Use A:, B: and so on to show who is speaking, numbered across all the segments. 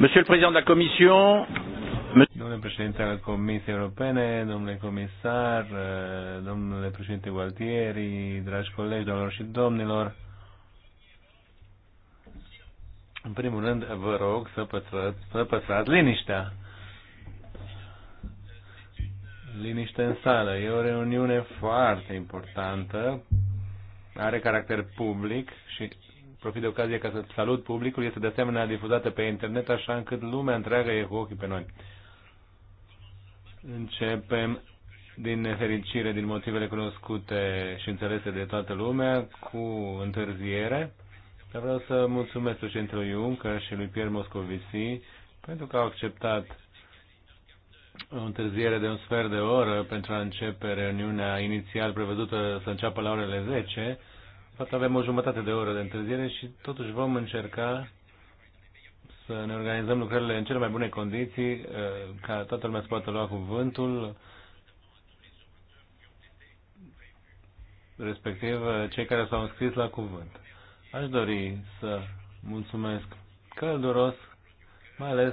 A: Monsieur le Président de la Commission, Domnule președinte al Comisiei Europene, domnule comisar, eh, domnule președinte Gualtieri, dragi colegi, doamnelor și domnilor, în primul rând vă rog să păstrați, să păstrați liniștea. Liniște în sală. E o reuniune foarte importantă, are caracter public și profit de ocazie ca să salut publicul, este de asemenea difuzată pe internet așa încât lumea întreagă e cu ochii pe noi. Începem din nefericire, din motivele cunoscute și înțelese de toată lumea, cu întârziere. Dar vreau să mulțumesc președintelui Juncker și lui Pierre Moscovici pentru că au acceptat o întârziere de un sfert de oră pentru a începe reuniunea inițial prevăzută să înceapă la orele 10 Poate avem o jumătate de oră de întârziere și totuși vom încerca să ne organizăm lucrările în cele mai bune condiții, uh, ca toată lumea să poată lua cuvântul, respectiv uh, cei care s-au înscris la cuvânt. Aș dori să mulțumesc călduros, mai ales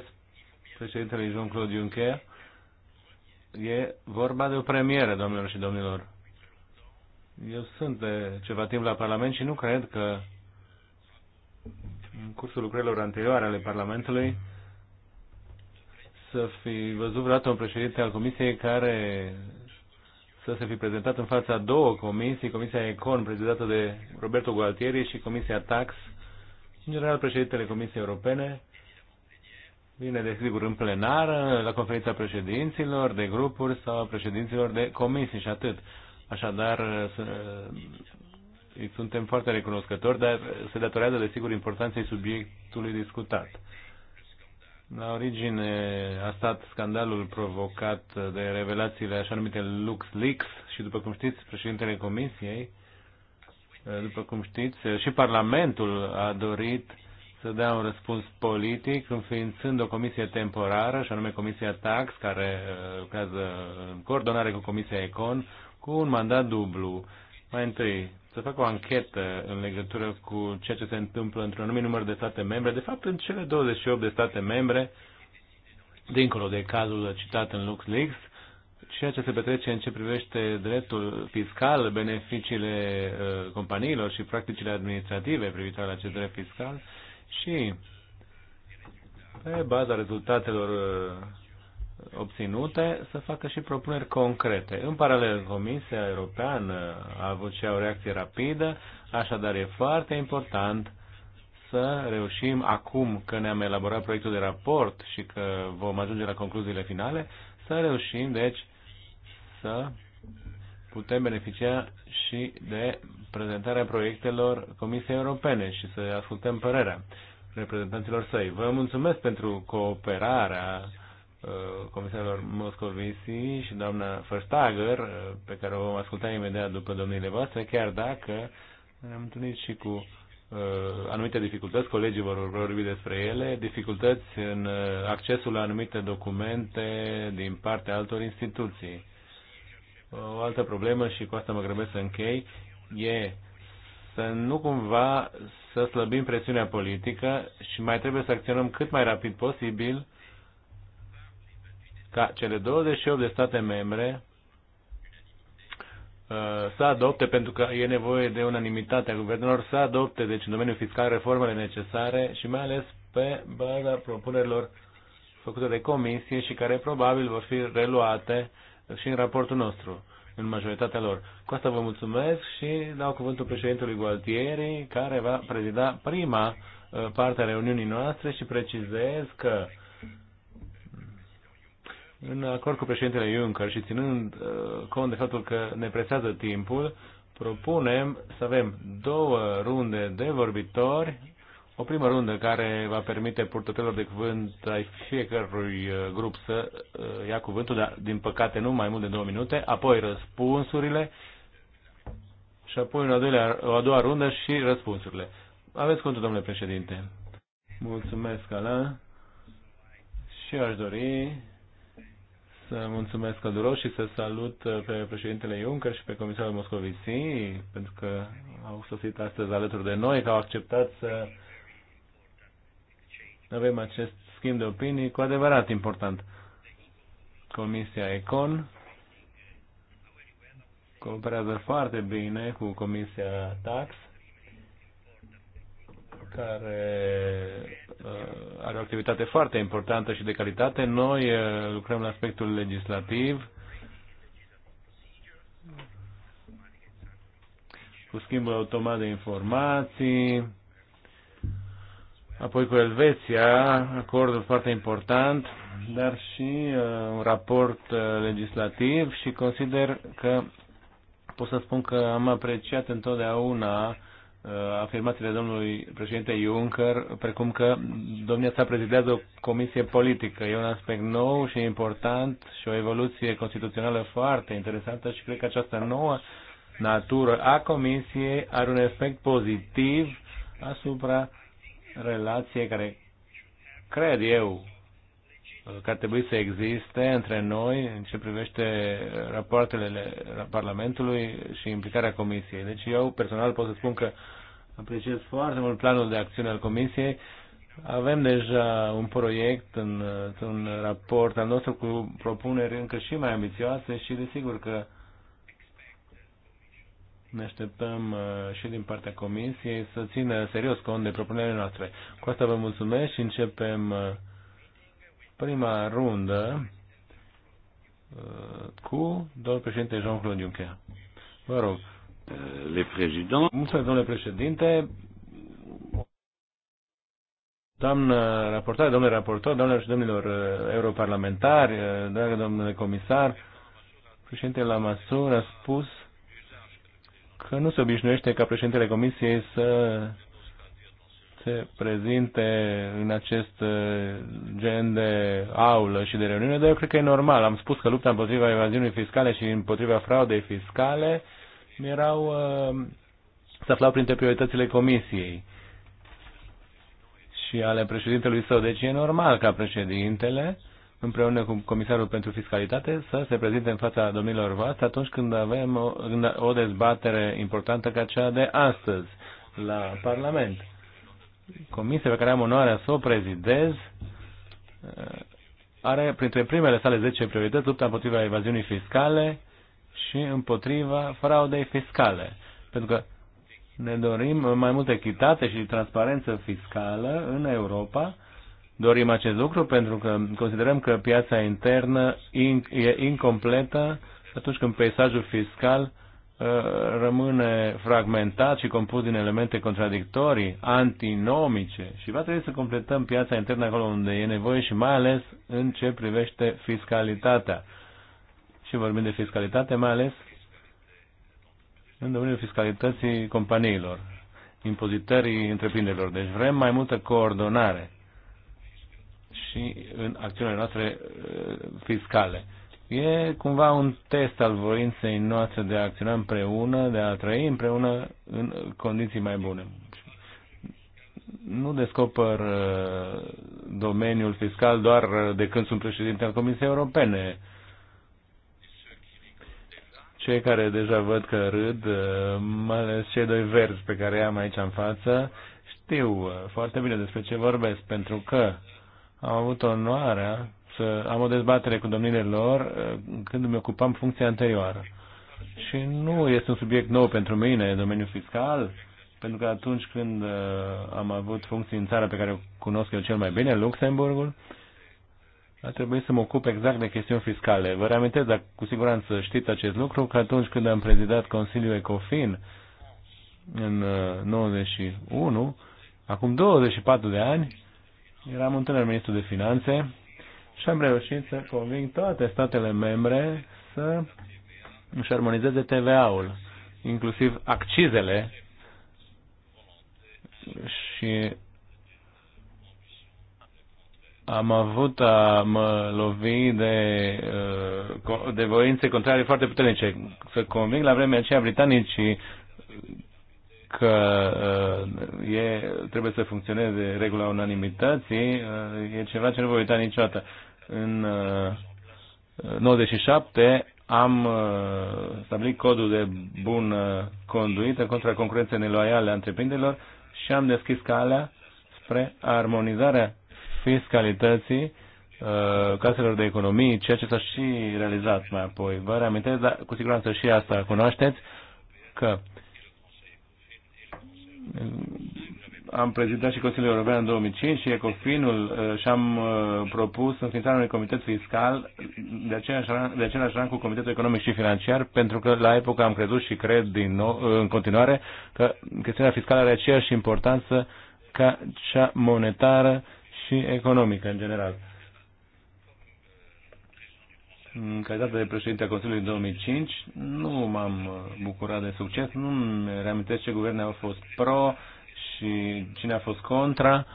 A: președintele Jean-Claude Juncker. E vorba de o premieră, doamnelor și domnilor. Eu sunt de ceva timp la Parlament și nu cred că în cursul lucrărilor anterioare ale Parlamentului să fi văzut vreodată un președinte al Comisiei care să se fi prezentat în fața două comisii, Comisia Econ, prezidată de Roberto Gualtieri și Comisia Tax, în general președintele Comisiei Europene, vine desigur în plenară, la conferința președinților de grupuri sau președinților de comisii și atât. Așadar, îi suntem foarte recunoscători, dar se datorează, desigur, importanței subiectului discutat. La origine a stat scandalul provocat de revelațiile așa numite LuxLeaks și, după cum știți, președintele Comisiei, după cum știți, și Parlamentul a dorit să dea un răspuns politic, înființând o comisie temporară, și anume Comisia Tax, care uh, lucrează în coordonare cu Comisia Econ, cu un mandat dublu. Mai întâi, să facă o anchetă în legătură cu ceea ce se întâmplă într-un anumit număr de state membre, de fapt în cele 28 de state membre, dincolo de cazul citat în LuxLeaks, ceea ce se petrece în ce privește dreptul fiscal, beneficiile uh, companiilor și practicile administrative privitoare la acest drept fiscal și pe baza rezultatelor uh, obținute să facă și propuneri concrete. În paralel, Comisia Europeană a avut și o reacție rapidă, așadar e foarte important să reușim acum că ne-am elaborat proiectul de raport și că vom ajunge la concluziile finale, să reușim, deci, să putem beneficia și de prezentarea proiectelor Comisiei Europene și să ascultăm părerea reprezentanților săi. Vă mulțumesc pentru cooperarea Uh, comisarilor Moscovici și doamna Verstager, uh, pe care o vom asculta imediat după domnile voastre, chiar dacă ne-am întâlnit și cu uh, anumite dificultăți, colegii vor vorbi despre ele, dificultăți în uh, accesul la anumite documente din partea altor instituții. O altă problemă, și cu asta mă grăbesc să închei, e să nu cumva să slăbim presiunea politică și mai trebuie să acționăm cât mai rapid posibil ca cele 28 de state membre uh, să adopte, pentru că e nevoie de unanimitatea guvernelor, să adopte, deci în domeniul fiscal, reformele necesare și mai ales pe baza propunerilor făcute de comisie și care probabil vor fi reluate și în raportul nostru, în majoritatea lor. Cu asta vă mulțumesc și dau cuvântul președintelui Gualtieri, care va prezida prima uh, parte a reuniunii noastre și precizez că în acord cu președintele Juncker și ținând uh, cont de faptul că ne presează timpul, propunem să avem două runde de vorbitori, o primă rundă care va permite purtătorilor de cuvânt ai fiecărui uh, grup să uh, ia cuvântul, dar din păcate nu mai mult de două minute, apoi răspunsurile și apoi a, doilea, o a doua rundă și răspunsurile. Aveți contul, domnule președinte. Mulțumesc, Alain. Și aș dori să mulțumesc călduros și să salut uh, pe președintele Juncker și pe comisarul Moscovici, pentru că au sosit astăzi alături de noi, că au acceptat să avem acest schimb de opinii cu adevărat important. Comisia Econ cooperează foarte bine cu Comisia Tax, care Uh, are o activitate foarte importantă și de calitate. Noi uh, lucrăm la aspectul legislativ cu schimbul automat de informații, apoi cu Elveția, acordul foarte important, dar și uh, un raport legislativ și consider că pot să spun că am apreciat întotdeauna Uh, afirmațiile domnului președinte Juncker, precum că domnia sa prezidează o comisie politică. E un aspect nou și important și o evoluție constituțională foarte interesantă și cred că această nouă natură a comisiei are un efect pozitiv asupra relației care, cred eu, că ar trebui să existe între noi în ce privește rapoartele Parlamentului și implicarea Comisiei. Deci eu personal pot să spun că uh, Apreciez foarte mult planul de acțiune al Comisiei. Avem deja un proiect, în, un raport al nostru cu propuneri încă și mai ambițioase și desigur că ne așteptăm uh, și din partea Comisiei să țină serios cont de propunerile noastre. Cu asta vă mulțumesc și începem uh, prima rundă uh, cu domnul președinte Jean-Claude Juncker. Vă rog. Euh, le président. Mulțumesc, domnule președinte. Doamnă raportare, domnule raportor, domnilor și domnilor uh, europarlamentari, uh, dragă domnule comisar, președintele Lamassoure a spus că nu se obișnuiește ca președintele Comisiei să se prezinte în acest uh, gen de aulă și de reuniune, dar eu cred că e normal. Am spus că lupta împotriva evaziunii fiscale și împotriva fraudei fiscale erau, uh, se aflau printre prioritățile comisiei și ale președintelui său. Deci e normal ca președintele, împreună cu Comisarul pentru Fiscalitate, să se prezinte în fața domnilor voastre atunci când avem o, o dezbatere importantă ca cea de astăzi la Parlament. Comisia pe care am onoarea să o prezidez uh, are printre primele sale 10 priorități lupta împotriva evaziunii fiscale, și împotriva fraudei fiscale. Pentru că ne dorim mai multă echitate și transparență fiscală în Europa. Dorim acest lucru pentru că considerăm că piața internă e incompletă atunci când peisajul fiscal uh, rămâne fragmentat și compus din elemente contradictorii, antinomice și va trebui să completăm piața internă acolo unde e nevoie și mai ales în ce privește fiscalitatea și vorbim de fiscalitate, mai ales în domeniul fiscalității companiilor, impozitării întreprinderilor. Deci vrem mai multă coordonare și în acțiunile noastre eh, fiscale. E cumva un test al voinței noastre de a acționa împreună, de a trăi împreună în condiții mai bune. Nu descoper eh, domeniul fiscal doar eh, de când sunt președinte al Comisiei Europene cei care deja văd că râd, uh, mai ales cei doi verzi pe care i-am aici în față, știu uh, foarte bine despre ce vorbesc, pentru că am avut onoarea să am o dezbatere cu domnile lor uh, când îmi ocupam funcția anterioară. Și nu este un subiect nou pentru mine, domeniul fiscal, pentru că atunci când am avut funcții în țara pe care o cunosc eu cel mai bine, Luxemburgul, a trebuit să mă ocup exact de chestiuni fiscale. Vă reamintesc, dar cu siguranță știți acest lucru, că atunci când am prezidat Consiliul Ecofin în 91, uh, acum 24 de ani, eram un tânăr ministru de finanțe și am reușit să conving toate statele membre să își armonizeze TVA-ul, inclusiv accizele și am avut a mă lovi de, uh, de voințe contrare foarte puternice. Să conving la vremea aceea britanicii că uh, e, trebuie să funcționeze regula unanimității uh, e ceva ce nu voi uita niciodată. În 97 am stabilit codul de bună conduită contra concurenței neloiale a întreprinderilor și am deschis calea spre armonizarea fiscalității uh, caselor de economii, ceea ce s-a și realizat mai apoi. Vă reamintesc, dar cu siguranță și asta cunoașteți, că am prezidat și Consiliul European în 2005 și Ecofinul uh, și am uh, propus înființarea unui comitet fiscal de același, rang, de același rang cu Comitetul Economic și Financiar, pentru că la epoca am crezut și cred din nou, în continuare că chestiunea fiscală are aceeași importanță ca cea monetară uh, și economică în general. În calitate de președinte a Consiliului 2005, nu m-am uh, bucurat de succes, nu mi reamintesc ce guverne au fost pro și cine a fost contra.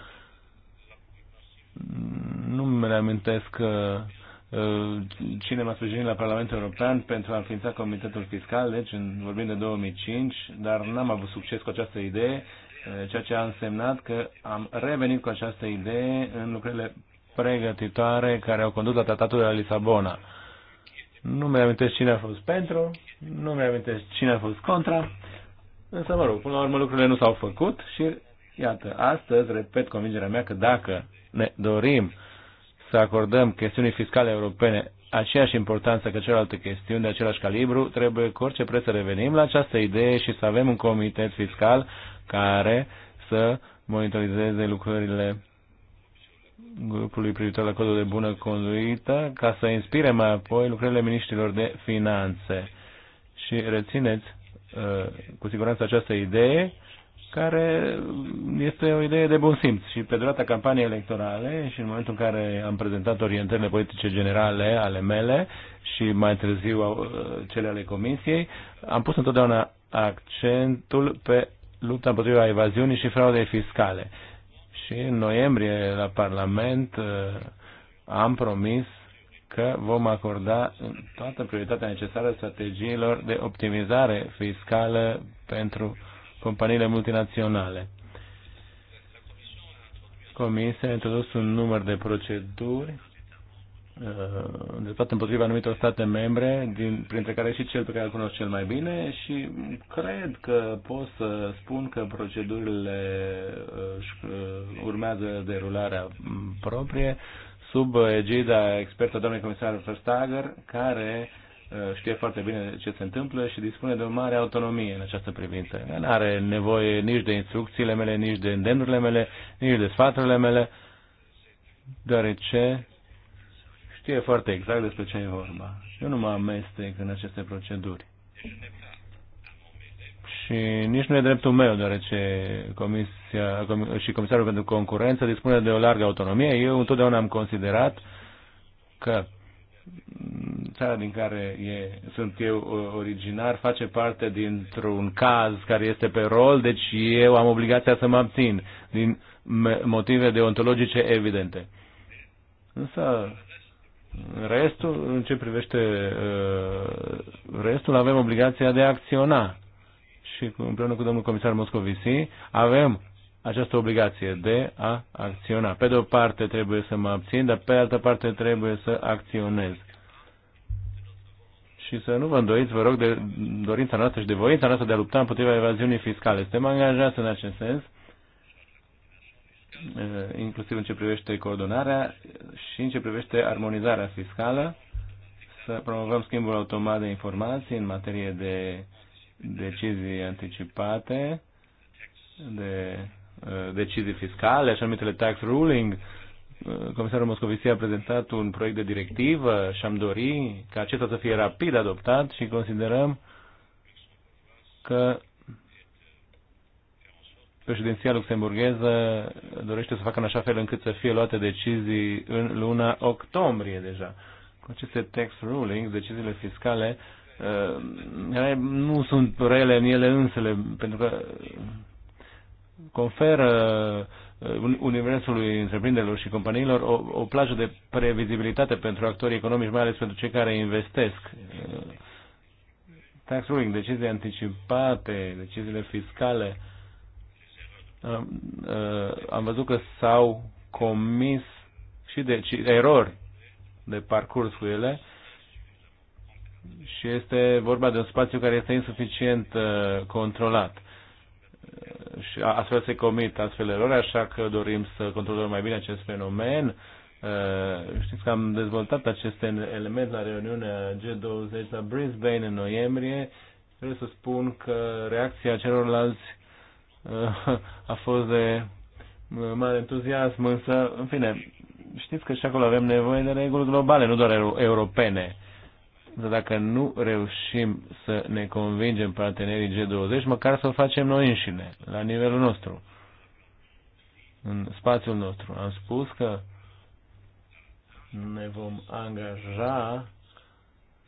A: Nu mi reamintesc că uh, uh, cine m-a sprijinit la Parlamentul European pentru a înființa Comitetul Fiscal, deci în, vorbim de 2005, dar n-am avut succes cu această idee Eh, ceea ce a însemnat că am revenit cu această idee în lucrurile pregătitoare care au condus la tratatul de la Lisabona. Nu mi-amintesc cine a fost pentru, nu mi-amintesc cine a fost contra, însă, mă rog, până la urmă lucrurile nu s-au făcut și, iată, astăzi, repet convingerea mea că dacă ne dorim să acordăm chestiunii fiscale europene aceeași importanță ca celelalte chestiuni de același calibru, trebuie cu orice preț să revenim la această idee și să avem un comitet fiscal care să monitorizeze lucrările grupului privitor la codul de bună conduită ca să inspire mai apoi lucrările ministrilor de finanțe. Și rețineți uh, cu siguranță această idee care este o idee de bun simț. Și pe durata campaniei electorale și în momentul în care am prezentat orientările politice generale ale mele și mai târziu uh, cele ale Comisiei, am pus întotdeauna accentul pe lupta împotriva evaziunii și fraudei fiscale. Și în noiembrie la Parlament uh, am promis că vom acorda toată prioritatea necesară strategiilor de optimizare fiscală pentru companiile multinaționale. Comisia a introdus un număr de proceduri Uh, îndreptat împotriva anumitor state membre, din, printre care și cel pe care îl cunosc cel mai bine și cred că pot să spun că procedurile uh, uh, urmează derularea proprie sub egida expertă doamnei comisar Verstager, care știe foarte bine ce se întâmplă și dispune de o mare autonomie în această privință. Nu are nevoie nici de instrucțiile mele, nici de îndemnurile mele, nici de sfaturile mele, deoarece știe foarte exact despre ce e vorba. Eu nu mă amestec în aceste proceduri. Și nici nu e dreptul meu, deoarece comisia, com și Comisarul pentru Concurență dispune de o largă autonomie. Eu întotdeauna am considerat că țara din care e, sunt eu originar face parte dintr-un caz care este pe rol, deci eu am obligația să mă abțin din motive deontologice evidente. Însă Restul, în ce privește uh, restul, avem obligația de a acționa. Și împreună cu domnul comisar Moscovici avem această obligație de a acționa. Pe de o parte trebuie să mă abțin, dar pe de altă parte trebuie să acționez. Și să nu vă îndoiți, vă rog, de dorința noastră și de voința noastră de a lupta împotriva evaziunii fiscale. Suntem angajați în acest sens Eh, inclusiv în ce privește coordonarea și în ce privește armonizarea fiscală, să promovăm schimbul automat de informații în materie de decizii anticipate, de eh, decizii fiscale, așa numitele tax ruling. Eh, Comisarul Moscovici a prezentat un proiect de directivă și am dorit ca acesta să fie rapid adoptat și considerăm că președinția luxemburgheză dorește să facă în așa fel încât să fie luate decizii în luna octombrie deja. Cu aceste tax rulings, deciziile fiscale, uh, nu sunt rele în ele însele, pentru că conferă uh, universului întreprinderilor și companiilor o, o plajă de previzibilitate pentru actorii economici, mai ales pentru cei care investesc. Uh, tax ruling, decizii anticipate, deciziile fiscale, uh, Uh, am văzut că s-au comis și deci erori de parcurs cu ele și este vorba de un spațiu care este insuficient uh, controlat. Uh, și astfel se comit astfel erori, așa că dorim să controlăm mai bine acest fenomen. Știți că am dezvoltat aceste elemente la reuniunea G20 la Brisbane în noiembrie. Trebuie să spun că reacția celorlalți a fost de mare entuziasm, însă, în fine, știți că și acolo avem nevoie de reguli globale, nu doar europene. Dar dacă nu reușim să ne convingem partenerii G20, măcar să o facem noi înșine, la nivelul nostru, în spațiul nostru. Am spus că ne vom angaja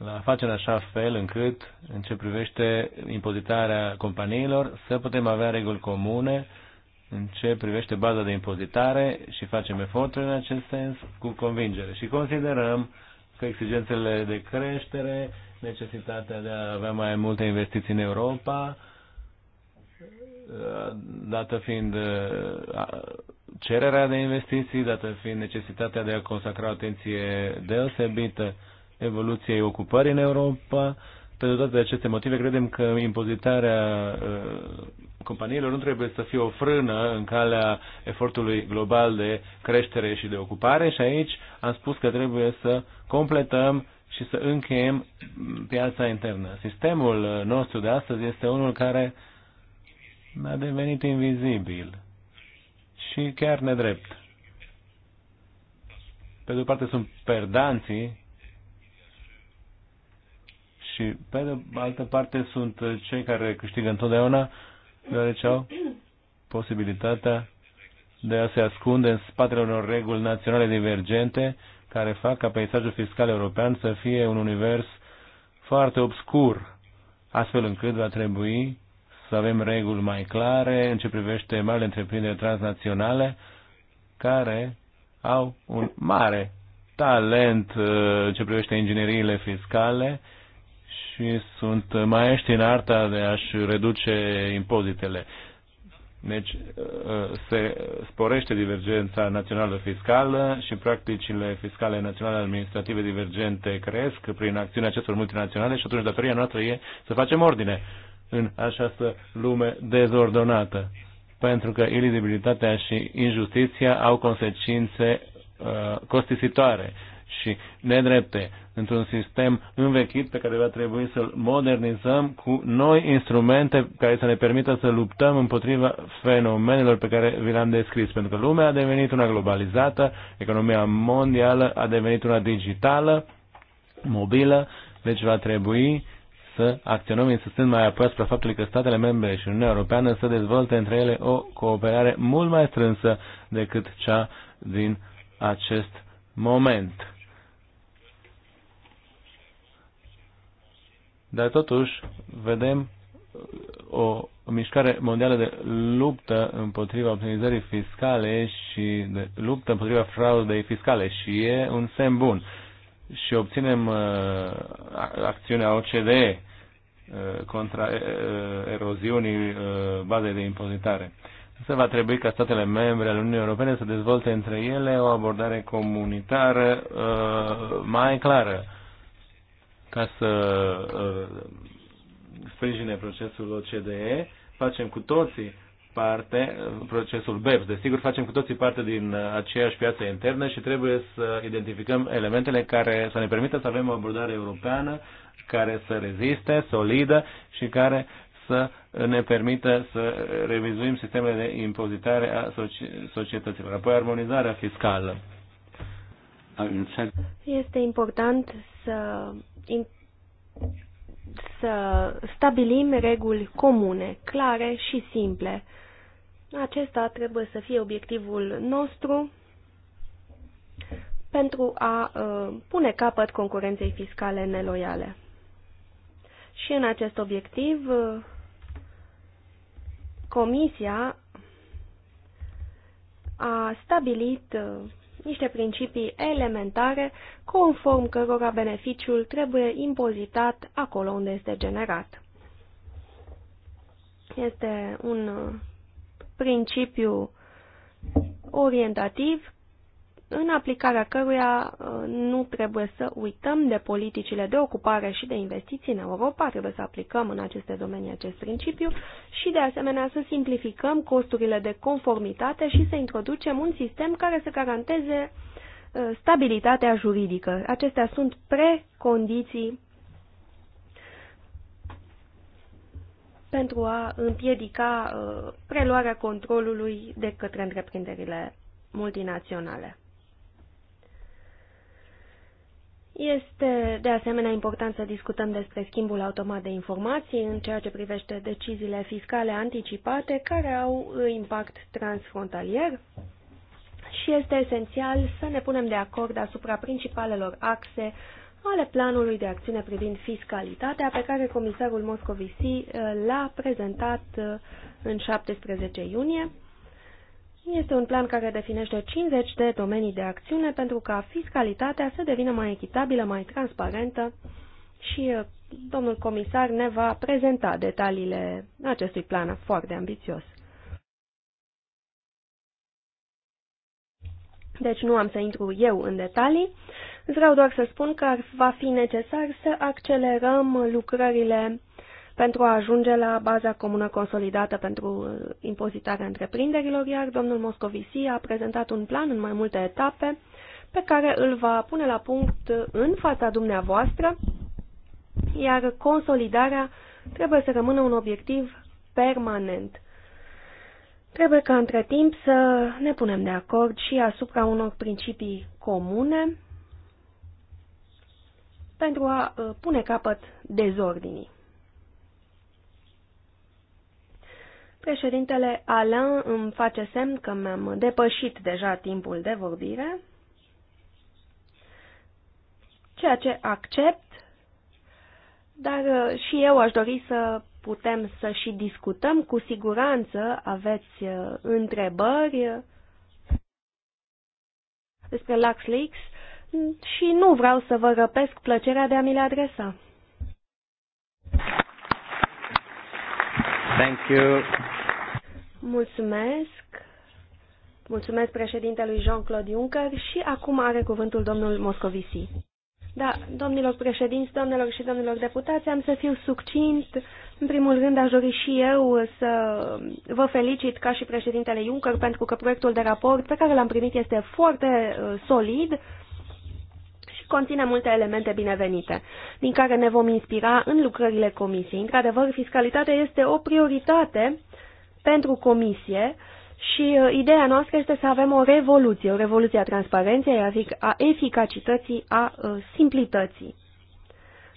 A: la face în așa fel încât, în ce privește impozitarea companiilor, să putem avea reguli comune în ce privește baza de impozitare și facem eforturi în acest sens cu convingere. Și considerăm că exigențele de creștere, necesitatea de a avea mai multe investiții în Europa, dată fiind cererea de investiții, dată fiind necesitatea de a consacra o atenție deosebită evoluției ocupării în Europa. Pe toate aceste motive, credem că impozitarea uh, companiilor nu trebuie să fie o frână în calea efortului global de creștere și de ocupare și aici am spus că trebuie să completăm și să încheiem piața internă. Sistemul uh, nostru de astăzi este unul care a devenit invizibil și chiar nedrept. Pe de o parte sunt perdanții și pe de altă parte sunt uh, cei care câștigă întotdeauna deoarece au posibilitatea de a se ascunde în spatele unor reguli naționale divergente care fac ca peisajul fiscal european să fie un univers foarte obscur, astfel încât va trebui să avem reguli mai clare în ce privește marile întreprinderi transnaționale care au un mare talent uh, în ce privește ingineriile fiscale și sunt maestri în arta de a-și reduce impozitele. Deci uh, se sporește divergența națională fiscală și practicile fiscale naționale administrative divergente cresc prin acțiunea acestor multinaționale și atunci datoria noastră e să facem ordine în această lume dezordonată. Pentru că ilizibilitatea și injustiția au consecințe uh, costisitoare și nedrepte într-un sistem învechit pe care va trebui să-l modernizăm cu noi instrumente care să ne permită să luptăm împotriva fenomenelor pe care vi le-am descris. Pentru că lumea a devenit una globalizată, economia mondială a devenit una digitală, mobilă, deci va trebui să acționăm insistând mai apoi asupra faptului că statele membre și Uniunea Europeană să dezvolte între ele o cooperare mult mai strânsă decât cea din acest moment. Dar totuși vedem o mișcare mondială de luptă împotriva optimizării fiscale și de luptă împotriva fraudei fiscale și e un semn bun. Și obținem uh, acțiunea OCDE uh, contra uh, eroziunii uh, bazei de impozitare. Se va trebui ca statele membre ale Uniunii Europene să dezvolte între ele o abordare comunitară uh, mai clară. Uh, ca să uh, sprijine procesul OCDE. Facem cu toții parte, procesul BEPS, desigur facem cu toții parte din aceeași piață internă și trebuie să identificăm elementele care să ne permită să avem o abordare europeană care să reziste, solidă și care să ne permită să revizuim sistemele de impozitare a societăților. Apoi armonizarea fiscală.
B: Este important să să stabilim reguli comune, clare și simple. Acesta trebuie să fie obiectivul nostru pentru a uh, pune capăt concurenței fiscale neloiale. Și în acest obiectiv, uh, Comisia a stabilit uh, niște principii elementare conform cărora beneficiul trebuie impozitat acolo unde este generat. Este un principiu orientativ în aplicarea căruia uh, nu trebuie să uităm de politicile de ocupare și de investiții în Europa, trebuie să aplicăm în aceste domenii acest principiu și de asemenea să simplificăm costurile de conformitate și să introducem un sistem care să garanteze uh, stabilitatea juridică. Acestea sunt precondiții pentru a împiedica uh, preluarea controlului de către întreprinderile multinaționale. Este de asemenea important să discutăm despre schimbul automat de informații în ceea ce privește deciziile fiscale anticipate care au impact transfrontalier și este esențial să ne punem de acord asupra principalelor axe ale planului de acțiune privind fiscalitatea pe care comisarul Moscovici eh, l-a prezentat eh, în 17 iunie este un plan care definește 50 de domenii de acțiune pentru ca fiscalitatea să devină mai echitabilă, mai transparentă și uh, domnul comisar ne va prezenta detaliile acestui plan foarte ambițios. Deci nu am să intru eu în detalii, vreau doar să spun că va fi necesar să accelerăm lucrările pentru a ajunge la baza comună consolidată pentru uh, impozitarea întreprinderilor, iar domnul Moscovici a prezentat un plan în mai multe etape pe care îl va pune la punct uh, în fața dumneavoastră, iar consolidarea trebuie să rămână un obiectiv permanent. Trebuie ca între timp să ne punem de acord și asupra unor principii comune pentru a uh, pune capăt dezordinii. Președintele Alain îmi face semn că mi-am depășit deja timpul de vorbire, ceea ce accept, dar uh, și eu aș dori să putem să și discutăm. Cu siguranță aveți uh, întrebări uh, despre LuxLeaks și nu vreau să vă răpesc plăcerea de a mi le adresa.
A: Thank you.
B: Mulțumesc. Mulțumesc președintelui Jean-Claude Juncker și acum are cuvântul domnul Moscovici. Da, domnilor președinți, domnilor și domnilor deputați, am să fiu succint. În primul rând, aș dori și eu să vă felicit ca și președintele Juncker pentru că proiectul de raport pe care l-am primit este foarte uh, solid și conține multe elemente binevenite, din care ne vom inspira în lucrările comisiei. Într-adevăr, fiscalitatea este o prioritate pentru comisie și uh, ideea noastră este să avem o revoluție, o revoluție a transparenței, a eficacității, a uh, simplității.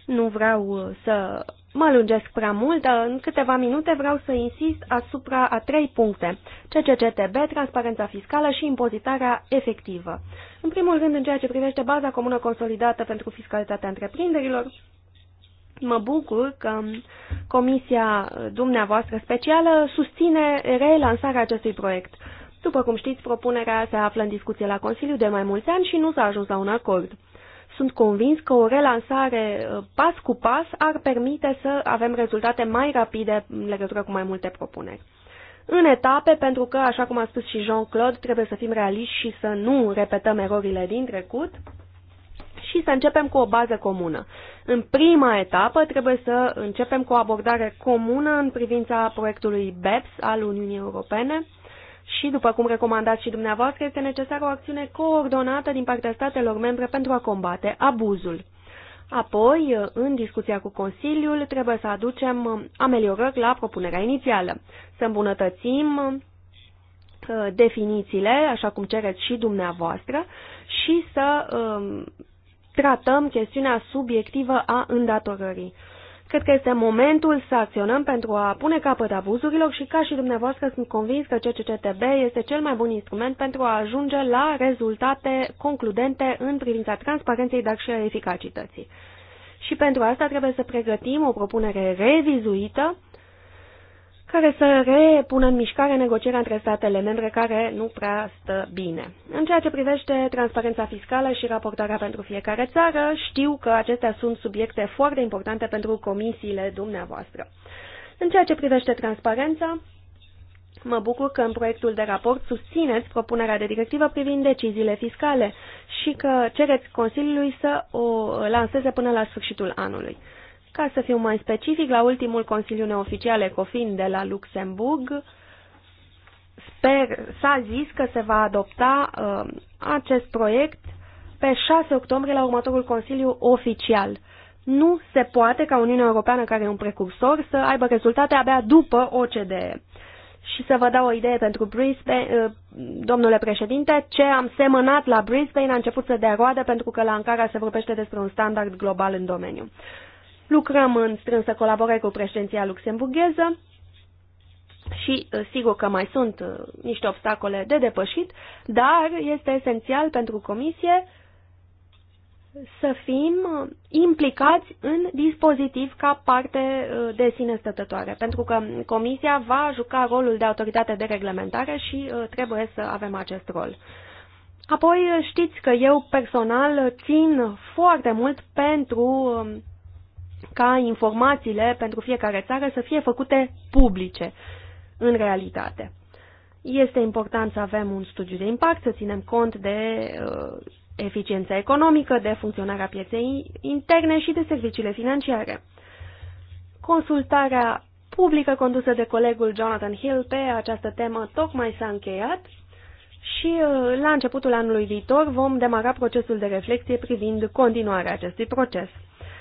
B: Nu vreau uh, să mă lungesc prea mult, dar în câteva minute vreau să insist asupra a trei puncte, CCCTB, transparența fiscală și impozitarea efectivă. În primul rând, în ceea ce privește baza comună consolidată pentru fiscalitatea întreprinderilor, Mă bucur că Comisia dumneavoastră specială susține relansarea acestui proiect. După cum știți, propunerea se află în discuție la Consiliu de mai mulți ani și nu s-a ajuns la un acord. Sunt convins că o relansare uh, pas cu pas ar permite să avem rezultate mai rapide în legătură cu mai multe propuneri. În etape, pentru că, așa cum a spus și Jean-Claude, trebuie să fim realiști și să nu repetăm erorile din trecut, și să începem cu o bază comună. În prima etapă trebuie să începem cu o abordare comună în privința proiectului BEPS al Uniunii Europene și, după cum recomandați și dumneavoastră, este necesară o acțiune coordonată din partea statelor membre pentru a combate abuzul. Apoi, în discuția cu Consiliul, trebuie să aducem ameliorări la propunerea inițială, să îmbunătățim uh, definițiile, așa cum cereți și dumneavoastră, și să um, tratăm chestiunea subiectivă a îndatorării. Cred că este momentul să acționăm pentru a pune capăt abuzurilor și ca și dumneavoastră sunt convins că CCCTB este cel mai bun instrument pentru a ajunge la rezultate concludente în privința transparenței, dar și a eficacității. Și pentru asta trebuie să pregătim o propunere revizuită care să repună în mișcare negocierea între statele membre care nu prea stă bine. În ceea ce privește transparența fiscală și raportarea pentru fiecare țară, știu că acestea sunt subiecte foarte importante pentru comisiile dumneavoastră. În ceea ce privește transparența, mă bucur că în proiectul de raport susțineți propunerea de directivă privind deciziile fiscale și că cereți Consiliului să o lanseze până la sfârșitul anului. Ca să fiu mai specific, la ultimul Consiliu Neoficial Ecofin de la Luxemburg, s-a zis că se va adopta uh, acest proiect pe 6 octombrie la următorul Consiliu Oficial. Nu se poate ca Uniunea Europeană, care e un precursor, să aibă rezultate abia după OCDE. Și să vă dau o idee pentru Brisbane, uh, domnule președinte, ce am semănat la Brisbane a început să dea roadă pentru că la Ankara se vorbește despre un standard global în domeniu. Lucrăm în strânsă colaborare cu președinția luxemburgheză și uh, sigur că mai sunt uh, niște obstacole de depășit, dar este esențial pentru comisie să fim uh, implicați în dispozitiv ca parte de sine stătătoare, pentru că Comisia va juca rolul de autoritate de reglementare și trebuie să avem acest rol. Apoi știți că eu personal țin foarte mult pentru um, ca informațiile pentru fiecare țară să fie făcute publice în realitate. Este important să avem un studiu de impact, să ținem cont de uh, eficiența economică, de funcționarea pieței interne și de serviciile financiare. Consultarea publică condusă de colegul Jonathan Hill pe această temă tocmai s-a încheiat și uh, la începutul anului viitor vom demara procesul de reflexie privind continuarea acestui proces.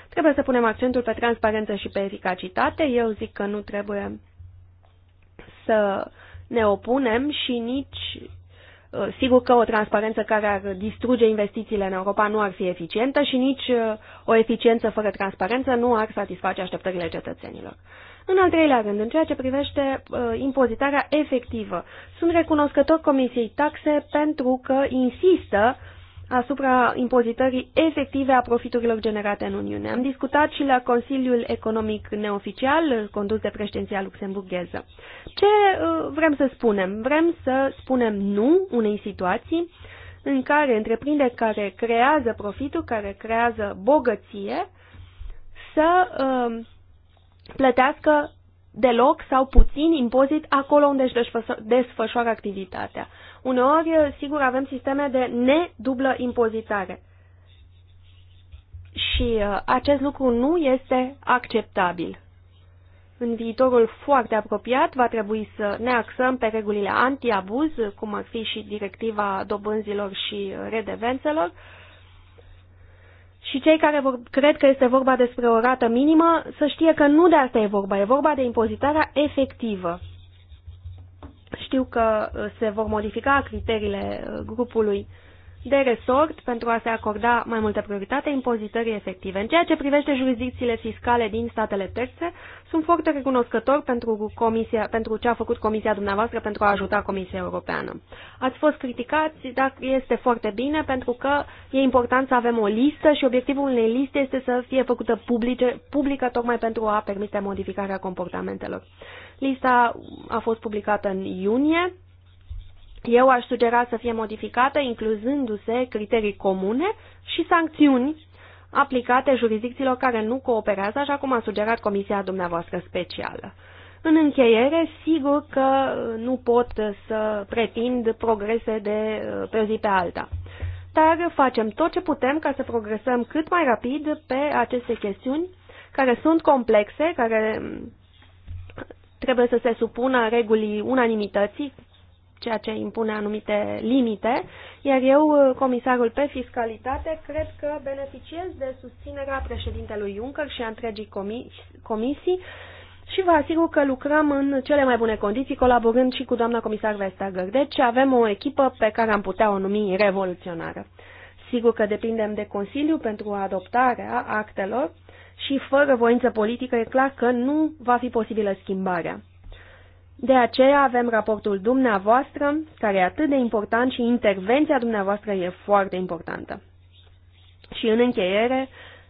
B: Trebuie să punem accentul pe transparență și pe eficacitate. Eu zic că nu trebuie să ne opunem și nici uh, Sigur că o transparență care ar distruge investițiile în Europa nu ar fi eficientă și nici uh, o eficiență fără transparență nu ar satisface așteptările cetățenilor. În al treilea rând, în ceea ce privește uh, impozitarea efectivă, sunt recunoscător Comisiei Taxe pentru că insistă asupra impozitării efective a profiturilor generate în Uniune. Am discutat și la Consiliul Economic Neoficial, condus de președinția luxemburgheză. Ce uh, vrem să spunem? Vrem să spunem nu unei situații în care întreprinderi care creează profitul, care creează bogăție, să uh, plătească deloc sau puțin impozit acolo unde își desfășoară activitatea. Uneori, sigur, avem sisteme de nedublă impozitare. Și uh, acest lucru nu este acceptabil. În viitorul foarte apropiat va trebui să ne axăm pe regulile anti-abuz, cum ar fi și directiva dobânzilor și redevențelor. Și cei care vor, cred că este vorba despre o rată minimă, să știe că nu de asta e vorba, e vorba de impozitarea efectivă. Știu că uh, se vor modifica criteriile uh, grupului de resort pentru a se acorda mai multă prioritate impozitării efective. În ceea ce privește jurisdicțiile fiscale din statele terțe, sunt foarte recunoscător pentru, comisia, pentru ce a făcut Comisia dumneavoastră pentru a ajuta Comisia Europeană. Ați fost criticați, dar este foarte bine pentru că e important să avem o listă și obiectivul unei liste este să fie făcută publice, publică tocmai pentru a permite modificarea comportamentelor. Lista a fost publicată în iunie eu aș sugera să fie modificată incluzându-se criterii comune și sancțiuni aplicate jurisdicțiilor care nu cooperează, așa cum a sugerat Comisia dumneavoastră specială. În încheiere, sigur că nu pot să pretind progrese de pe o zi pe alta, dar facem tot ce putem ca să progresăm cât mai rapid pe aceste chestiuni care sunt complexe, care trebuie să se supună regulii unanimității, ceea ce impune anumite limite, iar eu, comisarul pe fiscalitate, cred că beneficiez de susținerea președintelui Juncker și a întregii comis comisii și vă asigur că lucrăm în cele mai bune condiții, colaborând și cu doamna comisar Vestager. Deci avem o echipă pe care am putea o numi revoluționară. Sigur că depindem de Consiliu pentru adoptarea actelor și fără voință politică e clar că nu va fi posibilă schimbarea. De aceea avem raportul dumneavoastră, care e atât de important și intervenția dumneavoastră e foarte importantă. Și în încheiere,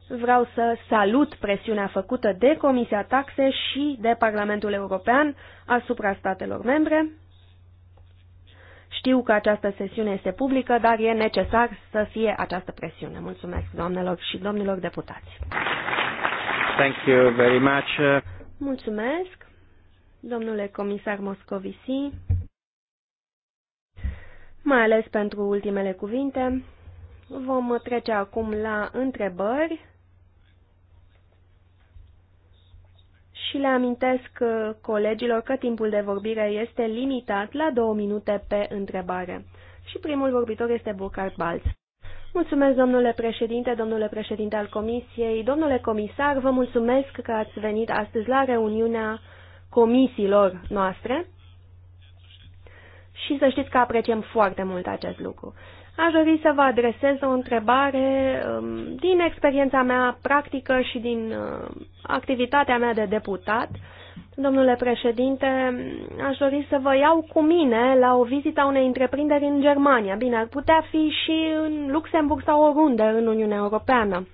B: vreau să salut presiunea făcută de Comisia Taxe și de Parlamentul European asupra statelor membre. Știu că această sesiune este publică, dar e necesar să fie această presiune. Mulțumesc, doamnelor și domnilor deputați.
A: Thank you very much.
B: Mulțumesc domnule comisar Moscovici, mai ales pentru ultimele cuvinte. Vom trece acum la întrebări și le amintesc uh, colegilor că timpul de vorbire este limitat la două minute pe întrebare. Și primul vorbitor este Burkhard Balz. Mulțumesc, domnule președinte, domnule președinte al Comisiei, domnule comisar, vă mulțumesc că ați venit astăzi la reuniunea comisiilor noastre și să știți că apreciem foarte mult acest lucru. Aș dori să vă adresez o întrebare um, din experiența mea practică și din uh, activitatea mea de deputat. Domnule președinte, aș dori să vă iau cu mine la o vizită a unei întreprinderi în Germania. Bine, ar putea fi și în Luxemburg sau oriunde în Uniunea Europeană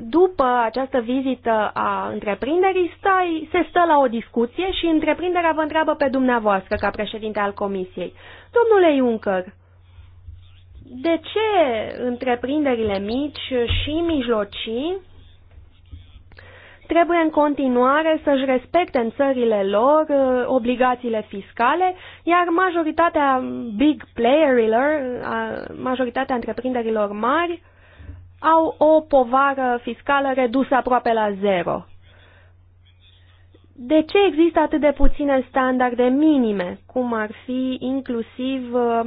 B: după această vizită a întreprinderii, stai, se stă la o discuție și întreprinderea vă întreabă pe dumneavoastră, ca președinte al comisiei. Domnule Juncker, de ce întreprinderile mici și mijlocii trebuie în continuare să-și respecte în țările lor uh, obligațiile fiscale, iar majoritatea big playerilor, uh, majoritatea întreprinderilor mari, au o povară fiscală redusă aproape la zero. De ce există atât de puține standarde minime, cum ar fi inclusiv uh,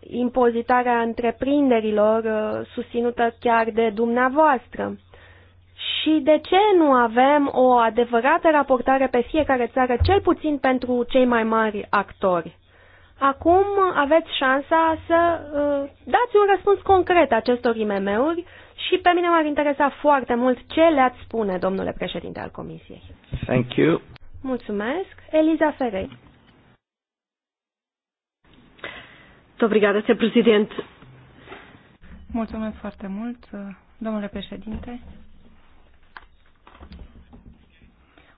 B: impozitarea întreprinderilor uh, susținută chiar de dumneavoastră? Și de ce nu avem o adevărată raportare pe fiecare țară, cel puțin pentru cei mai mari actori? Acum aveți șansa să uh, dați un răspuns concret acestor IMM-uri și pe mine m-ar interesa foarte mult ce le-ați spune, domnule președinte al Comisiei. Thank you. Mulțumesc. Eliza Ferei. Obrigada, Sr. Presidente. Mulțumesc foarte mult,
C: domnule președinte.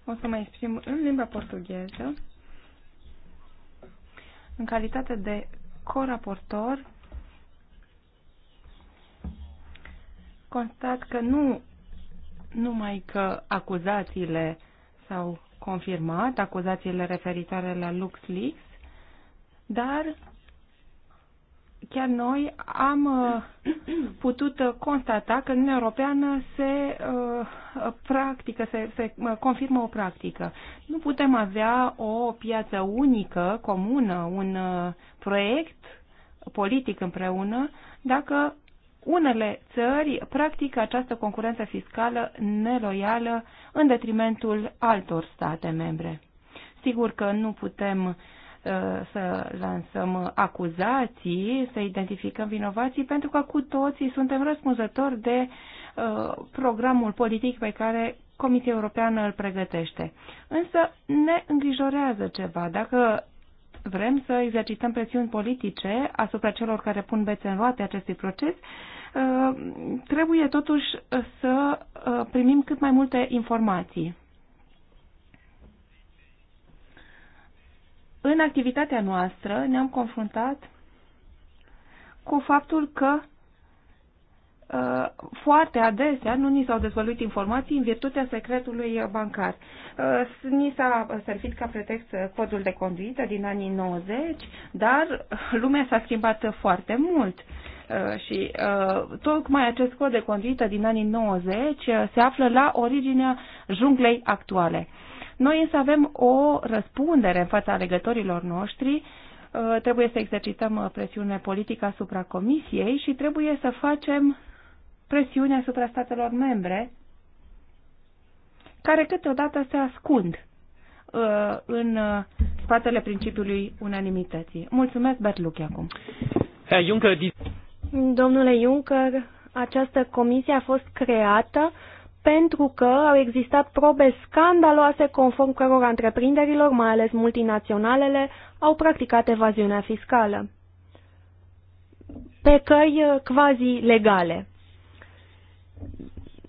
C: O să mă exprim în limba portugheză în calitate de coraportor, constat că nu numai că acuzațiile s-au confirmat, acuzațiile referitoare la LuxLeaks, dar chiar noi am uh, putut uh, constata că în Uniunea Europeană se uh, practică, se, se confirmă o practică. Nu putem avea o piață unică, comună, un proiect politic împreună, dacă unele țări practică această concurență fiscală neloială în detrimentul altor state membre. Sigur că nu putem uh, Uh, să lansăm acuzații, să identificăm vinovații, pentru că cu toții suntem răspunzători de uh, programul politic pe care Comisia Europeană îl pregătește. Însă ne îngrijorează ceva. Dacă vrem să exercităm presiuni politice asupra celor care pun bețe în roate acestui proces, uh, trebuie totuși să primim cât mai multe informații. în activitatea noastră ne-am confruntat cu faptul că uh, foarte adesea nu ni s-au dezvăluit informații în virtutea secretului bancar. Uh, ni s-a servit ca pretext codul de conduită din anii 90, dar lumea s-a schimbat foarte mult. Uh, și tocmai acest cod de conduită din anii 90 se află la originea junglei actuale. Noi însă avem o răspundere în fața alegătorilor noștri, uh, trebuie să exercităm uh, presiune politică asupra Comisiei și trebuie să facem presiune asupra statelor membre, care câteodată se ascund uh, în spatele principiului unanimității. Mulțumesc, Bertluchi, acum. Eh, Juncker,
B: Domnule Juncker, această comisie a fost creată pentru că au existat probe scandaloase conform cărora întreprinderilor, mai ales multinaționalele, au practicat evaziunea fiscală pe căi uh, quasi legale.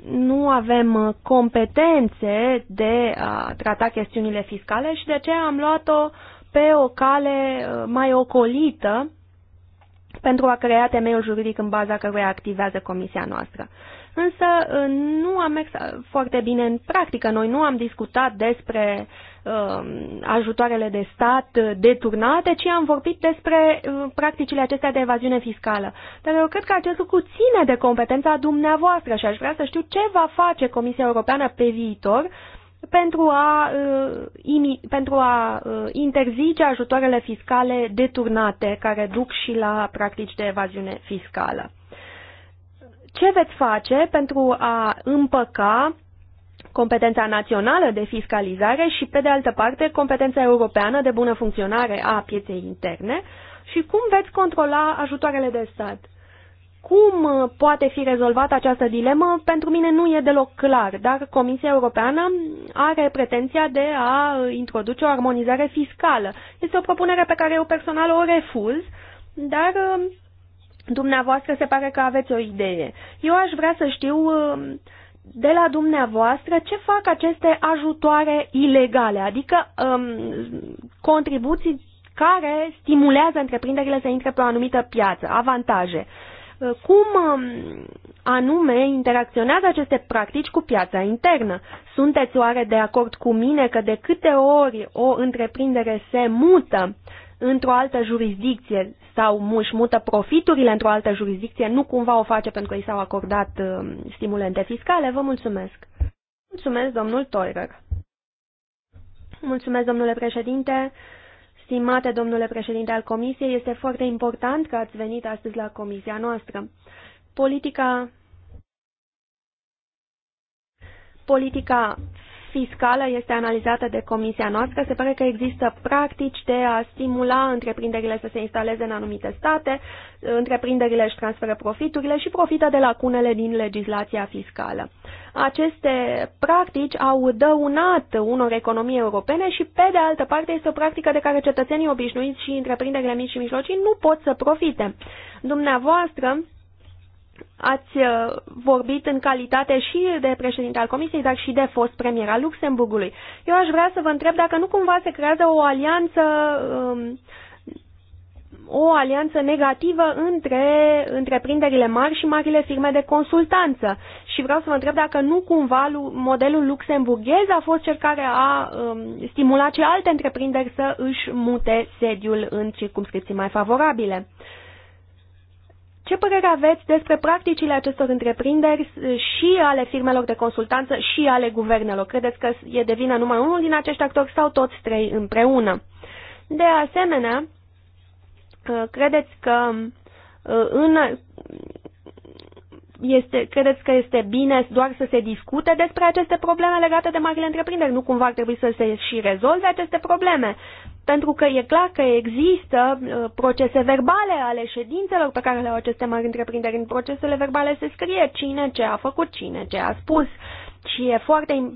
B: Nu avem uh, competențe de a trata chestiunile fiscale și de ce am luat-o pe o cale uh, mai ocolită pentru a crea temeiul juridic în baza căruia activează comisia noastră însă nu a mers foarte bine în practică. Noi nu am discutat despre uh, ajutoarele de stat deturnate, ci am vorbit despre uh, practicile acestea de evaziune fiscală. Dar eu cred că acest lucru ține de competența dumneavoastră și aș vrea să știu ce va face Comisia Europeană pe viitor pentru a, uh, imi, pentru a uh, interzice ajutoarele fiscale deturnate care duc și la practici de evaziune fiscală ce veți face pentru a împăca competența națională de fiscalizare și, pe de altă parte, competența europeană de bună funcționare a pieței interne și cum veți controla ajutoarele de stat? Cum uh, poate fi rezolvată această dilemă? Pentru mine nu e deloc clar, dar Comisia Europeană are pretenția de a uh, introduce o armonizare fiscală. Este o propunere pe care eu personal o refuz, dar uh, Dumneavoastră se pare că aveți o idee. Eu aș vrea să știu um, de la dumneavoastră ce fac aceste ajutoare ilegale, adică um, contribuții care stimulează întreprinderile să intre pe o anumită piață, avantaje. Uh, cum um, anume interacționează aceste practici cu piața internă? Sunteți oare de acord cu mine că de câte ori o întreprindere se mută într-o altă jurisdicție, sau își mută profiturile într-o altă jurisdicție, nu cumva o face pentru că i s-au acordat uh, stimulente fiscale. Vă mulțumesc. Mulțumesc, domnul Toirer. Mulțumesc, domnule președinte. Stimate domnule președinte al Comisiei, este foarte important că ați venit astăzi la Comisia noastră. Politica politica fiscală este analizată de comisia noastră. Se pare că există practici de a stimula întreprinderile să se instaleze în anumite state, întreprinderile își transferă profiturile și profită de lacunele din legislația fiscală. Aceste practici au dăunat unor economii europene și, pe de altă parte, este o practică de care cetățenii obișnuiți și întreprinderile mici și mijlocii nu pot să profite. Dumneavoastră, Ați uh, vorbit în calitate și de președinte al Comisiei, dar și de fost premier al Luxemburgului. Eu aș vrea să vă întreb dacă nu cumva se creează o alianță um, o alianță negativă între întreprinderile mari și marile firme de consultanță. Și vreau să vă întreb dacă nu cumva modelul luxemburghez a fost cel care a um, stimulat și alte întreprinderi să își mute sediul în circunscripții mai favorabile. Uh, ce părere aveți despre practicile acestor întreprinderi și ale firmelor de consultanță și ale guvernelor? Credeți că e de vină numai unul din acești actori sau toți trei împreună? De asemenea, uh, credeți că uh, în este, credeți că este bine doar să se discute despre aceste probleme legate de marile întreprinderi? Nu cumva ar trebui să se și rezolve aceste probleme? pentru că e clar că există uh, procese verbale ale ședințelor pe care le au aceste mari întreprinderi. În procesele verbale se scrie cine ce a făcut, cine ce a spus. Și e foarte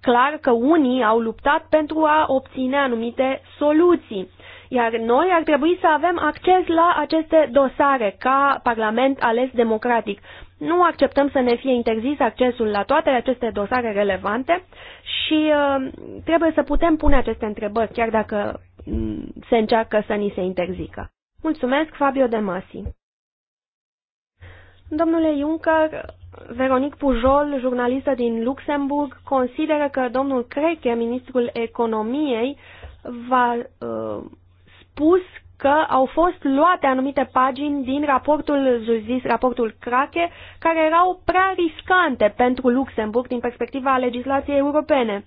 B: clar că unii au luptat pentru a obține anumite soluții. Iar noi ar trebui să avem acces la aceste dosare ca Parlament ales democratic. Nu acceptăm să ne fie interzis accesul la toate aceste dosare relevante și uh, trebuie să putem pune aceste întrebări, chiar dacă mm, se încearcă să ni se interzică. Mulțumesc, Fabio De Masi. Domnule Juncker, Veronic Pujol, jurnalistă din Luxemburg, consideră că domnul Creche, ministrul economiei, va uh, spus că au fost luate anumite pagini din raportul Zuzis, raportul Crache, care erau prea riscante pentru Luxemburg din perspectiva legislației europene.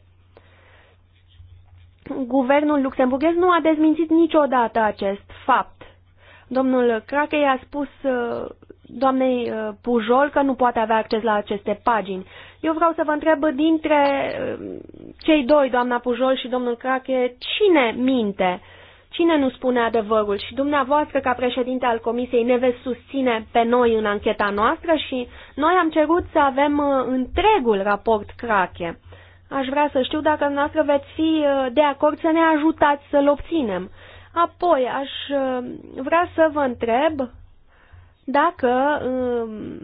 B: Guvernul luxemburghez nu a dezmințit niciodată acest fapt. Domnul Crache i-a spus uh, doamnei uh, Pujol că nu poate avea acces la aceste pagini. Eu vreau să vă întreb dintre uh, cei doi, doamna Pujol și domnul Crache, cine minte? Cine nu spune adevărul? Și dumneavoastră, ca președinte al Comisiei, ne veți susține pe noi în ancheta noastră și noi am cerut să avem uh, întregul raport crache. Aș vrea să știu dacă noastră veți fi uh, de acord să ne ajutați să-l obținem. Apoi, aș uh, vrea să vă întreb dacă um,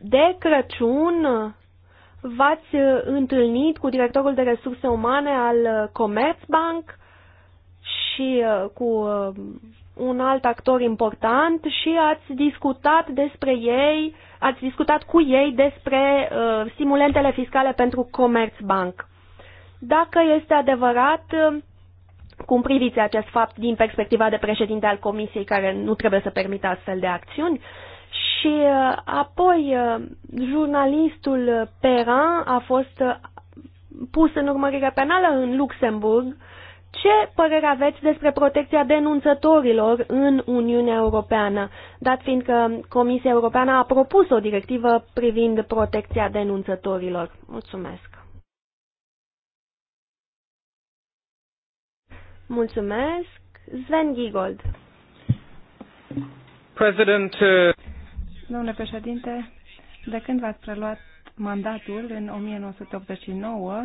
B: de Crăciun v-ați întâlnit cu directorul de resurse umane al Commerzbank și uh, cu uh, un alt actor important și ați discutat despre ei, ați discutat cu ei despre uh, simulentele fiscale pentru Commerzbank. Dacă este adevărat, uh, cum priviți acest fapt din perspectiva de președinte al Comisiei care nu trebuie să permită astfel de acțiuni? Și uh, apoi, uh, jurnalistul Perrin a fost uh, pus în urmărire penală în Luxemburg uh, ce părere aveți despre protecția denunțătorilor în Uniunea Europeană, dat fiindcă Comisia Europeană a propus o directivă privind protecția denunțătorilor? Mulțumesc! Mulțumesc! Sven Giegold
A: President, uh...
C: Domnule președinte, de când v-ați preluat mandatul în 1989,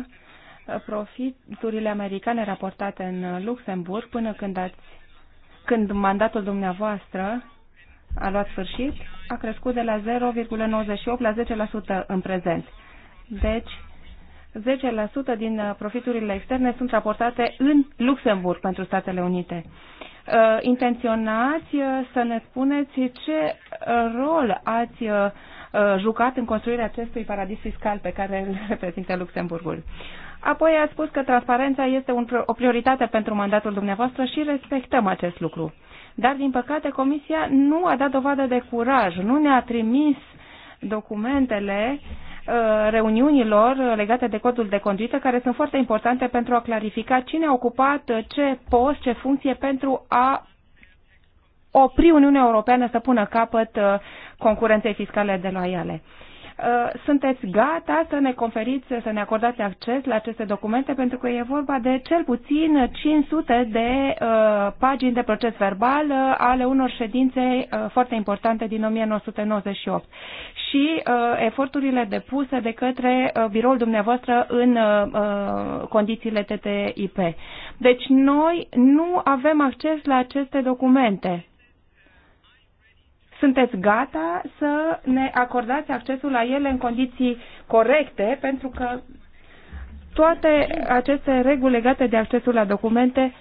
C: profiturile americane raportate în Luxemburg până când, ați, când mandatul dumneavoastră a luat sfârșit, a crescut de la 0,98 la 10% în prezent. Deci, 10% din profiturile externe sunt raportate în Luxemburg pentru Statele Unite. Uh, intenționați uh, să ne spuneți ce uh, rol ați jucat în construirea acestui paradis fiscal pe care îl reprezintă Luxemburgul. Apoi a spus că transparența este un, o prioritate pentru mandatul dumneavoastră și respectăm acest lucru. Dar, din păcate, Comisia nu a dat dovadă de curaj, nu ne-a trimis documentele uh, reuniunilor legate de codul de conduită, care sunt foarte importante pentru a clarifica cine a ocupat ce post, ce funcție pentru a opri Uniunea Europeană să pună capăt uh, concurenței fiscale de loiale. Uh, sunteți gata să ne conferiți, să ne acordați acces la aceste documente, pentru că e vorba de cel puțin 500 de uh, pagini de proces verbal uh, ale unor ședințe foarte importante din 1998 și eforturile depuse de către biroul dumneavoastră în condițiile TTIP. Deci noi nu avem acces la aceste documente sunteți gata să ne acordați accesul la ele în condiții corecte, pentru că toate aceste reguli legate de accesul la documente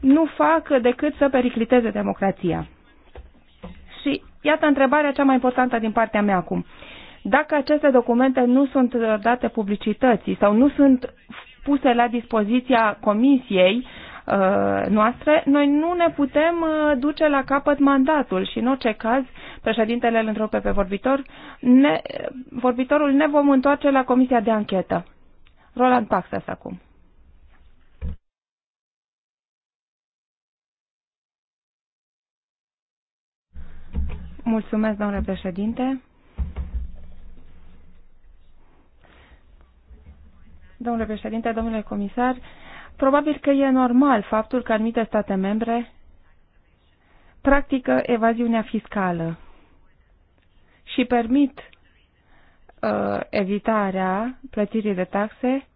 C: nu fac decât să pericliteze democrația. Și iată întrebarea cea mai importantă din partea mea acum. Dacă aceste documente nu sunt date publicității sau nu sunt puse la dispoziția comisiei Uh, noastre, noi nu ne putem uh, duce la capăt mandatul și în orice caz, președintele îl întrerupe pe vorbitor, ne, vorbitorul ne vom întoarce la comisia de anchetă. Roland Paxas acum. Mulțumesc, domnule președinte. Domnule președinte, domnule comisar, Probabil că e normal faptul că anumite state membre practică evaziunea fiscală și permit uh, evitarea plătirii de taxe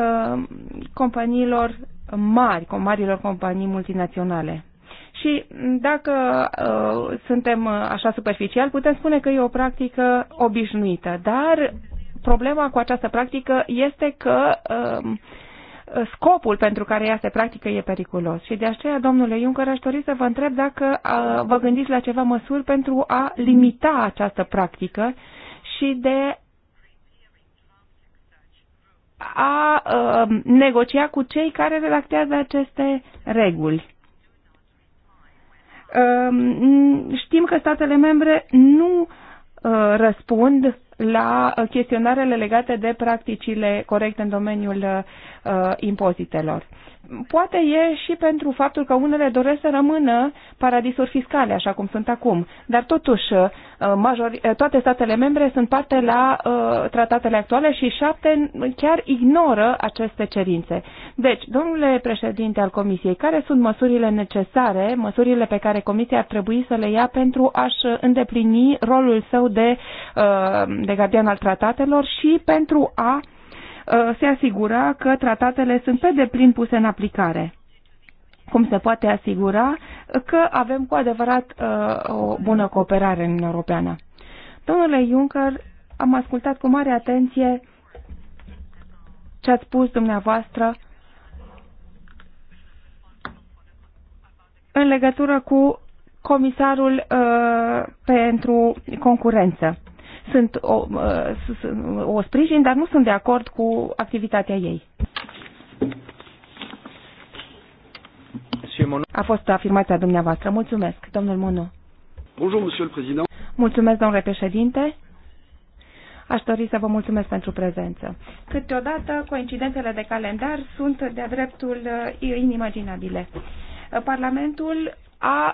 C: uh, companiilor mari, marilor companii multinaționale. Și dacă uh, suntem așa superficial, putem spune că e o practică obișnuită, dar problema cu această practică este că uh, Uh, scopul pentru care ea se practică e periculos. Și de aceea, domnule Juncker, aș dori să vă întreb dacă uh, vă gândiți la ceva măsuri pentru a limita această practică și de a uh, negocia cu cei care redactează aceste reguli. Știm că statele membre nu răspund la uh, chestionarele legate de practicile corecte în domeniul uh, uh, impozitelor poate e și pentru faptul că unele doresc să rămână paradisuri fiscale, așa cum sunt acum. Dar totuși, uh, major, uh, toate statele membre sunt parte la uh, tratatele actuale și șapte chiar ignoră aceste cerințe. Deci, domnule președinte al Comisiei, care sunt măsurile necesare, măsurile pe care Comisia ar trebui să le ia pentru a-și îndeplini rolul său de, uh, de gardian al tratatelor și pentru a uh, Uh, se asigura că tratatele sunt pe deplin puse în aplicare cum se poate asigura că avem cu adevărat uh, o bună cooperare în Europeană. Domnule Juncker, am ascultat cu mare atenție ce ați spus dumneavoastră în legătură cu comisarul uh, pentru concurență sunt o, uh, o sprijin, dar nu sunt de acord cu activitatea ei. A fost afirmația dumneavoastră. Mulțumesc, domnul Mono.
B: Bonjour, monsieur le président.
C: Mulțumesc, domnule președinte. Aș dori să vă mulțumesc pentru prezență. Câteodată, coincidențele de calendar sunt de-a dreptul uh, inimaginabile. Parlamentul a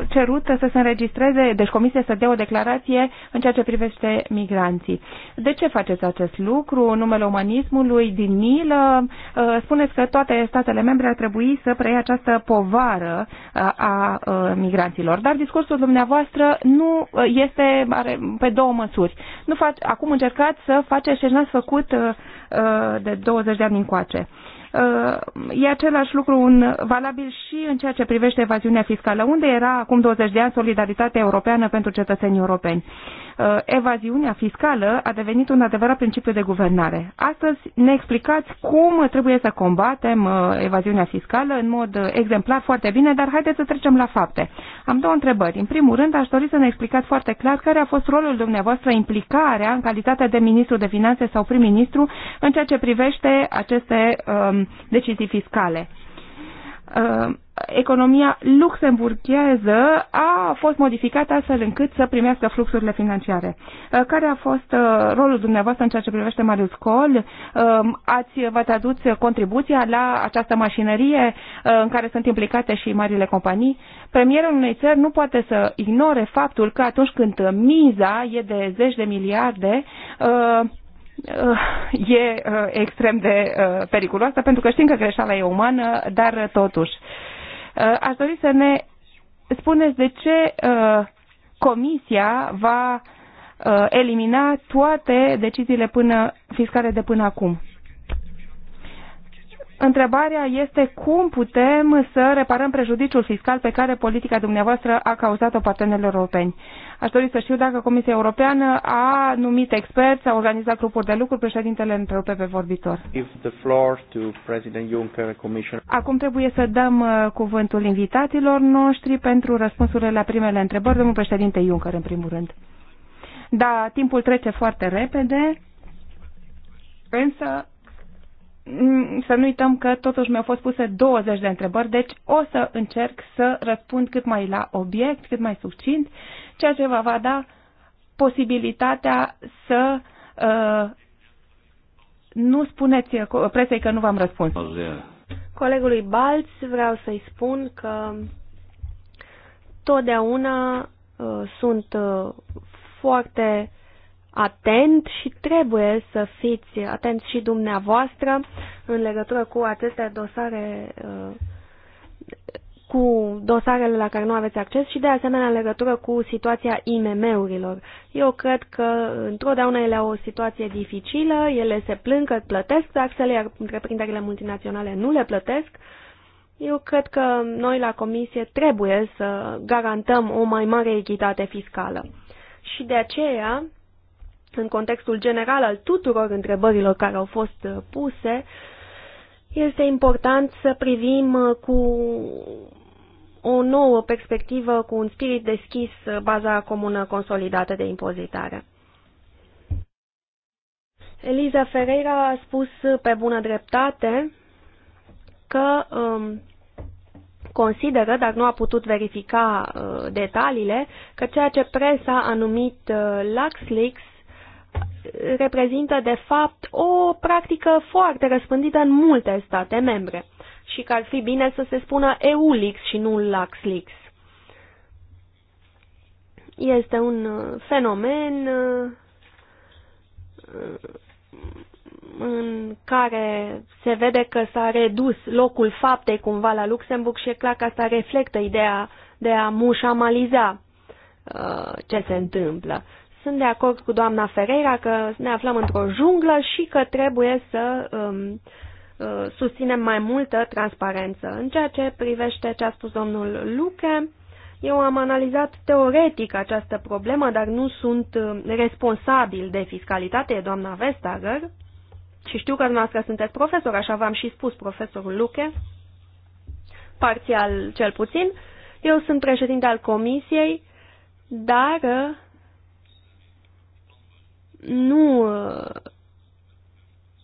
C: uh, cerut să se înregistreze, deci comisia să dea o declarație în ceea ce privește migranții. De ce faceți acest lucru? Numele umanismului din Nil, uh, spuneți că toate statele membre ar trebui să preia această povară uh, a uh, migranților, dar discursul dumneavoastră nu uh, este are, pe două măsuri. Nu fac, acum încercați să faceți ce n-ați făcut uh, uh de 20 de ani încoace. Uh, Uh, e același lucru în, valabil și în ceea ce privește evaziunea fiscală. Unde era acum 20 de ani solidaritatea europeană pentru cetățenii europeni? Uh, evaziunea fiscală a devenit un adevărat principiu de guvernare. Astăzi ne explicați cum trebuie să combatem uh, evaziunea fiscală în mod exemplar foarte bine, dar haideți să trecem la fapte. Am două întrebări. În primul rând, aș dori să ne explicați foarte clar care a fost rolul dumneavoastră, implicarea în calitate de ministru de finanțe sau prim-ministru în ceea ce privește aceste Um, decizii fiscale uh, economia luxemburgheză a fost modificată astfel încât să primească fluxurile financiare. Uh, care a fost uh, rolul dumneavoastră în ceea ce privește Marius Col? Ați, v-ați adus contribuția la această mașinărie în care sunt implicate și marile companii? Premierul unei țări nu poate să ignore faptul că atunci când miza e de zeci de miliarde, Eh, e eh, extrem de eh, periculoasă pentru că știm că greșeala e umană, dar totuși. Aș dori să ne spuneți de ce Comisia va elimina toate deciziile până, fiscale de până acum. Întrebarea este cum putem să reparăm prejudiciul fiscal pe care politica dumneavoastră a cauzat-o partenerilor europeni. Aș dori să știu dacă Comisia Europeană a numit experți, a organizat grupuri de lucru, președintele întrerupe pe vorbitor. Acum trebuie să dăm uh, cuvântul invitatilor noștri pentru răspunsurile la primele întrebări. Domnul președinte Juncker, în primul rând. Da, timpul trece foarte repede, însă Mm, să nu uităm că totuși mi-au fost puse 20 de întrebări, deci o să încerc să răspund cât mai la obiect, cât mai succint, ceea ce va va da posibilitatea să uh, nu spuneți presei că nu v-am răspuns.
B: Colegului Balț vreau să-i spun că totdeauna uh, sunt uh, foarte atent și trebuie să fiți atenți și dumneavoastră în legătură cu aceste dosare uh, cu dosarele la care nu aveți acces și de asemenea în legătură cu situația IMM-urilor. Eu cred că întotdeauna ele au o situație dificilă, ele se plâng că plătesc taxele, iar întreprinderile multinaționale nu le plătesc. Eu cred că noi la comisie trebuie să garantăm o mai mare echitate fiscală. Și de aceea în contextul general al tuturor întrebărilor care au fost uh, puse, este important să privim uh, cu o nouă perspectivă, cu un spirit deschis, uh, baza comună consolidată de impozitare. Eliza Ferreira a spus pe bună dreptate că um, consideră, dar nu a putut verifica uh, detaliile, că ceea ce presa a numit uh, LuxLeaks reprezintă, de fapt, o practică foarte răspândită în multe state membre și că ar fi bine să se spună EULIX și nu LAXLIX. Este un uh, fenomen uh, uh, în care se vede că s-a redus locul faptei cumva la Luxemburg și e clar că asta reflectă ideea de a mușamaliza ce se întâmplă. Sunt de acord cu doamna Ferreira că ne aflăm într-o junglă și că trebuie să um, uh, susținem mai multă transparență. În ceea ce privește ce a spus domnul Luche, eu am analizat teoretic această problemă, dar nu sunt um, responsabil de fiscalitate, e doamna Vestager, și știu că dumneavoastră sunteți profesor, așa v-am și spus profesorul Luche, parțial cel puțin. Eu sunt președinte al comisiei, dar uh, nu, uh,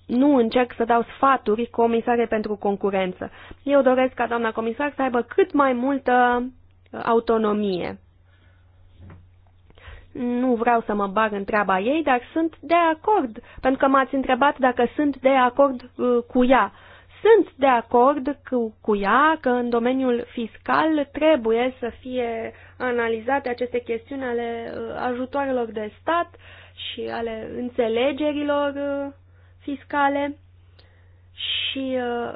B: nu încerc să dau sfaturi comisare pentru concurență. Eu doresc ca doamna comisar să aibă cât mai multă uh, autonomie. Nu vreau să mă bag în treaba ei, dar sunt de acord, pentru că m-ați întrebat dacă sunt de acord uh, cu ea. Sunt de acord cu, cu ea că în domeniul fiscal trebuie să fie analizate aceste chestiuni ale ajutoarelor de stat uh, și ale înțelegerilor uh, fiscale și uh,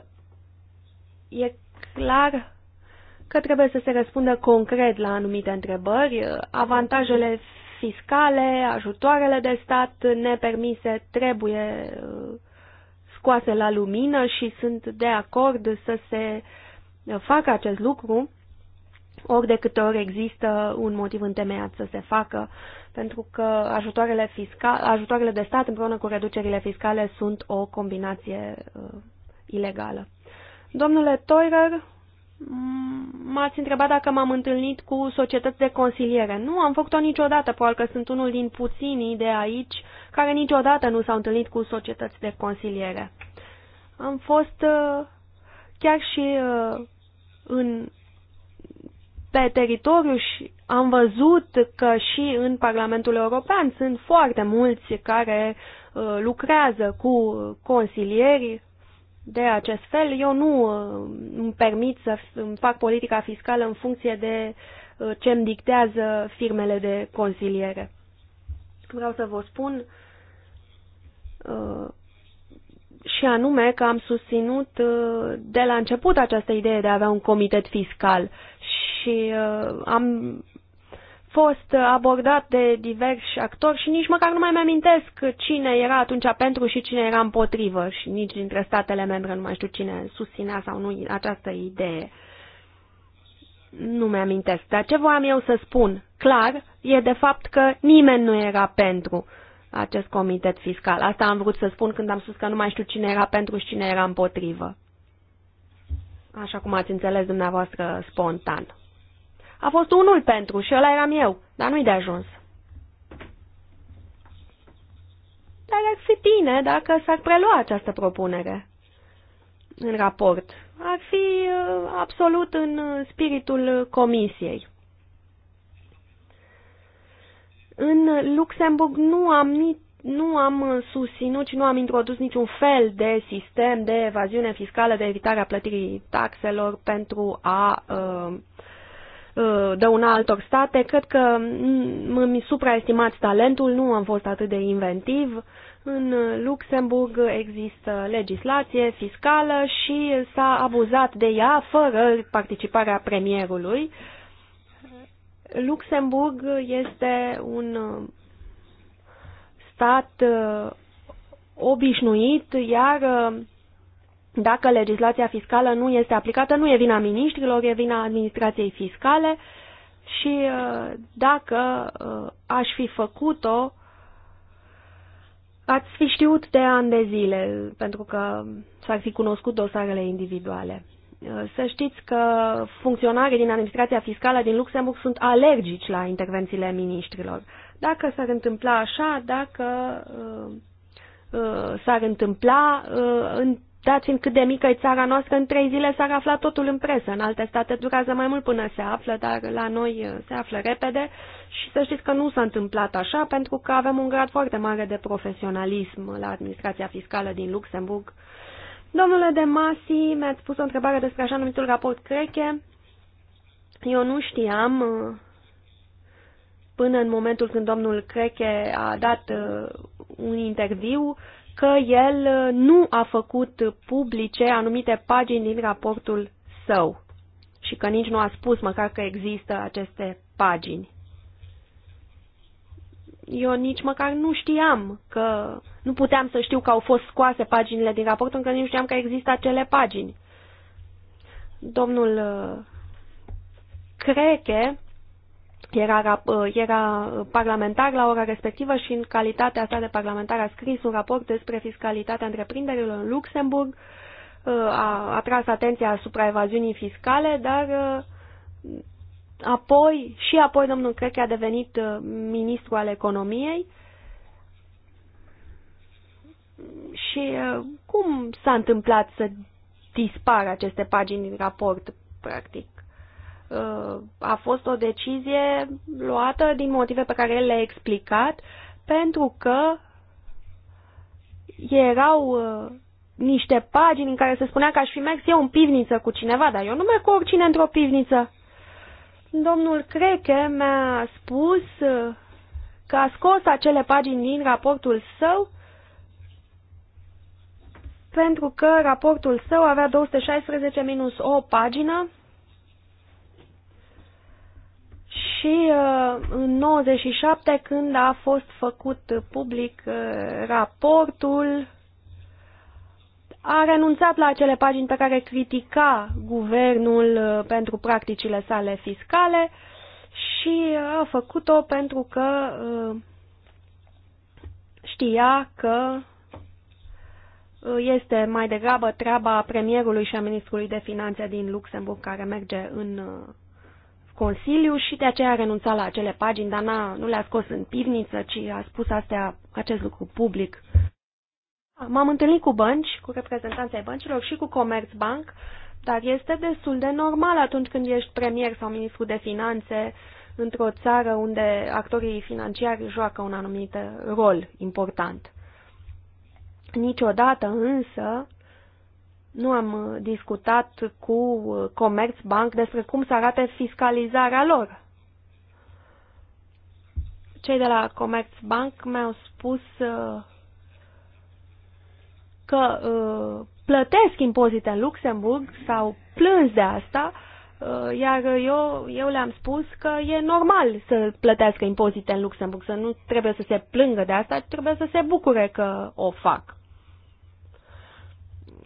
B: e clar că trebuie să se răspundă concret la anumite întrebări. Avantajele fiscale, ajutoarele de stat nepermise trebuie uh, scoase la lumină și sunt de acord să se facă acest lucru ori de câte ori există un motiv întemeiat să se facă pentru că ajutoarele, fiscal, ajutoarele de stat împreună cu reducerile fiscale sunt o combinație uh, ilegală. Domnule Toirer, m-ați întrebat dacă m-am întâlnit cu societăți de consiliere. Nu am făcut-o niciodată, probabil că sunt unul din puținii de aici care niciodată nu s-au întâlnit cu societăți de consiliere. Am fost uh, chiar și uh, în, pe teritoriu și am văzut că și în Parlamentul European sunt foarte mulți care uh, lucrează cu consilieri de acest fel. Eu nu uh, îmi permit să îmi fac politica fiscală în funcție de uh, ce îmi dictează firmele de consiliere. Vreau să vă spun și anume că am susținut de la început această idee de a avea un comitet fiscal și am fost abordat de diversi actori și nici măcar nu mai mi-amintesc cine era atunci pentru și cine era împotrivă și nici dintre statele membre nu mai știu cine susținea sau nu această idee. Nu mi-amintesc, dar ce voiam eu să spun clar e de fapt că nimeni nu era pentru acest comitet fiscal. Asta am vrut să spun când am spus că nu mai știu cine era pentru și cine era împotrivă. Așa cum ați înțeles dumneavoastră spontan. A fost unul pentru și ăla eram eu, dar nu-i de ajuns. Dar ar fi bine dacă s-ar prelua această propunere în raport. Ar fi uh, absolut în spiritul comisiei. În Luxemburg nu am, ni, nu am susținut și nu am introdus niciun fel de sistem de evaziune fiscală, de evitare a plătirii taxelor pentru a uh, Uh, dăuna altor state. Cred că mm, mi supraestimați talentul, nu am fost atât de inventiv. În Luxemburg există legislație fiscală și s-a abuzat de ea fără participarea premierului. Luxemburg este un uh, stat uh, obișnuit, iar dacă legislația fiscală nu este aplicată, nu e vina miniștrilor, e vina administrației fiscale și uh, dacă uh, aș fi făcut-o, ați fi știut de ani de zile, pentru că s-ar fi cunoscut dosarele individuale. Uh, să știți că funcționarii din administrația fiscală din Luxemburg sunt alergici la intervențiile miniștrilor. Dacă s-ar întâmpla așa, dacă uh, uh, s-ar întâmpla, uh, în dat fiind cât de mică e țara noastră, în trei zile s-ar afla totul în presă. În alte state durează mai mult până se află, dar la noi uh, se află repede și să știți că nu s-a întâmplat așa pentru că avem un grad foarte mare de profesionalism la administrația fiscală din Luxemburg. Domnule de Masi, mi-ați pus o întrebare despre așa numitul raport Creche. Eu nu știam uh, până în momentul când domnul Creche a dat uh, un interviu că el uh, nu a făcut publice anumite pagini din raportul său și că nici nu a spus măcar că există aceste pagini. Eu nici măcar nu știam că, nu puteam să știu că au fost scoase paginile din raport, încă nu știam că există acele pagini. Domnul uh, Creche era, uh, era parlamentar la ora respectivă și în calitatea sa de parlamentar a scris un raport despre fiscalitatea întreprinderilor în Luxemburg, uh, a atras atenția asupra evaziunii fiscale, dar uh, apoi, și apoi domnul Creche a devenit ministru al economiei și cum s-a întâmplat să dispară aceste pagini din raport, practic? Uh, a fost o decizie luată din motive pe care el le-a explicat, pentru că erau uh, niște pagini în care se spunea că aș fi mers eu în pivniță cu cineva, dar eu nu merg cu oricine într-o pivniță. Domnul Creche mi-a spus uh, că a scos acele pagini din raportul său pentru că raportul său avea 216 minus o pagină și uh, în 97 când a fost făcut public uh, raportul, a renunțat la acele pagini pe care critica guvernul uh, pentru practicile sale fiscale și a făcut-o pentru că știa că este mai degrabă treaba premierului și a ministrului de finanțe din Luxemburg care merge în Consiliu și de aceea a renunțat la acele pagini, dar nu le-a scos în pivniță, ci a spus astea, acest lucru public. M-am întâlnit cu bănci, cu reprezentanții băncilor și cu Comerțbank, dar este destul de normal atunci când ești premier sau ministru de finanțe într-o țară unde actorii financiari joacă un anumit rol important. Niciodată însă nu am uh, discutat cu uh, Comerțbank despre cum să arate fiscalizarea lor. Cei de la Comerțbank mi-au spus uh, că plătesc impozite în Luxemburg, s-au plâns de asta, iar eu, eu le-am spus că e normal să plătească impozite în Luxemburg, să nu trebuie să se plângă de asta, trebuie să se bucure că o fac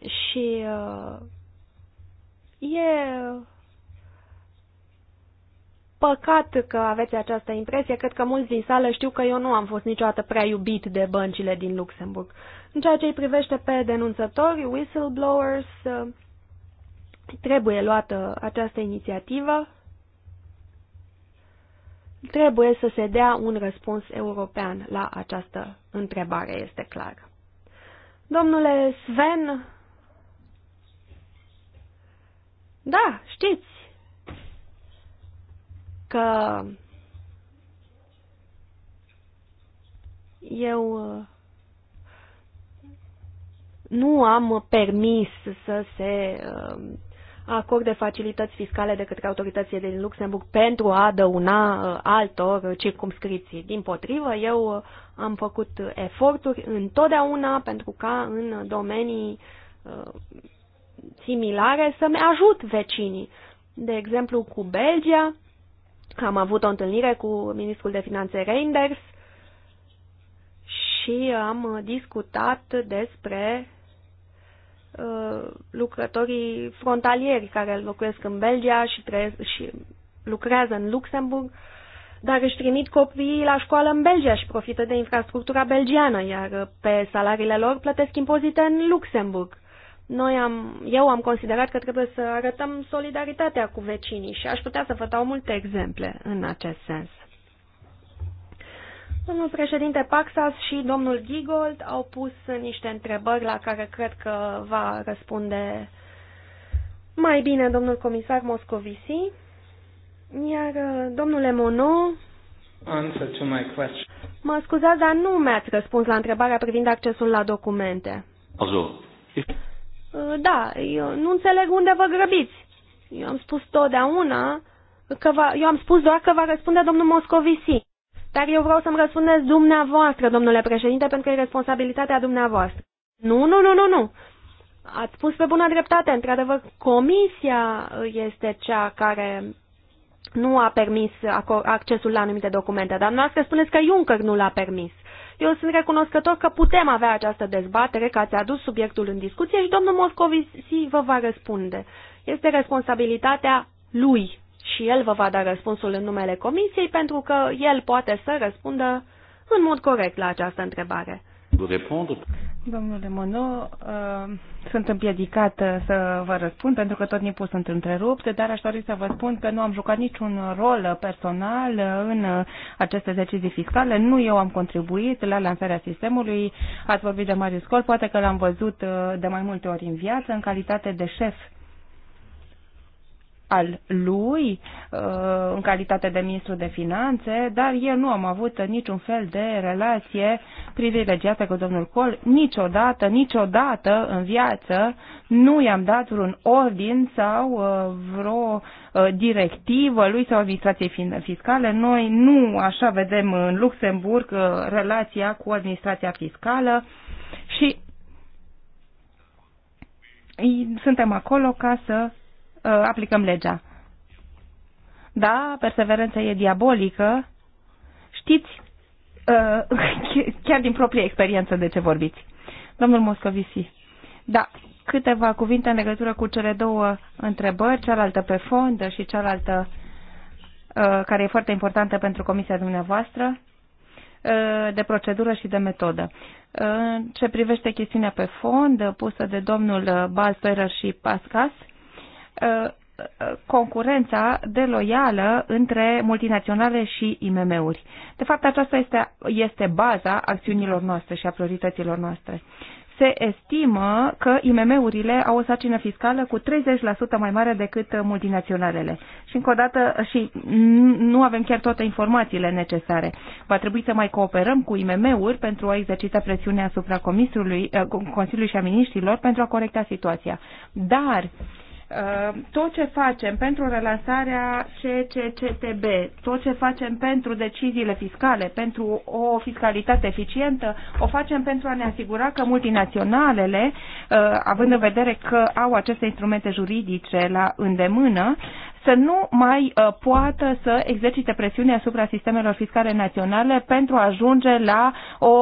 B: și uh, e păcat că aveți această impresie. Cred că mulți din sală știu că eu nu am fost niciodată prea iubit de băncile din Luxemburg. În ceea ce îi privește pe denunțători, whistleblowers, uh, trebuie luată această inițiativă. Trebuie să se dea un răspuns european la această întrebare, este clar. Domnule Sven, da, știți că eu uh, nu am permis să se uh, acorde facilități fiscale de către autoritățile din Luxemburg pentru a dăuna uh, altor circumscripții. Din potrivă, eu am făcut eforturi întotdeauna pentru ca în domenii similare să-mi ajut vecinii. De exemplu, cu Belgia, am avut o întâlnire cu ministrul de finanțe Reinders și am discutat despre uh, lucrătorii frontalieri care locuiesc în Belgia și, și lucrează în Luxemburg, dar își trimit copiii la școală în Belgia și profită de infrastructura belgiană, iar pe salariile lor plătesc impozite în Luxemburg. Noi am, eu am considerat că trebuie să arătăm solidaritatea cu vecinii și aș putea să vă dau multe exemple în acest sens. Domnul președinte Paxas și domnul Gigold au pus niște întrebări la care cred că va răspunde mai bine domnul comisar Moscovici. Iar uh, domnule Mono, mă scuzați, dar nu mi-ați răspuns la întrebarea privind accesul la documente. Also, Ă, da, eu nu înțeleg unde vă grăbiți. Eu am spus totdeauna că va, eu am spus doar că va răspunde domnul Moscovici. Dar eu vreau să-mi răspundeți dumneavoastră, domnule președinte, pentru că e responsabilitatea dumneavoastră. Nu, nu, nu, nu, nu. Ați spus pe bună dreptate. Într-adevăr, comisia este cea care nu a permis accesul la anumite documente, dar noastră spuneți că Juncker nu l-a permis. Eu sunt recunoscător că putem avea această dezbatere, că ați adus subiectul în discuție și domnul Moscovici vă va răspunde. Este responsabilitatea lui și el vă va da răspunsul în numele comisiei pentru că el poate să răspundă în mod corect la această întrebare.
C: Domnule Mono, uh, sunt împiedicată uh, să vă răspund pentru că tot timpul sunt întrerupt, dar aș dori să vă spun că nu am jucat niciun rol uh, personal în aceste decizii fiscale. Nu eu am contribuit la lansarea sistemului. Ați vorbit de Marius Col, poate că l-am văzut de mai multe ori în viață, în calitate de șef al lui uh, în calitate de ministru de finanțe, dar eu nu am avut niciun fel de relație privilegiată cu domnul Col. Niciodată, niciodată în viață nu i-am dat vreun ordin sau uh, vreo uh, directivă lui sau administrației fiscale. Noi nu așa vedem în Luxemburg relația cu administrația fiscală și suntem acolo ca să Uh, aplicăm legea. Da, perseverența e diabolică. Știți uh, chiar din propria experiență de ce vorbiți. Domnul Moscovici, da, câteva cuvinte în legătură cu cele două întrebări, cealaltă pe fond și cealaltă uh, care e foarte importantă pentru comisia dumneavoastră, de procedură și de metodă. În ce privește chestiunea pe fond pusă de domnul Balperer și Pascas, Uh, uh, concurența deloială între multinaționale și IMM-uri. De fapt, aceasta este, este baza acțiunilor noastre și a priorităților noastre. Se estimă că IMM-urile au o sarcină fiscală cu 30% mai mare decât multinaționalele. Și încă o dată, și nu avem chiar toate informațiile necesare. Va trebui să mai cooperăm cu IMM-uri pentru a exercita presiunea asupra uh, Consiliului și a Miniștrilor pentru a corecta situația. Dar, uh, Uh, tot ce facem pentru relansarea CCCTB, tot ce facem pentru deciziile fiscale, pentru o fiscalitate eficientă, o facem pentru a ne asigura că multinaționalele, uh, având în vedere că au aceste instrumente juridice la îndemână, să nu mai uh, poată să exercite presiune asupra sistemelor fiscale naționale pentru a ajunge la o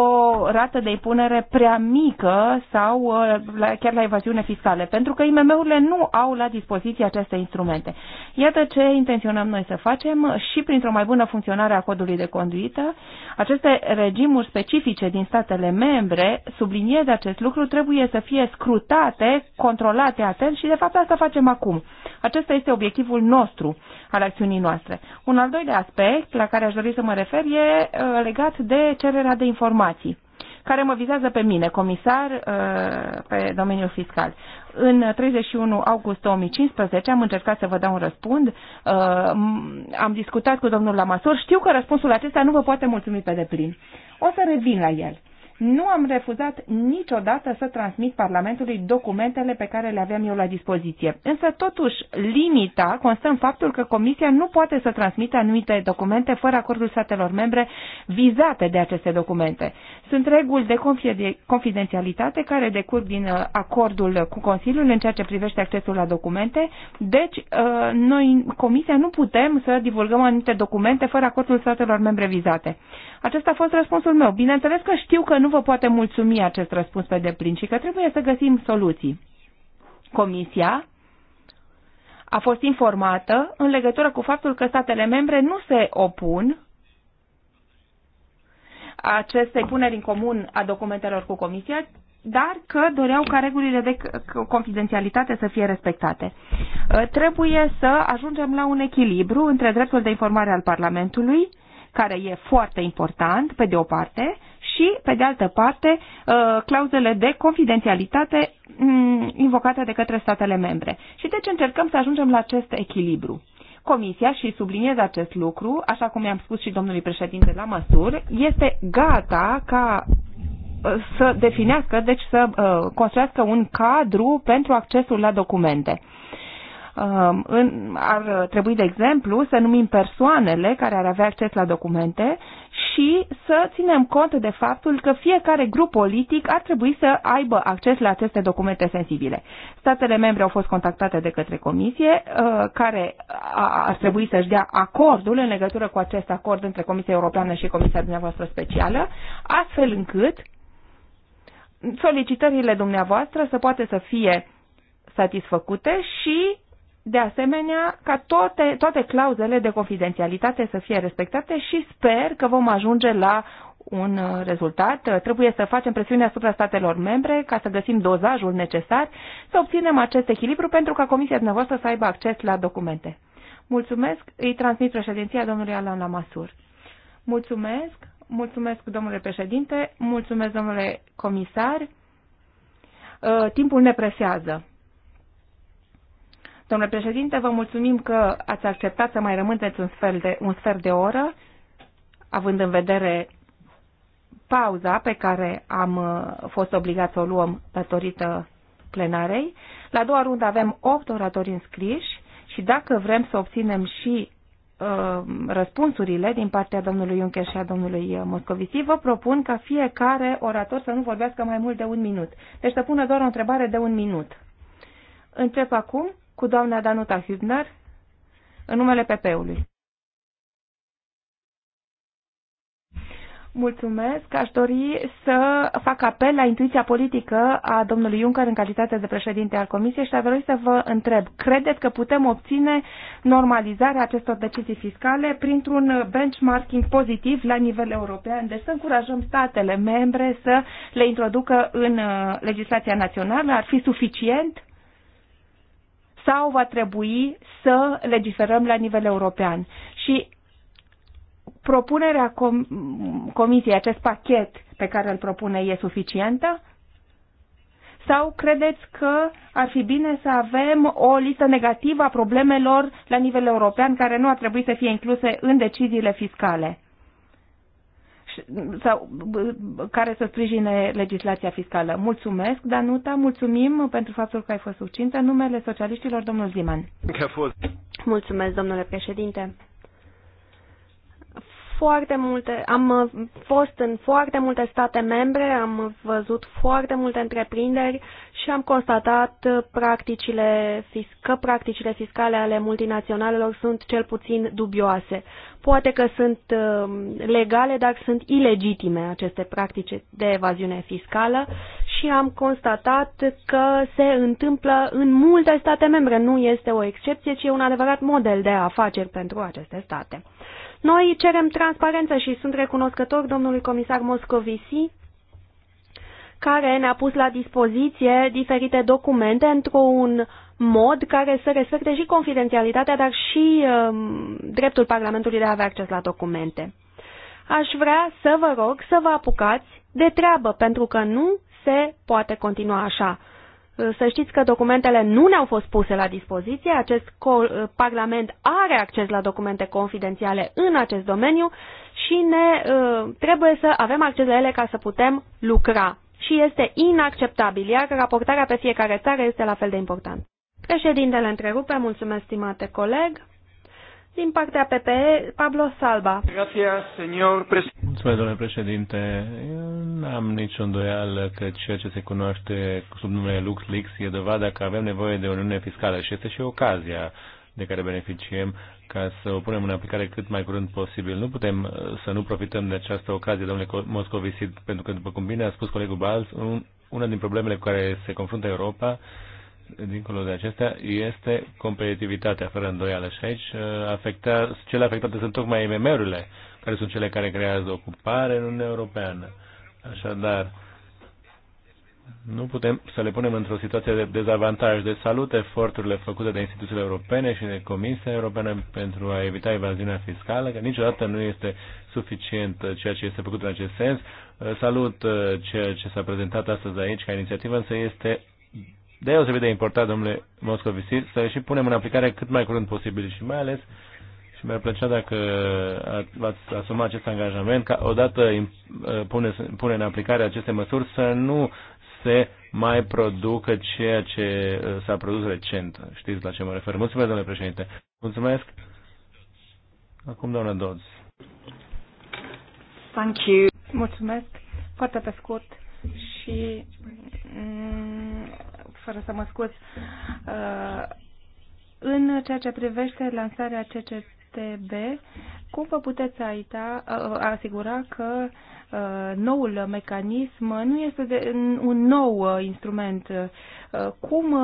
C: rată de impunere prea mică sau uh, la, chiar la evaziune fiscale, pentru că IMM-urile nu au la dispoziție aceste instrumente. Iată ce intenționăm noi să facem și printr-o mai bună funcționare a codului de conduită. Aceste regimuri specifice din statele membre, subliniez acest lucru, trebuie să fie scrutate, controlate atent și de fapt asta facem acum. Acesta este obiectivul nostru al acțiunii noastre. Un al doilea aspect la care aș dori să mă refer e uh, legat de cererea de informații care mă vizează pe mine, comisar uh, pe domeniul fiscal. În 31 august 2015 am încercat să vă dau un răspund, uh, am discutat cu domnul Lamasor, știu că răspunsul acesta nu vă poate mulțumi pe deplin. O să revin la el nu am refuzat niciodată să transmit Parlamentului documentele pe care le aveam eu la dispoziție. Însă, totuși, limita constă în faptul că Comisia nu poate să transmită anumite documente fără acordul statelor membre vizate de aceste documente. Sunt reguli de confidențialitate care decurg din uh, acordul cu Consiliul în ceea ce privește accesul la documente, deci uh, noi, Comisia, nu putem să divulgăm anumite documente fără acordul statelor membre vizate. Acesta a fost răspunsul meu. Bineînțeles că știu că nu nu vă poate mulțumi acest răspuns pe deplin și că trebuie să găsim soluții. Comisia a fost informată în legătură cu faptul că statele membre nu se opun acestei puneri în comun a documentelor cu Comisia, dar că doreau ca regulile de confidențialitate să fie respectate. Ă, trebuie să ajungem la un echilibru între dreptul de informare al Parlamentului, care e foarte important, pe de o parte, și, pe de altă parte, uh, clauzele de confidențialitate mm, invocate de către statele membre. Și deci încercăm să ajungem la acest echilibru. Comisia, și subliniez acest lucru, așa cum i-am spus și domnului președinte la măsuri, este gata ca uh, să definească, deci să uh, construiască un cadru pentru accesul la documente. Um, ar trebui, de exemplu, să numim persoanele care ar avea acces la documente și să ținem cont de faptul că fiecare grup politic ar trebui să aibă acces la aceste documente sensibile. Statele membre au fost contactate de către comisie, uh, care ar trebui să-și dea acordul în legătură cu acest acord între Comisia Europeană și Comisia dumneavoastră specială, astfel încât solicitările dumneavoastră să poate să fie satisfăcute și de asemenea ca toate, toate clauzele de confidențialitate să fie respectate și sper că vom ajunge la un uh, rezultat. Uh, trebuie să facem presiune asupra statelor membre ca să găsim dozajul necesar, să obținem acest echilibru pentru ca comisia dumneavoastră să aibă acces la documente. Mulțumesc, îi transmit președinția domnului Alan Lamasur. Mulțumesc, mulțumesc domnule președinte, mulțumesc domnule comisar. Uh, timpul ne presează. Domnule președinte, vă mulțumim că ați acceptat să mai rămâneți un sfert de, un sfert de oră, având în vedere pauza pe care am uh, fost obligați să o luăm datorită plenarei. La doua rundă avem 8 oratori înscriși și dacă vrem să obținem și uh, răspunsurile din partea domnului Juncker și a domnului uh, Moscovici, vă propun ca fiecare orator să nu vorbească mai mult de un minut. Deci să pună doar o întrebare de un minut. Încep acum cu doamna Danuta Hübner în numele PP-ului. Mulțumesc. Aș dori să fac apel la intuiția politică a domnului Juncker în calitate de președinte al Comisiei și aș dori să vă întreb. Credeți că putem obține normalizarea acestor decizii fiscale printr-un benchmarking pozitiv la nivel european? Deci să încurajăm statele membre să le introducă în uh, legislația națională? Ar fi suficient? sau va trebui să legiferăm la nivel european. Și propunerea com Comisiei, acest pachet pe care îl propune, e suficientă? Sau credeți că ar fi bine să avem o listă negativă a problemelor la nivel european care nu ar trebui să fie incluse în deciziile fiscale? sau care să sprijine legislația fiscală. Mulțumesc, Danuta, mulțumim pentru faptul că ai fost succintă. Numele
B: socialiștilor, domnul Ziman. Mulțumesc, domnule președinte foarte multe, am uh, fost în foarte multe state membre, am văzut foarte multe întreprinderi și am constatat uh, practicile, că practicile fiscale ale multinaționalelor sunt cel puțin dubioase. Poate că sunt uh, legale, dar sunt ilegitime aceste practici de evaziune fiscală și am constatat că se întâmplă în multe state membre. Nu este o excepție, ci e un adevărat model de afaceri pentru aceste state. Noi cerem transparență și sunt recunoscător domnului comisar Moscovici care ne-a pus la dispoziție diferite documente într-un mod care să respecte și confidențialitatea, dar și um, dreptul Parlamentului de a avea acces la documente. Aș vrea să vă rog să vă apucați de treabă, pentru că nu se poate continua așa. Să știți că documentele nu ne-au fost puse la dispoziție, acest uh, Parlament are acces la documente confidențiale în acest domeniu și ne uh, trebuie să avem acces la ele ca să putem lucra. Și este inacceptabil, iar raportarea pe fiecare țară este la fel de importantă. Președintele întrerupe, mulțumesc, stimate coleg. Din partea PPE, Pablo Salba.
A: Mulțumesc, domnule președinte. Eu n-am nicio îndoială că ceea ce se cunoaște sub numele LuxLeaks e dovada că avem nevoie de o uniune fiscală și este și ocazia de care beneficiem ca să o punem în aplicare cât mai curând posibil. Nu putem uh, să nu profităm de această ocazie, domnule Moscovici, pentru că, după cum bine a spus colegul Balz, una din problemele cu care se confruntă Europa dincolo de acestea, este competitivitatea, fără îndoială. Și aici uh, afecta, cele afectate sunt tocmai IMM-urile, care sunt cele care creează ocupare în Uniunea Europeană. Așadar, nu putem să le punem într-o situație de dezavantaj. De salut eforturile făcute de instituțiile europene și de Comisia Europeană pentru a evita evaziunea fiscală, că niciodată nu este suficient uh, ceea ce este făcut în acest sens. Uh, salut ceea ce s-a prezentat astăzi aici ca inițiativă, însă este deosebit de important, domnule Moscovici, să și punem în aplicare cât mai curând posibil și mai ales și mi-ar plăcea dacă v-ați asuma acest angajament ca odată uh, pune, pune în aplicare aceste măsuri să nu se mai producă ceea ce uh, s-a produs recent. Știți la ce mă refer. Mulțumesc, domnule președinte. Mulțumesc. Acum, doamna Dodds.
C: Thank you. Mulțumesc. Foarte pe scurt și mm, fără să mă scuz, uh, în ceea ce privește lansarea CCTB, cum vă puteți aita, uh, asigura că uh, noul mecanism nu este de, un nou instrument? Cum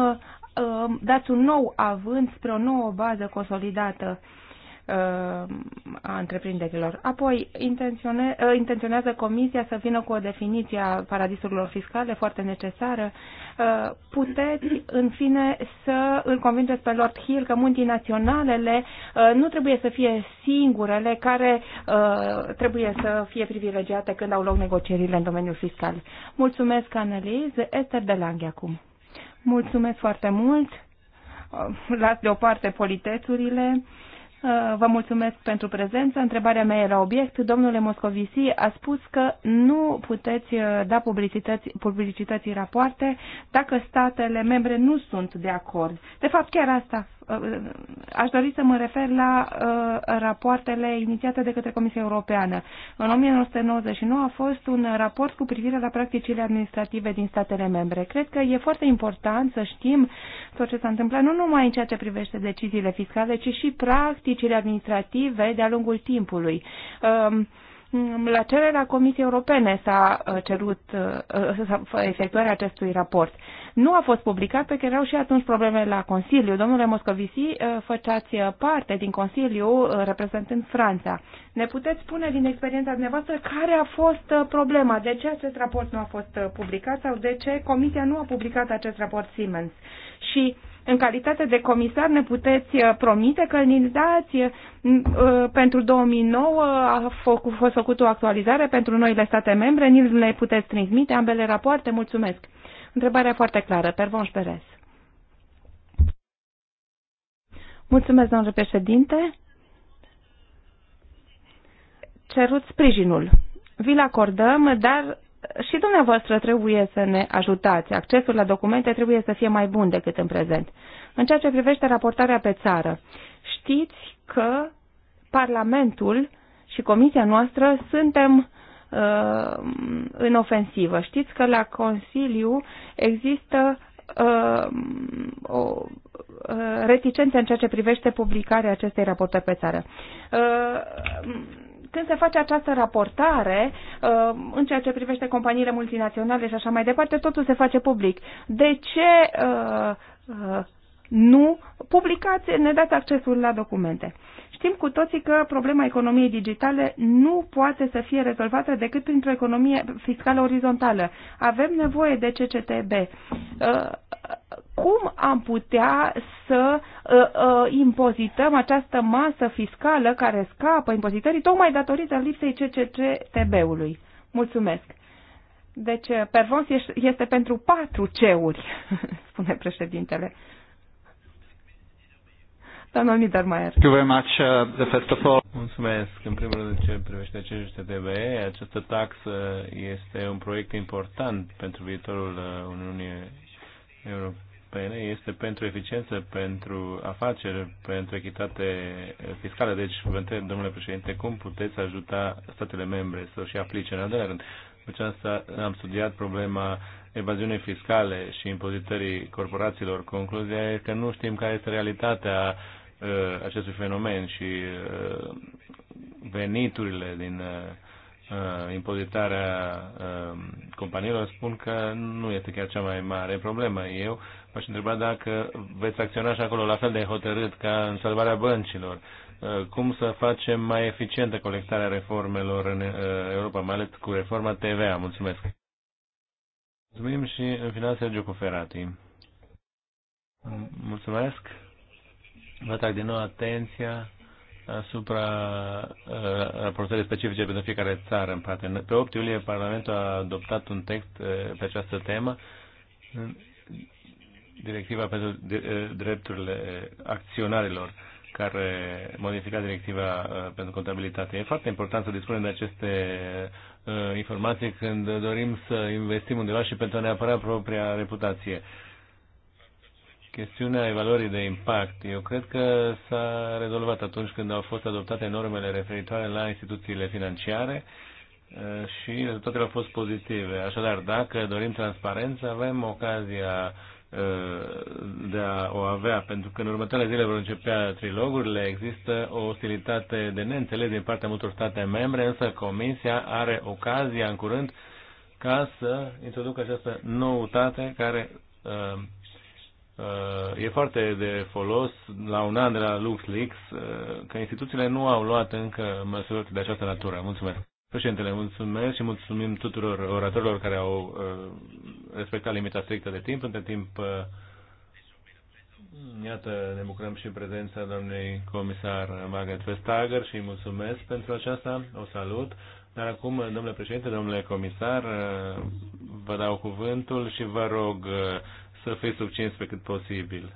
C: dați un nou avânt spre o nouă bază consolidată? Uh, a întreprinderilor. Apoi, intențione, uh, intenționează Comisia să vină cu o definiție a paradisurilor fiscale foarte necesară. Uh, puteți, în fine, să îl convingeți pe Lord Hill că multinaționalele nu trebuie să fie singurele care trebuie să fie privilegiate când au loc negocierile în domeniul fiscal. Mulțumesc, Aneliz. Esther de Lange acum. Mulțumesc foarte mult. Las deoparte politețurile Uh, vă mulțumesc pentru prezență. Întrebarea mea era obiect. Domnule Moscovici a spus că nu puteți uh, da publicități, publicității rapoarte dacă statele membre nu sunt de acord. De fapt, chiar asta Uh, aș dori să mă refer la uh, rapoartele inițiate de către Comisia Europeană. În 1999 a fost un raport cu privire la practicile administrative din statele membre. Cred că e foarte important să știm tot ce s-a întâmplat, nu numai în ceea ce privește deciziile fiscale, ci și practicile administrative de-a lungul timpului. Um, Mm, la cererea Comisiei Europene s-a uh, cerut uh, efectuarea acestui raport. Nu a fost publicat, pe că erau și atunci probleme la Consiliu. Domnule Moscovici, uh, făceați parte din Consiliu reprezentând Franța. Ne puteți spune din experiența dumneavoastră care a fost problema? De ce acest raport nu a fost publicat sau de ce Comisia nu a publicat acest raport Siemens? Și uh, în calitate de comisar, ne puteți uh, promite că ne dați uh, pentru 2009 a fost făcut o actualizare pentru noile state membre, ni le puteți transmite ambele rapoarte, mulțumesc. Întrebarea foarte clară, Pervonș Perez. Mulțumesc, domnule președinte. Cerut sprijinul. Vi-l acordăm, dar și dumneavoastră trebuie să ne ajutați. Accesul la documente trebuie să fie mai bun decât în prezent. În ceea ce privește raportarea pe țară, știți că Parlamentul și Comisia noastră suntem uh, în ofensivă. Știți că la Consiliu există uh, o uh, reticență în ceea ce privește publicarea acestei raportări pe țară. Uh, când se face această raportare uh, în ceea ce privește companiile multinaționale și așa mai departe, totul se face public. De ce uh, uh, nu publicați, ne dați accesul la documente? Știm cu toții că problema economiei digitale nu poate să fie rezolvată decât printr-o economie fiscală orizontală. Avem nevoie de CCTB. Uh, cum am putea să uh, uh, impozităm această masă fiscală care scapă impozitării tocmai datorită lipsei CCTB-ului? Mulțumesc. Deci, Pervons este pentru patru ceuri, spune președintele. Doamna Thank
A: you very much, uh, first of all. Mulțumesc. În primul rând, ce privește acest TBE, această taxă este un proiect important pentru viitorul uh, Uniunii Europene. Este pentru eficiență, pentru afaceri, pentru echitate fiscală. Deci, vă întreb, domnule președinte, cum puteți ajuta statele membre să și aplice în al doilea rând? Deci am studiat problema evaziunii fiscale și impozitării corporațiilor. Concluzia e că nu știm care este realitatea Uh, acestui fenomen și uh, veniturile din uh, impozitarea companiilor spun că nu este chiar cea mai mare problemă. Eu m-aș întreba dacă veți acționa și acolo la fel de hotărât ca în salvarea băncilor. Cum să facem mai eficientă colectarea reformelor în Europa, mai ales cu reforma TVA? Mulțumesc! Mulțumim și în final Sergio Cuferati. Mulțumesc! Vă atrag din nou atenția asupra uh, raportării specifice pentru fiecare țară în parte. Pe 8 iulie Parlamentul a adoptat un text uh, pe această temă directiva pentru uh, drepturile acționarilor care modifica directiva pentru contabilitate. E foarte important să dispunem de aceste informații când dorim să investim undeva și pentru a ne apăra propria reputație chestiunea evaluării de impact. Eu cred că s-a rezolvat atunci când au fost adoptate normele referitoare la instituțiile financiare uh, și rezultatele au fost pozitive. Așadar, dacă dorim transparență, avem ocazia uh, de a o avea, pentru că în următoarele zile vor începea trilogurile, există o ostilitate de neînțeles din partea multor state membre, însă Comisia are ocazia în curând ca să introducă această noutate care uh, Uh, e foarte de folos la un an de la LuxLeaks uh, că instituțiile nu au luat încă măsuri de această natură. Mulțumesc. Președintele, mulțumesc și mulțumim tuturor oratorilor care au uh, respectat limita strictă de timp. Între timp, iată, ne bucurăm și prezența doamnei comisar Margaret Vestager și mulțumesc pentru aceasta. O salut. Dar acum, domnule președinte, domnule comisar, vă dau cuvântul și vă rog să fii sub 15 cât posibil.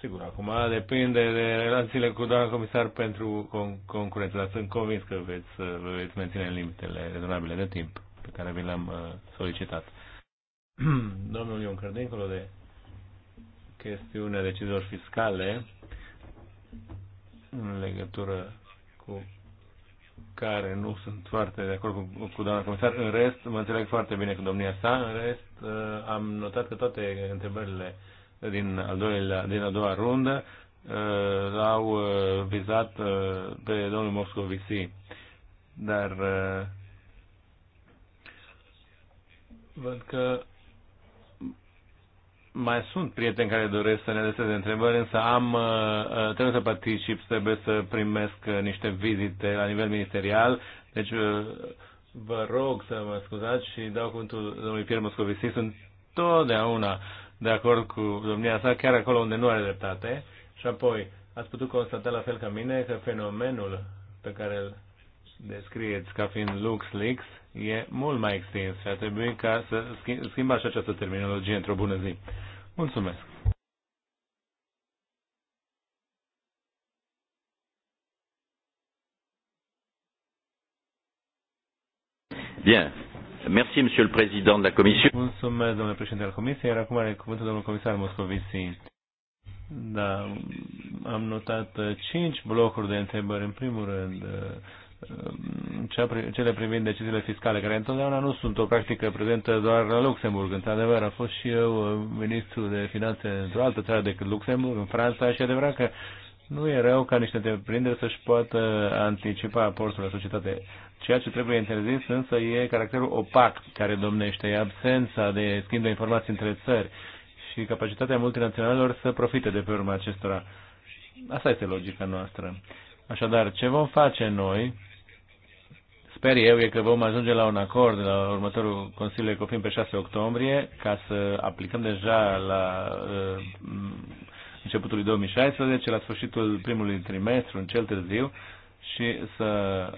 A: Sigur, acum depinde de relațiile cu doamna comisar pentru con- concurență, dar sunt convins că veți, uh, vă veți menține limitele rezonabile de timp pe care vi le-am uh, solicitat. Domnul Juncker, dincolo de chestiunea decizor fiscale, în legătură cu care nu sunt foarte de acord cu, cu doamna comisar, în rest mă înțeleg foarte bine cu domnia sa, în rest Uh, am notat că toate întrebările din, al doilea, din a doua rundă uh, l-au uh, vizat pe domnul Moscovici. Dar văd că mai sunt prieteni care doresc să ne adreseze întrebări, însă am, trebuie să particip, trebuie să primesc niște vizite la nivel ministerial, deci vă rog să mă scuzați și dau cuvântul domnului Pierre Moscovici. Sunt totdeauna de acord cu domnia sa, chiar acolo unde nu are dreptate. Și apoi, ați putut constata la fel ca mine că fenomenul pe care îl descrieți ca fiind Lix e mult mai extins și ar trebui ca să schimbați această terminologie într-o bună zi. Mulțumesc! Bien.
C: Merci, Monsieur le Président de la
A: Mulțumesc, domnule președinte al Comisiei. Iar acum are cuvântul domnul comisar Moscovici. Da, am notat uh, cinci blocuri de întrebări. În primul rând, uh, cele privind deciziile fiscale, care întotdeauna nu sunt o practică prezentă doar la Luxemburg. Într-adevăr, a fost și eu uh, ministru de finanțe într-o altă țară decât Luxemburg, în Franța, și adevărat că nu e rău ca niște întreprinderi să-și poată anticipa aportul la societate. Ceea ce trebuie interzis însă e caracterul opac care domnește, e absența de schimb de informații între țări și capacitatea multinaționalelor să profite de pe urma acestora. Asta este logica noastră. Așadar, ce vom face noi, sper eu, e că vom ajunge la un acord la următorul Consiliu Ecofin pe 6 octombrie ca să aplicăm deja la uh, începutului 2016, la sfârșitul primului trimestru, în cel târziu, și să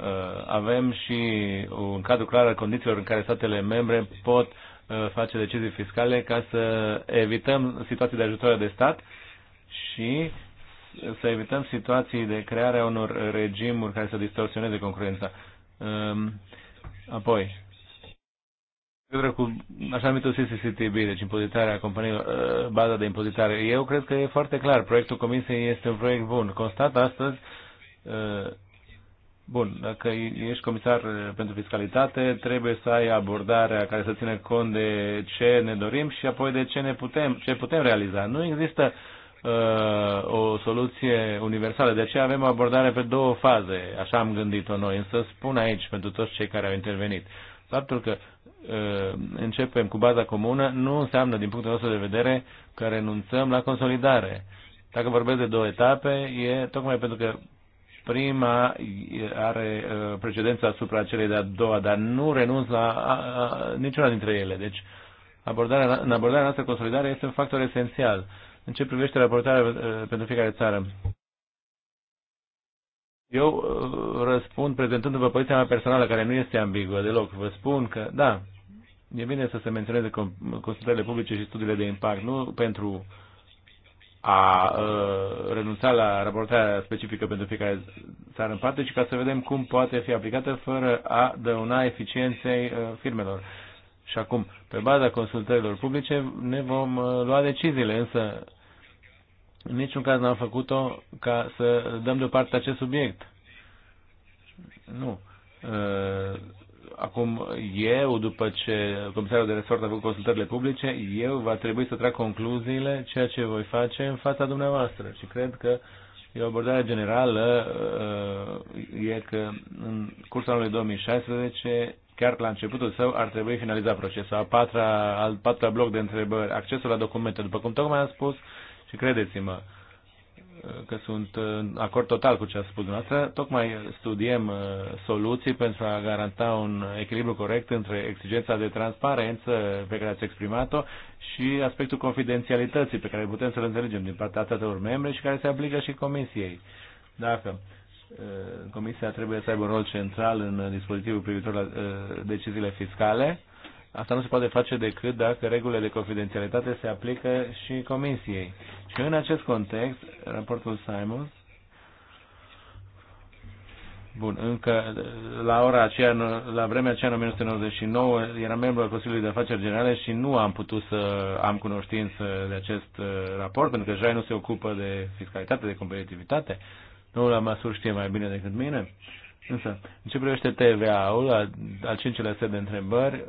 A: uh, avem și un cadru clar al condițiilor în care statele membre pot uh, face decizii fiscale ca să evităm situații de ajutor de stat și să evităm situații de creare a unor regimuri care să distorsioneze concurența. Um, apoi, cred că, așa numitul CCCTB, deci impozitarea companiilor, uh, baza de impozitare, eu cred că e foarte clar, proiectul Comisiei este un proiect bun. Constat astăzi, uh, bun, dacă ești comisar uh, pentru fiscalitate, trebuie să ai abordarea care să țină cont de ce ne dorim și apoi de ce ne putem, ce putem realiza. Nu există o soluție universală. De aceea avem o abordare pe două faze, așa am gândit-o noi, însă spun aici pentru toți cei care au intervenit. Faptul că Uh, începem cu baza comună nu înseamnă, din punctul nostru de vedere, că renunțăm la consolidare. Dacă vorbesc de două etape, e tocmai pentru că prima are uh, precedența asupra celei de-a doua, dar nu renunț la a, a, niciuna dintre ele. Deci, abordarea, în abordarea noastră consolidare este un factor esențial în ce privește raportarea uh, pentru fiecare țară. Eu răspund prezentându-vă poziția mea personală, care nu este ambiguă deloc. Vă spun că, da, e bine să se menționeze consultările publice și studiile de impact, nu pentru a uh, renunța la raportarea specifică pentru fiecare țară în parte, ci ca să vedem cum poate fi aplicată fără a dăuna eficienței uh, firmelor. Și acum, pe baza consultărilor publice, ne vom uh, lua deciziile, însă în niciun caz n-am făcut-o ca să dăm deoparte acest subiect. Nu. Uh, Acum, eu, după ce comisarul de resort a făcut consultările publice, eu va trebui să trag concluziile, ceea ce voi face în fața dumneavoastră. Și cred că e o abordare generală, uh, e că în cursul anului 2016, chiar la începutul său, ar trebui finalizat procesul. A patra, al patra bloc de întrebări, accesul la documente, după cum tocmai am spus, și credeți-mă, că sunt în acord total cu ce a spus dumneavoastră. Tocmai studiem uh, soluții pentru a garanta un echilibru corect între exigența de transparență pe care ați exprimat-o și aspectul confidențialității pe care putem să-l înțelegem din partea tuturor membre și care se aplică și Comisiei. Dacă uh, Comisia trebuie să aibă un rol central în dispozitivul privitor la uh, deciziile fiscale, Asta nu se poate face decât dacă regulile de confidențialitate se aplică și Comisiei. Și în acest context, raportul Simons Bun, încă la ora aceea, la vremea aceea, în 1999, eram membru al Consiliului de Afaceri Generale și nu am putut să am cunoștință de acest uh, raport, pentru că JAI nu se ocupă de fiscalitate, de competitivitate. la Amasur știe mai bine decât mine. Însă, în ce privește TVA-ul, al cincilea set de întrebări,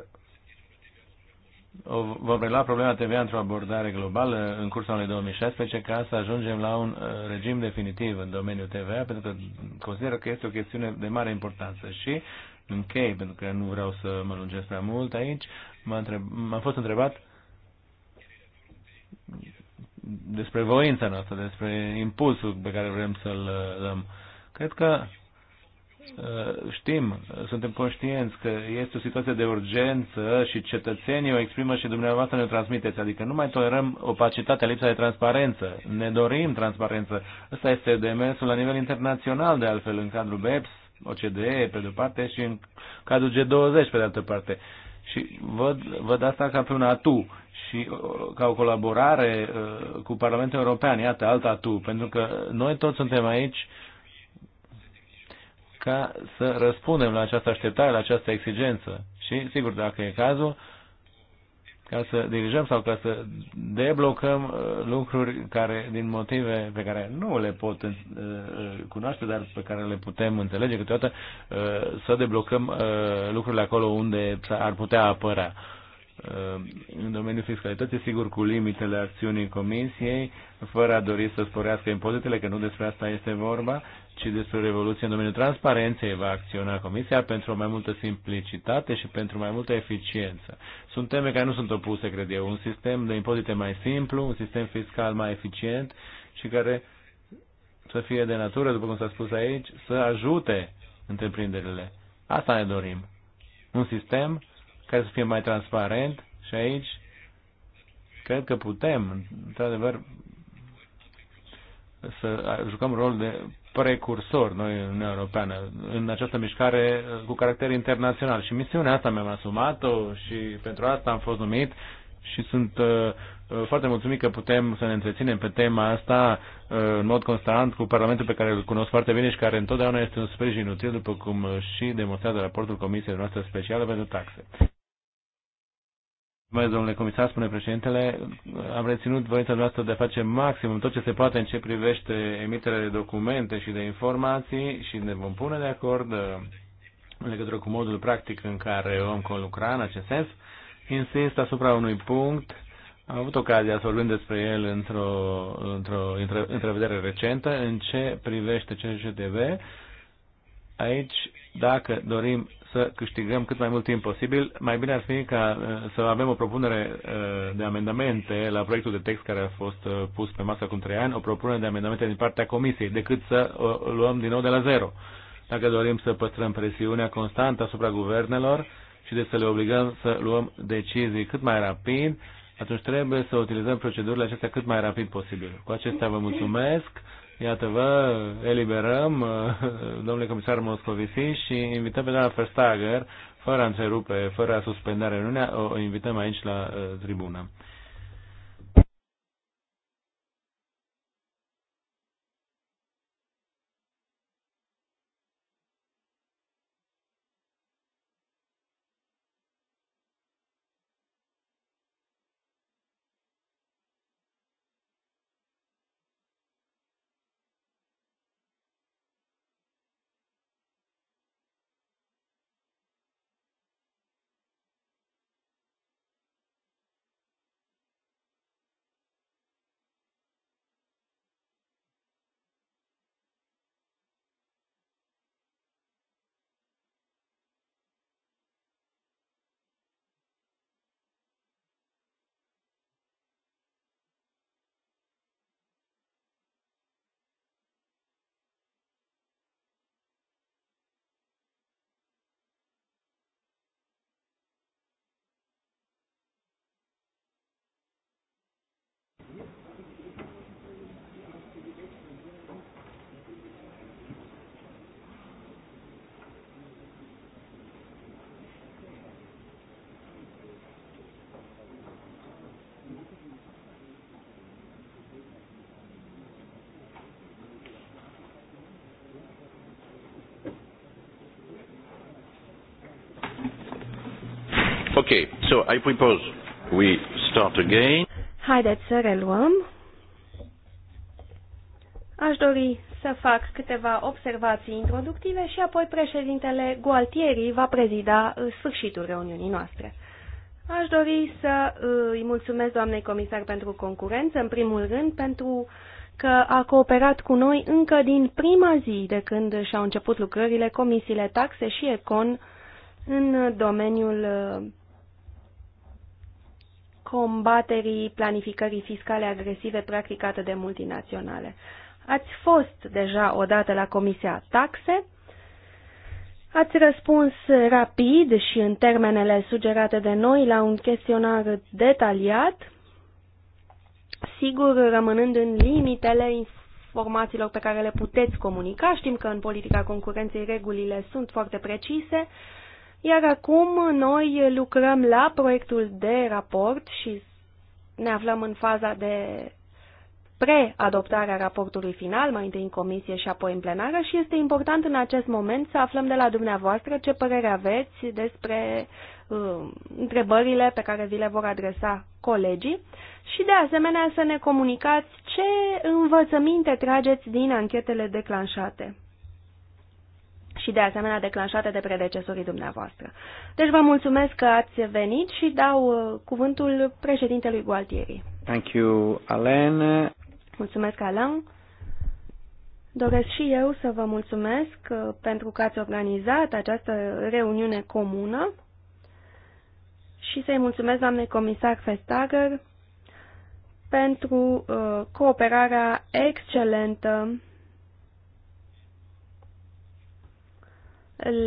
A: vom relua problema TVA într-o abordare globală în cursul anului 2016 ca să ajungem la un uh, regim definitiv în domeniul TVA, pentru că consider că este o chestiune de mare importanță și închei, pentru că nu vreau să mă lungesc prea mult aici, m-am întreb, fost întrebat despre voința noastră, despre impulsul pe care vrem să-l uh, dăm. Cred că Uh, știm, suntem conștienți că este o situație de urgență și cetățenii o exprimă și dumneavoastră ne transmiteți. Adică nu mai tolerăm opacitatea, lipsa de transparență. Ne dorim transparență. Ăsta este demersul la nivel internațional, de altfel, în cadrul BEPS, OCDE, pe de-o parte, și în cadrul G20, pe de altă parte. Și văd, văd asta ca pe un atu și uh, ca o colaborare uh, cu Parlamentul European, iată, alt atu, pentru că noi toți suntem aici uh, ca să răspundem la această așteptare, la această exigență. Și, sigur, dacă e cazul, ca să dirijăm sau ca să deblocăm uh, lucruri care, din motive pe care nu le pot uh, uh, cunoaște, dar pe care le putem înțelege câteodată, să deblocăm lucrurile acolo unde ar putea apărea. Ehm, în domeniul fiscalității, sigur cu limitele acțiunii Comisiei, fără a dori să sporească impozitele, că nu despre asta este vorba, ci despre revoluție în domeniul transparenței va acționa Comisia pentru o mai multă simplicitate și pentru mai multă eficiență. Sunt teme care nu sunt opuse, cred eu. Un sistem de impozite mai simplu, un sistem fiscal mai eficient și care să fie de natură, după cum s-a spus aici, să ajute întreprinderile. Asta ne dorim. Un sistem care să fie mai transparent și aici cred că putem, într-adevăr, să jucăm rol de precursor noi în Uniunea Europeană în această mișcare cu caracter internațional și misiunea asta mi-am asumat-o și pentru asta am fost numit și sunt uh, uh, foarte mulțumit că putem să ne întreținem pe tema asta uh, în mod constant cu Parlamentul pe care îl cunosc foarte bine și care întotdeauna este un sprijin util, după cum și demonstrează raportul Comisiei noastre speciale pentru taxe. Mulțumesc, domnule comisar, spune președintele. Am reținut voința noastră de a face maximum tot ce se poate în ce privește emiterea de documente și de informații și ne vom pune de acord uh, în legătură cu modul practic în care vom conlucra în acest sens. Insist asupra unui punct. Am avut ocazia să vorbim despre el într-o, într-o întrevedere recentă în ce privește CGTV. Aici, dacă dorim să câștigăm cât mai mult timp posibil. Mai bine ar fi ca uh, să avem o propunere uh, de amendamente la proiectul de text care a fost uh, pus pe masă acum trei ani, o propunere de amendamente din partea Comisiei, decât să o luăm din nou de la zero. Dacă dorim să păstrăm presiunea constantă asupra guvernelor și de să le obligăm să luăm decizii cât mai rapid, atunci trebuie să utilizăm procedurile acestea cât mai rapid posibil. Cu acestea vă mulțumesc. Iată, vă eliberăm, uh, domnule comisar Moscovici, și invităm pe doamna Verstager, fără a întrerupe, fără a suspenda reuniunea, o invităm aici la uh, tribună. Ok, so I propose we start again.
B: Haideți să reluăm. Aș dori să fac câteva observații introductive și apoi președintele Gualtieri va prezida uh, sfârșitul reuniunii noastre. Aș dori să uh, îi mulțumesc doamnei comisar pentru concurență, în primul rând pentru că a cooperat cu noi încă din prima zi de când și-au început lucrările comisiile taxe și econ în domeniul uh, combaterii planificării fiscale agresive practicate de multinaționale. Ați fost deja odată la Comisia Taxe, ați răspuns rapid și în termenele sugerate de noi la un chestionar detaliat, sigur rămânând în limitele informațiilor pe care le puteți comunica. Știm că în politica concurenței regulile sunt foarte precise, iar acum noi lucrăm la proiectul de raport și ne aflăm în faza de pre-adoptarea raportului final, mai întâi în comisie și apoi în plenară și este important în acest moment să aflăm de la dumneavoastră ce părere aveți despre uh, întrebările pe care vi le vor adresa colegii și de asemenea să ne comunicați ce învățăminte trageți din anchetele declanșate și de asemenea declanșate de predecesorii dumneavoastră. Deci vă mulțumesc că ați venit și dau uh, cuvântul președintelui Gualtieri.
A: Thank you, Alain.
B: Mulțumesc, Alain. Doresc și eu să vă mulțumesc uh, pentru că ați organizat această reuniune comună și să-i mulțumesc doamnei comisar Festager pentru uh, cooperarea excelentă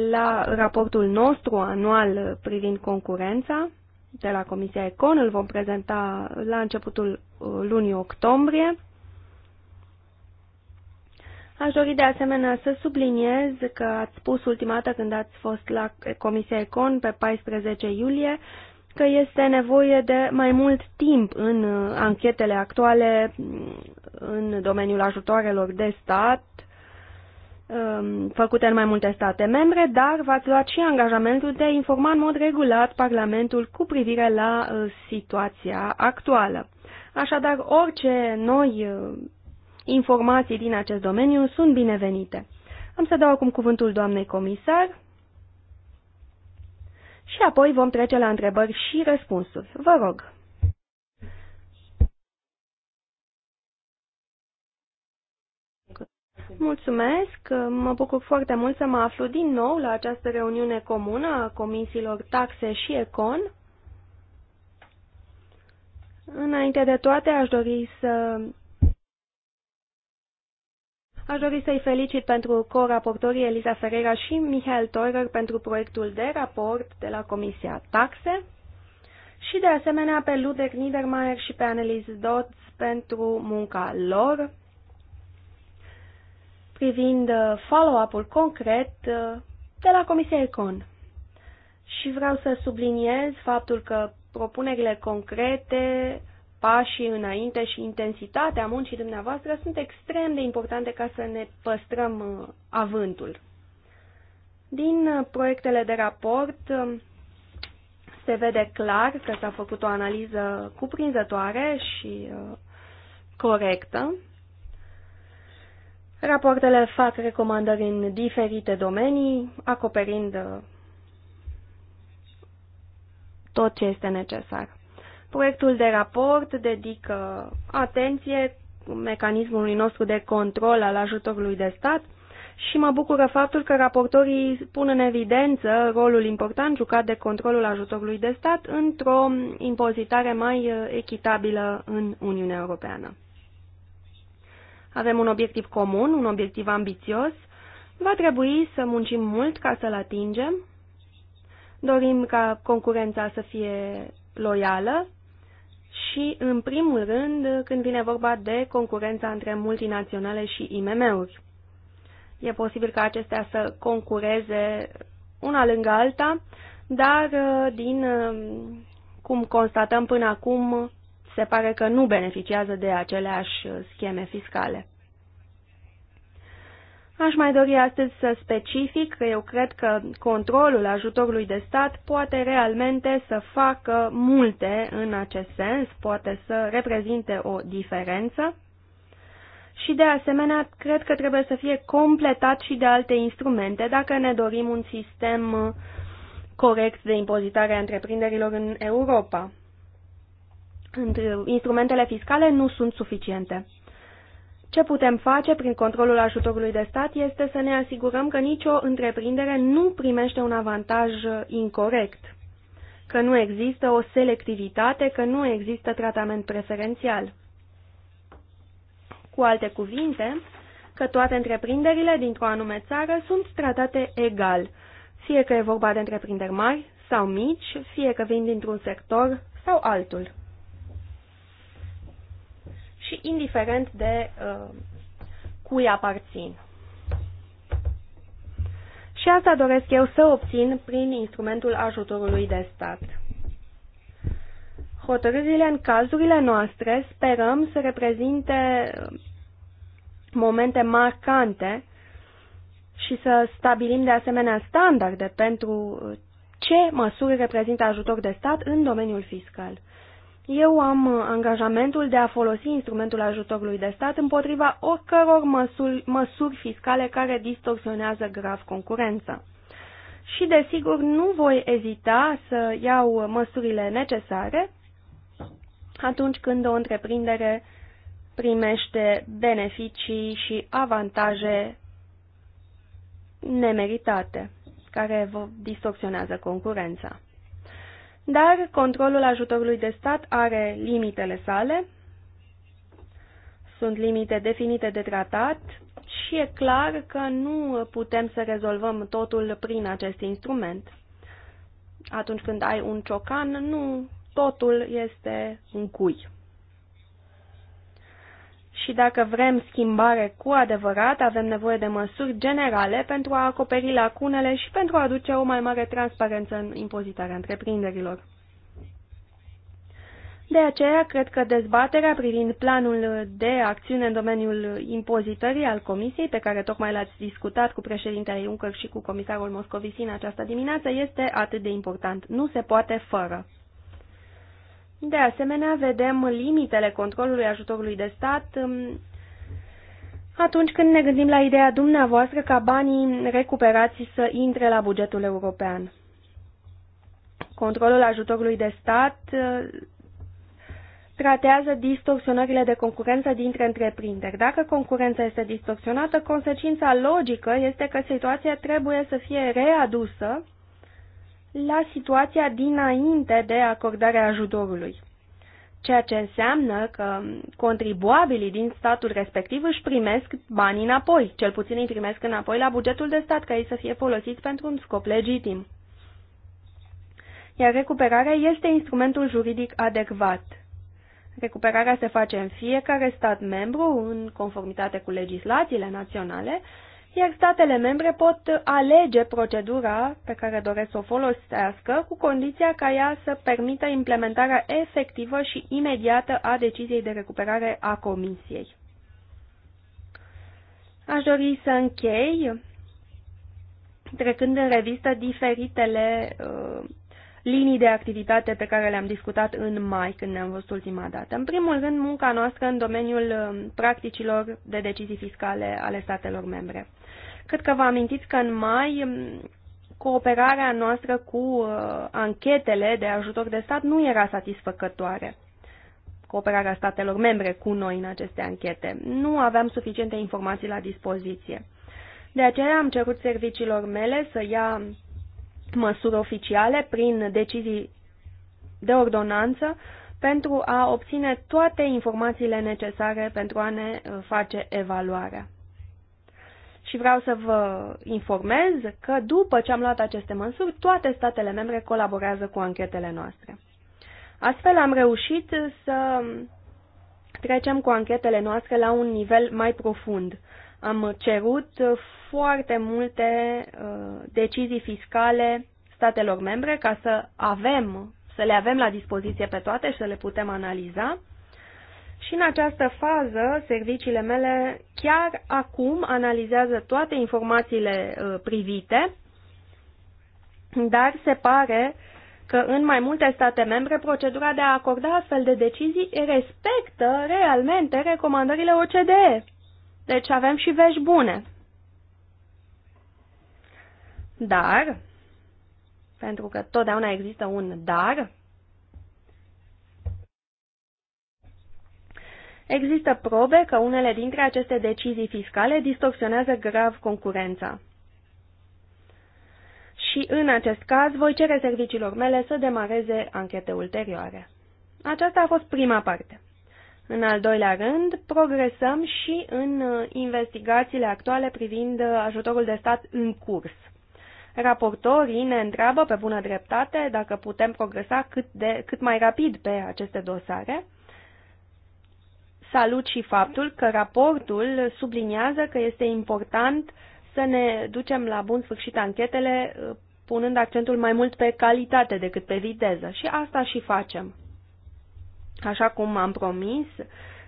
B: la raportul nostru anual privind concurența de la Comisia Econ. Îl vom prezenta la începutul uh, lunii octombrie. Aș dori de asemenea să subliniez că ați spus ultima dată când ați fost la Comisia Econ pe 14 iulie că este nevoie de mai mult timp în uh, anchetele actuale mm, în domeniul ajutoarelor de stat Um, făcute în mai multe state membre, dar v-ați luat și angajamentul de a informa în mod regulat Parlamentul cu privire la uh, situația actuală. Așadar, orice noi uh, informații din acest domeniu sunt binevenite. Am să dau acum cuvântul doamnei comisar și apoi vom trece la întrebări și răspunsuri. Vă rog! Mulțumesc! Mă bucur foarte mult să mă aflu din nou la această reuniune comună a comisiilor taxe și econ. Înainte de toate, aș dori să Aș dori să-i felicit pentru co-raportorii Eliza Ferreira și Michael Teurer pentru proiectul de raport de la Comisia Taxe și de asemenea pe Ludek Niedermayer și pe Annelies Dotz pentru munca lor privind uh, follow-up-ul concret uh, de la Comisia Econ. Și vreau să subliniez faptul că propunerile concrete, pașii înainte și intensitatea muncii dumneavoastră sunt extrem de importante ca să ne păstrăm uh, avântul. Din proiectele de raport um, se vede clar că s-a făcut o analiză cuprinzătoare și corectă Rapoartele fac recomandări în diferite domenii, acoperind uh, tot ce este necesar. Proiectul de raport dedică atenție mecanismului nostru de control al ajutorului de stat și mă bucură faptul că raportorii pun în evidență rolul important jucat de controlul ajutorului de stat într-o impozitare mai uh, echitabilă în Uniunea Europeană. Avem un obiectiv comun, un obiectiv ambițios. Va trebui să muncim mult ca să-l atingem. Dorim ca concurența să fie loială și, în primul rând, când vine vorba de concurența între multinaționale și IMM-uri. E posibil ca acestea să concureze una lângă alta, dar din cum constatăm până acum, se pare că nu beneficiază de aceleași scheme fiscale. Aș mai dori astăzi să specific că eu cred că controlul ajutorului de stat poate realmente să facă multe în acest sens, poate să reprezinte o diferență și de asemenea cred că trebuie să fie completat și de alte instrumente dacă ne dorim un sistem corect de impozitare a întreprinderilor în Europa instrumentele fiscale nu sunt suficiente. Ce putem face prin controlul ajutorului de stat este să ne asigurăm că nicio întreprindere nu primește un avantaj incorrect, că nu există o selectivitate, că nu există tratament preferențial. Cu alte cuvinte, că toate întreprinderile dintr-o anume țară sunt tratate egal, fie că e vorba de întreprinderi mari sau mici, fie că vin dintr-un sector sau altul și indiferent de uh, cui aparțin. Și asta doresc eu să obțin prin instrumentul ajutorului de stat. Hotărârile în cazurile noastre sperăm să reprezinte uh, momente marcante și să stabilim de asemenea standarde pentru uh, ce măsuri reprezintă ajutor de stat în domeniul fiscal. Eu am uh, angajamentul de a folosi instrumentul ajutorului de stat împotriva oricăror măsuri, măsuri fiscale care distorsionează grav concurența. Și, desigur, nu voi ezita să iau măsurile necesare atunci când o întreprindere primește beneficii și avantaje nemeritate care distorsionează concurența dar controlul ajutorului de stat are limitele sale, sunt limite definite de tratat și e clar că nu putem să rezolvăm totul prin acest instrument. Atunci când ai un ciocan, nu totul este un cui și dacă vrem schimbare cu adevărat, avem nevoie de măsuri generale pentru a acoperi lacunele și pentru a aduce o mai mare transparență în impozitarea întreprinderilor. De aceea, cred că dezbaterea privind planul de acțiune în domeniul impozitării al Comisiei, pe care tocmai l-ați discutat cu președintele Juncker și cu comisarul Moscovici în această dimineață, este atât de important. Nu se poate fără. De asemenea, vedem limitele controlului ajutorului de stat um, atunci când ne gândim la ideea dumneavoastră ca banii recuperați să intre la bugetul european. Controlul ajutorului de stat uh, tratează distorsionările de concurență dintre întreprinderi. Dacă concurența este distorsionată, consecința logică este că situația trebuie să fie readusă la situația dinainte de acordarea ajutorului, ceea ce înseamnă că contribuabilii din statul respectiv își primesc banii înapoi, cel puțin îi primesc înapoi la bugetul de stat ca ei să fie folosiți pentru un scop legitim. Iar recuperarea este instrumentul juridic adecvat. Recuperarea se face în fiecare stat membru, în conformitate cu legislațiile naționale, iar statele membre pot alege procedura pe care doresc să o folosească, cu condiția ca ea să permită implementarea efectivă și imediată a deciziei de recuperare a Comisiei. Aș dori să închei trecând în revistă diferitele uh, linii de activitate pe care le-am discutat în mai, când ne-am văzut ultima dată. În primul rând, munca noastră în domeniul uh, practicilor de decizii fiscale ale statelor membre. Cred că vă amintiți că în mai cooperarea noastră cu uh, anchetele de ajutor de stat nu era satisfăcătoare cooperarea statelor membre cu noi în aceste anchete. Nu aveam suficiente informații la dispoziție. De aceea am cerut serviciilor mele să ia măsuri oficiale prin decizii de ordonanță pentru a obține toate informațiile necesare pentru a ne uh, face evaluarea. Și vreau să vă informez că după ce am luat aceste măsuri, toate statele membre colaborează cu anchetele noastre. Astfel am reușit să trecem cu anchetele noastre la un nivel mai profund. Am cerut foarte multe uh, decizii fiscale statelor membre ca să avem, să le avem la dispoziție pe toate și să le putem analiza. Și în această fază, serviciile mele chiar acum analizează toate informațiile uh, privite, dar se pare că în mai multe state membre procedura de a acorda astfel de decizii respectă realmente recomandările OCDE. Deci avem și vești bune. Dar, pentru că totdeauna există un dar, Există probe că unele dintre aceste decizii fiscale distorsionează grav concurența. Și în acest caz voi cere serviciilor mele să demareze anchete ulterioare. Aceasta a fost prima parte. În al doilea rând, progresăm și în uh, investigațiile actuale privind uh, ajutorul de stat în curs. Raportorii ne întreabă pe bună dreptate dacă putem progresa cât, de, cât mai rapid pe aceste dosare Salut și faptul că raportul subliniază că este important să ne ducem la bun sfârșit anchetele uh, punând accentul mai mult pe calitate decât pe viteză și asta și facem. Așa cum am promis,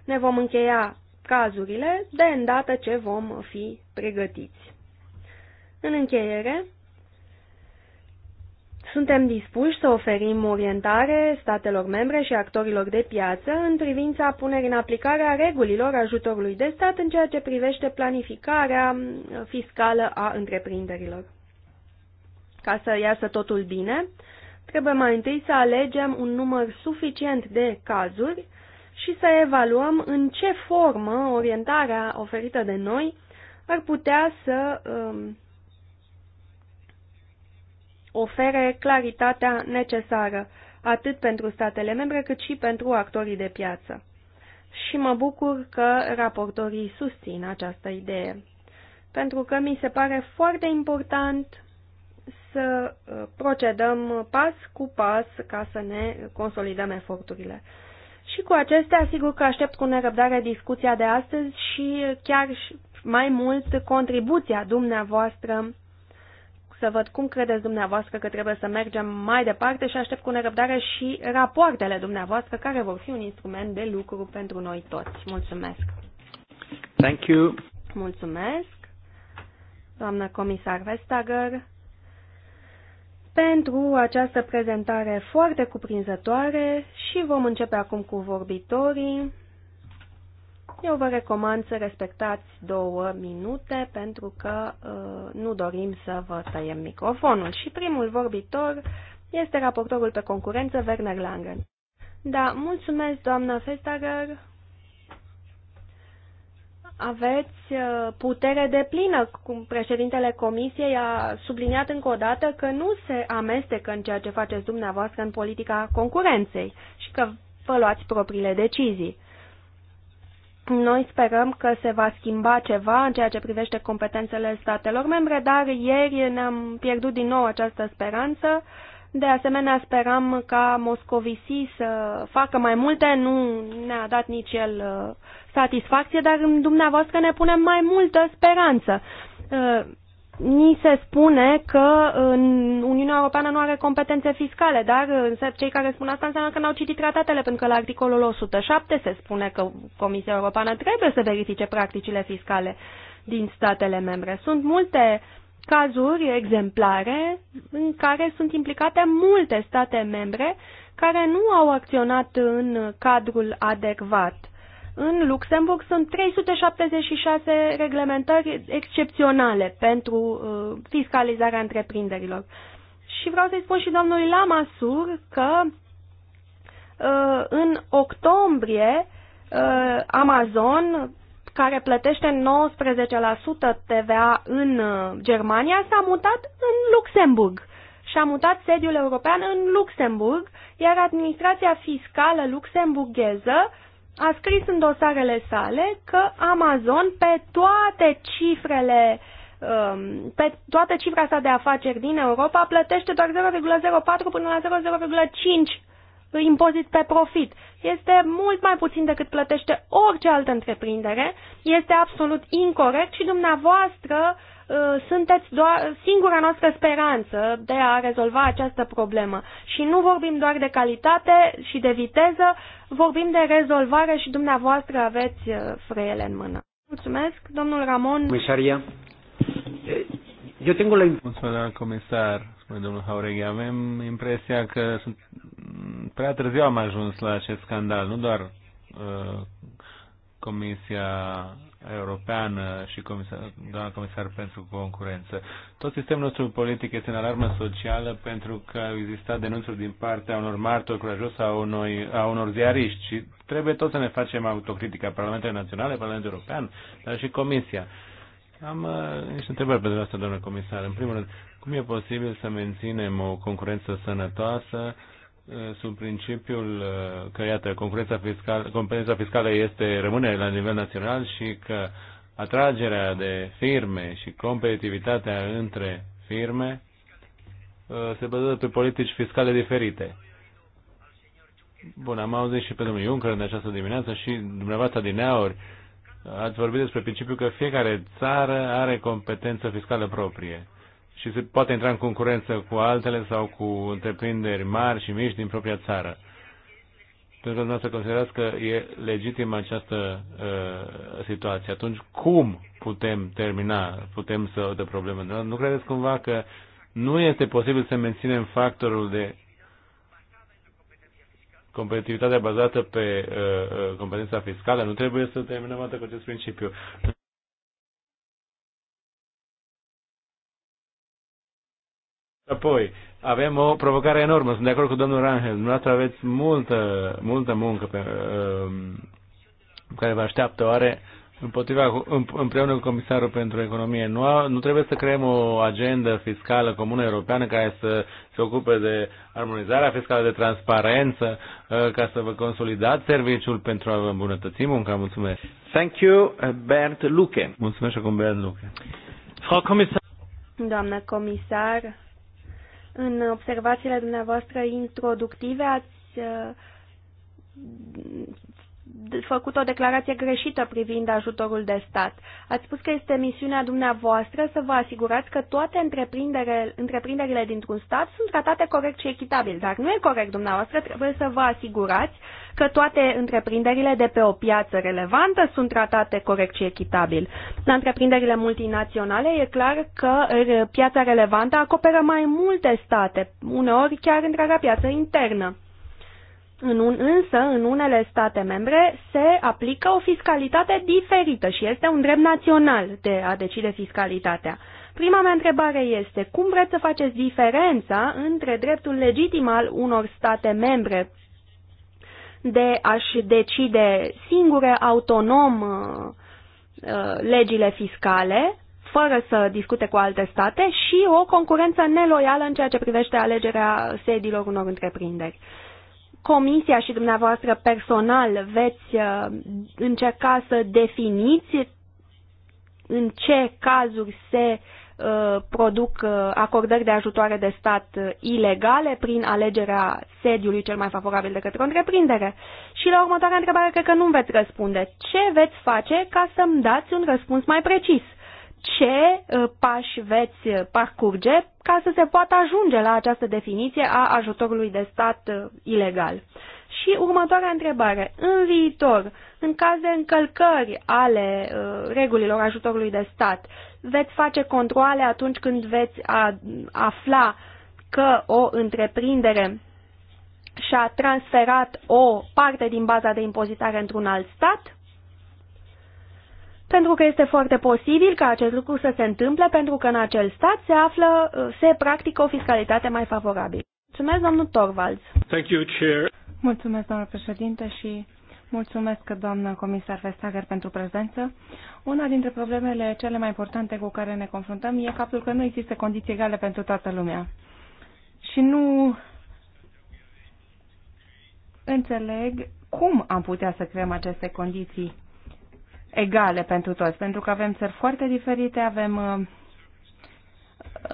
B: ne vom încheia cazurile de îndată ce vom fi pregătiți. În încheiere, suntem dispuși să oferim orientare statelor membre și actorilor de piață în privința punerii în aplicare a regulilor ajutorului de stat în ceea ce privește planificarea fiscală a întreprinderilor. Ca să iasă totul bine, trebuie mai întâi să alegem un număr suficient de cazuri și să evaluăm în ce formă orientarea oferită de noi ar putea să um, ofere claritatea necesară atât pentru statele membre cât și pentru actorii de piață. Și mă bucur că raportorii susțin această idee, pentru că mi se pare foarte important să uh, procedăm pas cu pas ca să ne consolidăm eforturile. Și cu acestea, sigur că aștept cu nerăbdare discuția de astăzi și chiar mai mult contribuția dumneavoastră să văd cum credeți dumneavoastră că trebuie să mergem mai departe și aștept cu nerăbdare și rapoartele dumneavoastră care vor fi un instrument de lucru pentru noi toți. Mulțumesc! Thank you! Mulțumesc, doamnă comisar Vestager, pentru această prezentare foarte cuprinzătoare și vom începe acum cu vorbitorii. Eu vă recomand să respectați două minute pentru că uh, nu dorim să vă tăiem microfonul. Și primul vorbitor este raportorul pe concurență, Werner Langen. Da, mulțumesc, doamna Festager. Aveți uh, putere de plină. Președintele Comisiei a subliniat încă o dată că nu se amestecă în ceea ce faceți dumneavoastră în politica concurenței și că vă luați propriile decizii. Noi sperăm că se va schimba ceva în ceea ce privește competențele statelor membre, dar ieri ne-am pierdut din nou această speranță. De asemenea, speram ca Moscovici să facă mai multe, nu ne-a dat nici el uh, satisfacție, dar în dumneavoastră ne punem mai multă speranță. Uh, Ni se spune că în Uniunea Europeană nu are competențe fiscale, dar cei care spun asta înseamnă că n-au citit tratatele, pentru că la articolul 107 se spune că Comisia Europeană trebuie să verifice practicile fiscale din statele membre. Sunt multe cazuri exemplare în care sunt implicate multe state membre care nu au acționat în cadrul adecvat. În Luxemburg sunt 376 reglementări excepționale pentru uh, fiscalizarea întreprinderilor. Și vreau să-i spun și domnului Lamasur că uh, în octombrie uh, Amazon, care plătește 19% TVA în uh, Germania, s-a mutat în Luxemburg și-a mutat sediul european în Luxemburg, iar administrația fiscală luxemburgheză uh, a scris în dosarele sale că Amazon pe toate cifrele um, pe toată cifra sa de afaceri din Europa plătește doar 0,04 până la 0,05 impozit pe profit. Este mult mai puțin decât plătește orice altă întreprindere, este absolut incorrect și dumneavoastră uh, Uh, sunteți doar singura noastră speranță de a rezolva această problemă. Și nu vorbim doar de calitate și de viteză, vorbim de rezolvare și dumneavoastră aveți uh, freele în mână. Mulțumesc, domnul Ramon. Comisaria, eh,
A: eu tengo la... Mulțumesc, doamna comisar, spune domnul Haureghi. Avem impresia că sunt... prea târziu am ajuns la acest scandal, nu doar uh, Comisia Europeană și comisar, doamna comisar pentru concurență. Tot sistemul nostru politic este în alarmă socială pentru că au existat denunțuri din partea unor martori curajos sau unui, a unor ziariști și trebuie tot să ne facem autocritica Parlamentului Național, Parlamentul European, dar și Comisia. Am uh, niște întrebări pentru asta, doamnă comisar. În primul rând, cum e posibil să menținem o concurență sănătoasă sub principiul uh, că, iată, fiscală, competența fiscală este, rămâne la nivel național și că atragerea de firme și competitivitatea între firme uh, se bazează pe politici fiscale diferite. Bun, am auzit și pe domnul Juncker în această dimineață și dumneavoastră din aur uh, ați vorbit despre principiul că fiecare țară are competență fiscală proprie și se poate intra în concurență cu altele sau cu întreprinderi mari și mici din propria țară. Pentru că să considerați că e legitimă această uh, situație. Atunci, cum putem termina, putem să de probleme? Nu credeți cumva că nu este posibil să menținem factorul de competitivitate bazată pe uh, uh competența fiscală? Nu trebuie să terminăm atât cu acest principiu. Apoi, avem o provocare enormă. Sunt de acord cu domnul Rangel. Dumneavoastră aveți multă, multă muncă pe, uh, care vă așteaptă. Oare împotriva, împreună cu Comisarul pentru Economie, nu, a, nu trebuie să creăm o agendă fiscală comună europeană care să se ocupe de armonizarea fiscală, de transparență, uh, ca să vă consolidați serviciul pentru a vă îmbunătăți munca? Mulțumesc! Thank you, uh, Bernd Luke. Mulțumesc acum, Bernd Luke. Frau Comisar.
B: Doamnă comisar, în observațiile dumneavoastră introductive ați uh, făcut o declarație greșită privind ajutorul de stat. Ați spus că este misiunea dumneavoastră să vă asigurați că toate întreprinderile dintr-un stat sunt tratate corect și echitabil. Dar nu e corect dumneavoastră, trebuie să vă asigurați că toate întreprinderile de pe o piață relevantă sunt tratate corect și echitabil. La întreprinderile multinaționale e clar că piața relevantă acoperă mai multe state, uneori chiar întreaga piață internă. În un, însă, în unele state membre se aplică o fiscalitate diferită și este un drept național de a decide fiscalitatea. Prima mea întrebare este, cum vreți să faceți diferența între dreptul legitim al unor state membre de a-și decide singure, autonom, uh, uh, legile fiscale, fără să discute cu alte state, și o concurență neloială în ceea ce privește alegerea sediilor unor întreprinderi. Comisia și dumneavoastră personal veți uh, încerca să definiți în ce cazuri se Uh, produc uh, acordări de ajutoare de stat uh, ilegale prin alegerea sediului cel mai favorabil de către o întreprindere. Și la următoarea întrebare cred că nu veți răspunde. Ce veți face ca să-mi dați un răspuns mai precis? Ce pași veți parcurge ca să se poată ajunge la această definiție a ajutorului de stat ilegal? Și următoarea întrebare. În viitor, în caz de încălcări ale uh, regulilor ajutorului de stat, veți face controle atunci când veți a, afla că o întreprindere și-a transferat o parte din baza de impozitare într-un alt stat? Pentru că este foarte posibil ca acest lucru să se întâmple, pentru că în acel stat se află, uh, se practică o fiscalitate mai favorabilă. Mulțumesc, domnul Torvalds.
A: Thank you, Chair.
C: Mulțumesc, doamnă președinte, și mulțumesc, doamnă comisar Vestager, pentru prezență. Una dintre problemele cele mai importante cu care ne confruntăm e faptul că nu există condiții egale pentru toată lumea. Și nu înțeleg cum am putea să creăm aceste condiții egale pentru toți, pentru că avem țări foarte diferite, avem uh,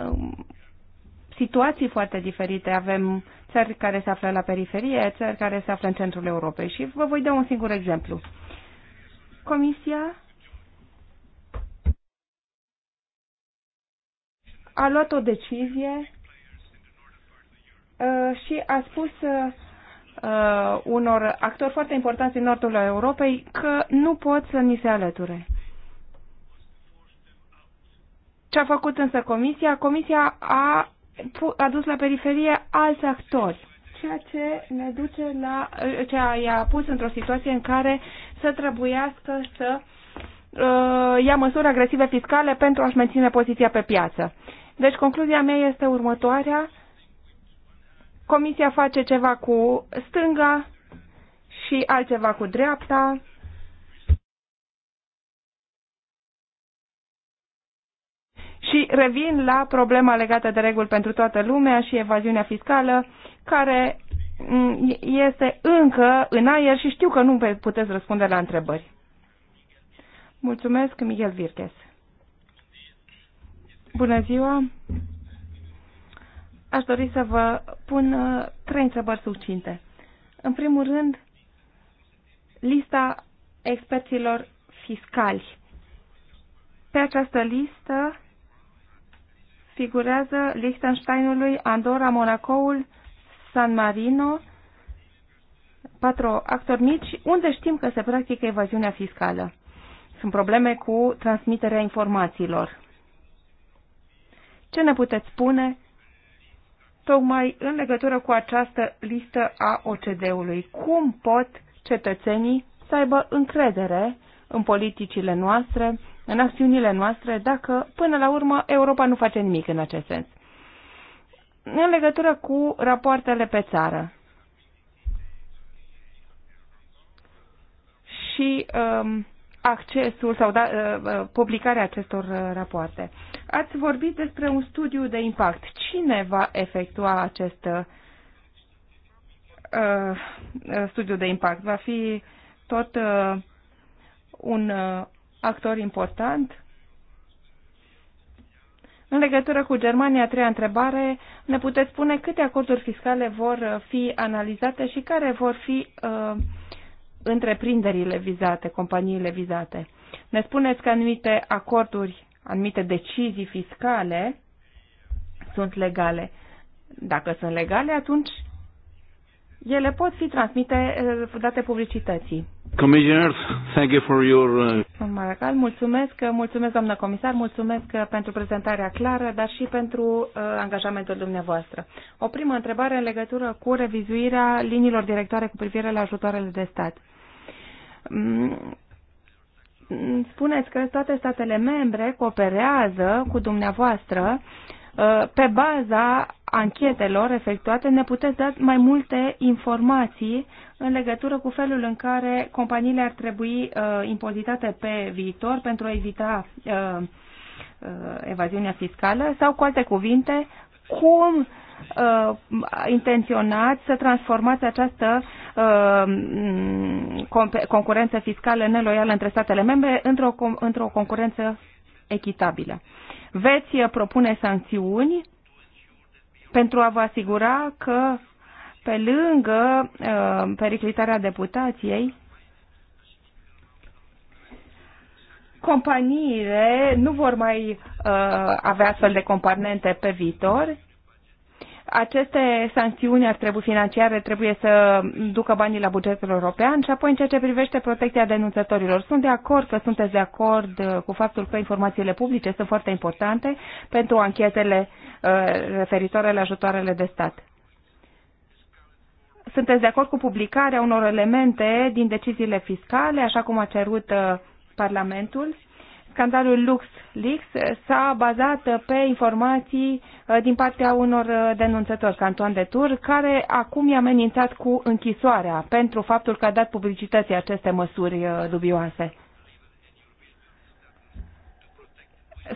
C: um, situații foarte diferite. Avem țări care se află la periferie, țări care se află în centrul Europei și vă voi da un singur exemplu. Comisia a luat o decizie uh, și a spus uh, uh, unor actori foarte importanți din nordul Europei că nu pot să ni se alăture. Ce a făcut însă Comisia? Comisia a adus la periferie alți actori, ceea ce ne duce la, ceea i-a pus într-o situație în care să trebuiască să uh, ia măsuri agresive fiscale pentru a-și menține poziția pe piață. Deci concluzia mea este următoarea. Comisia face ceva cu stânga și altceva cu dreapta Și revin la problema legată de reguli pentru toată lumea și evaziunea fiscală, care este încă în aer și știu că nu puteți răspunde la întrebări. Mulțumesc, Miguel Virches. Bună ziua! Aș dori să vă pun uh, trei întrebări succinte. În primul rând, lista experților fiscali. Pe această listă figurează Liechtensteinului, Andorra, Monacoul, San Marino, patru actori mici, unde știm că se practică evaziunea fiscală. Sunt probleme cu transmiterea informațiilor. Ce ne puteți spune tocmai în legătură cu această listă a OCD-ului? Cum pot cetățenii să aibă încredere în politicile noastre, în acțiunile noastre dacă, până la urmă, Europa nu face nimic în acest sens. În legătură cu rapoartele pe țară, și um, accesul sau da, uh, uh publicarea acestor uh, rapoarte. Ați vorbit despre un studiu de impact. Cine va efectua acest uh, uh studiu de impact? Va fi tot uh, un uh, actor important. În legătură cu Germania, a treia întrebare, ne puteți spune câte acorduri fiscale vor fi analizate și care vor fi uh, întreprinderile vizate, companiile vizate. Ne spuneți că anumite acorduri, anumite decizii fiscale sunt legale. Dacă sunt legale, atunci ele pot fi transmite, uh, date publicității.
A: Commissioners, thank you for your...
C: Uh, Maracal, mulțumesc, mulțumesc doamnă comisar, mulțumesc pentru prezentarea clară, dar și pentru uh, angajamentul dumneavoastră. O primă întrebare în legătură cu revizuirea liniilor directoare cu privire la ajutoarele de stat. Mm. Spuneți că toate statele membre cooperează cu dumneavoastră uh, Uh, pe baza anchetelor efectuate ne puteți da mai multe informații în legătură cu felul în care companiile ar trebui uh, impozitate pe viitor pentru a evita uh, evaziunea fiscală sau, cu alte cuvinte, cum uh, intenționați să transformați această uh, concurență fiscală neloială între statele membre într-o, într-o concurență echitabilă veți eh, propune sancțiuni pentru a vă asigura că pe lângă uh, periclitarea deputației, companiile nu vor mai uh, avea astfel de componente pe viitor aceste sancțiuni ar trebui financiare, trebuie să ducă banii la bugetul european și apoi în ceea ce privește protecția denunțătorilor. Sunt de acord că sunteți de acord uh, cu faptul că informațiile publice sunt foarte importante pentru anchetele uh, referitoare la ajutoarele de stat. Sunteți de acord cu publicarea unor elemente din deciziile fiscale, așa cum a cerut uh, Parlamentul? scandalul LuxLeaks s-a bazat pe informații uh, din partea unor uh, denunțători, ca Antoine de Tur, care acum i-a amenințat cu închisoarea pentru faptul că a dat publicității aceste măsuri uh, dubioase.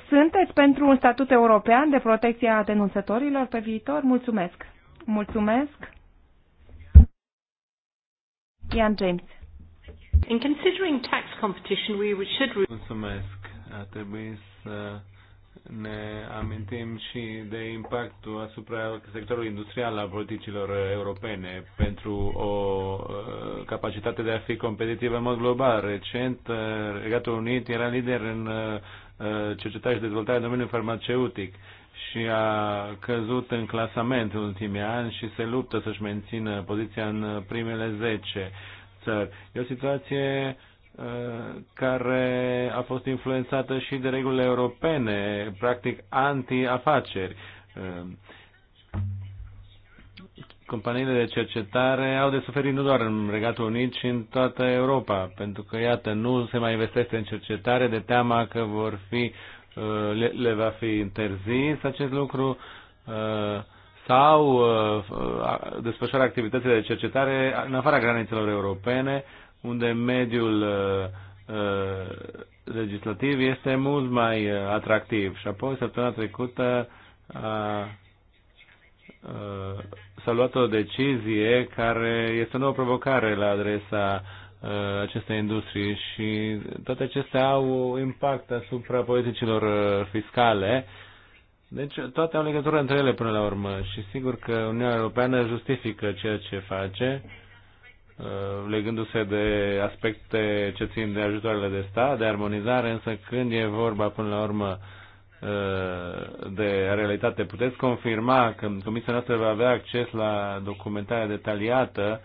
C: Sunteți pentru un statut european de protecție a denunțătorilor pe viitor? Mulțumesc! Mulțumesc! Ian James.
A: In considering tax competition, we should... Mulțumesc a trebui să ne amintim și de impactul asupra sectorului industrial al politicilor europene pentru o uh, capacitate de a fi competitivă în mod global. Recent, uh, Regatul Unit era lider în uh, cercetare și dezvoltare în domeniul farmaceutic și a căzut în clasament în ultimii ani și se luptă să-și mențină poziția în primele 10 țări. E o situație care a fost influențată și de regulile europene, practic anti-afaceri. Companiile de cercetare au de suferit nu doar în Regatul Unit, ci în toată Europa, pentru că, iată, nu se mai investește în cercetare de teama că vor fi, uh, le, le va fi interzis acest lucru uh, sau uh, desfășoară activitățile de cercetare în afara granițelor europene, unde mediul uh, uh, legislativ este mult mai uh, atractiv. Și apoi, săptămâna trecută, uh, s-a luat o decizie care este o nouă provocare la adresa acestei industrii și toate acestea au impact asupra politicilor fiscale. Deci toate au legătură între ele până la urmă și sigur că Uniunea Europeană justifică ceea ce face Uh, legându-se de aspecte ce țin de ajutoarele de stat, de armonizare, însă când e vorba până la urmă uh, de realitate, puteți confirma că Comisia noastră va avea acces la documentarea detaliată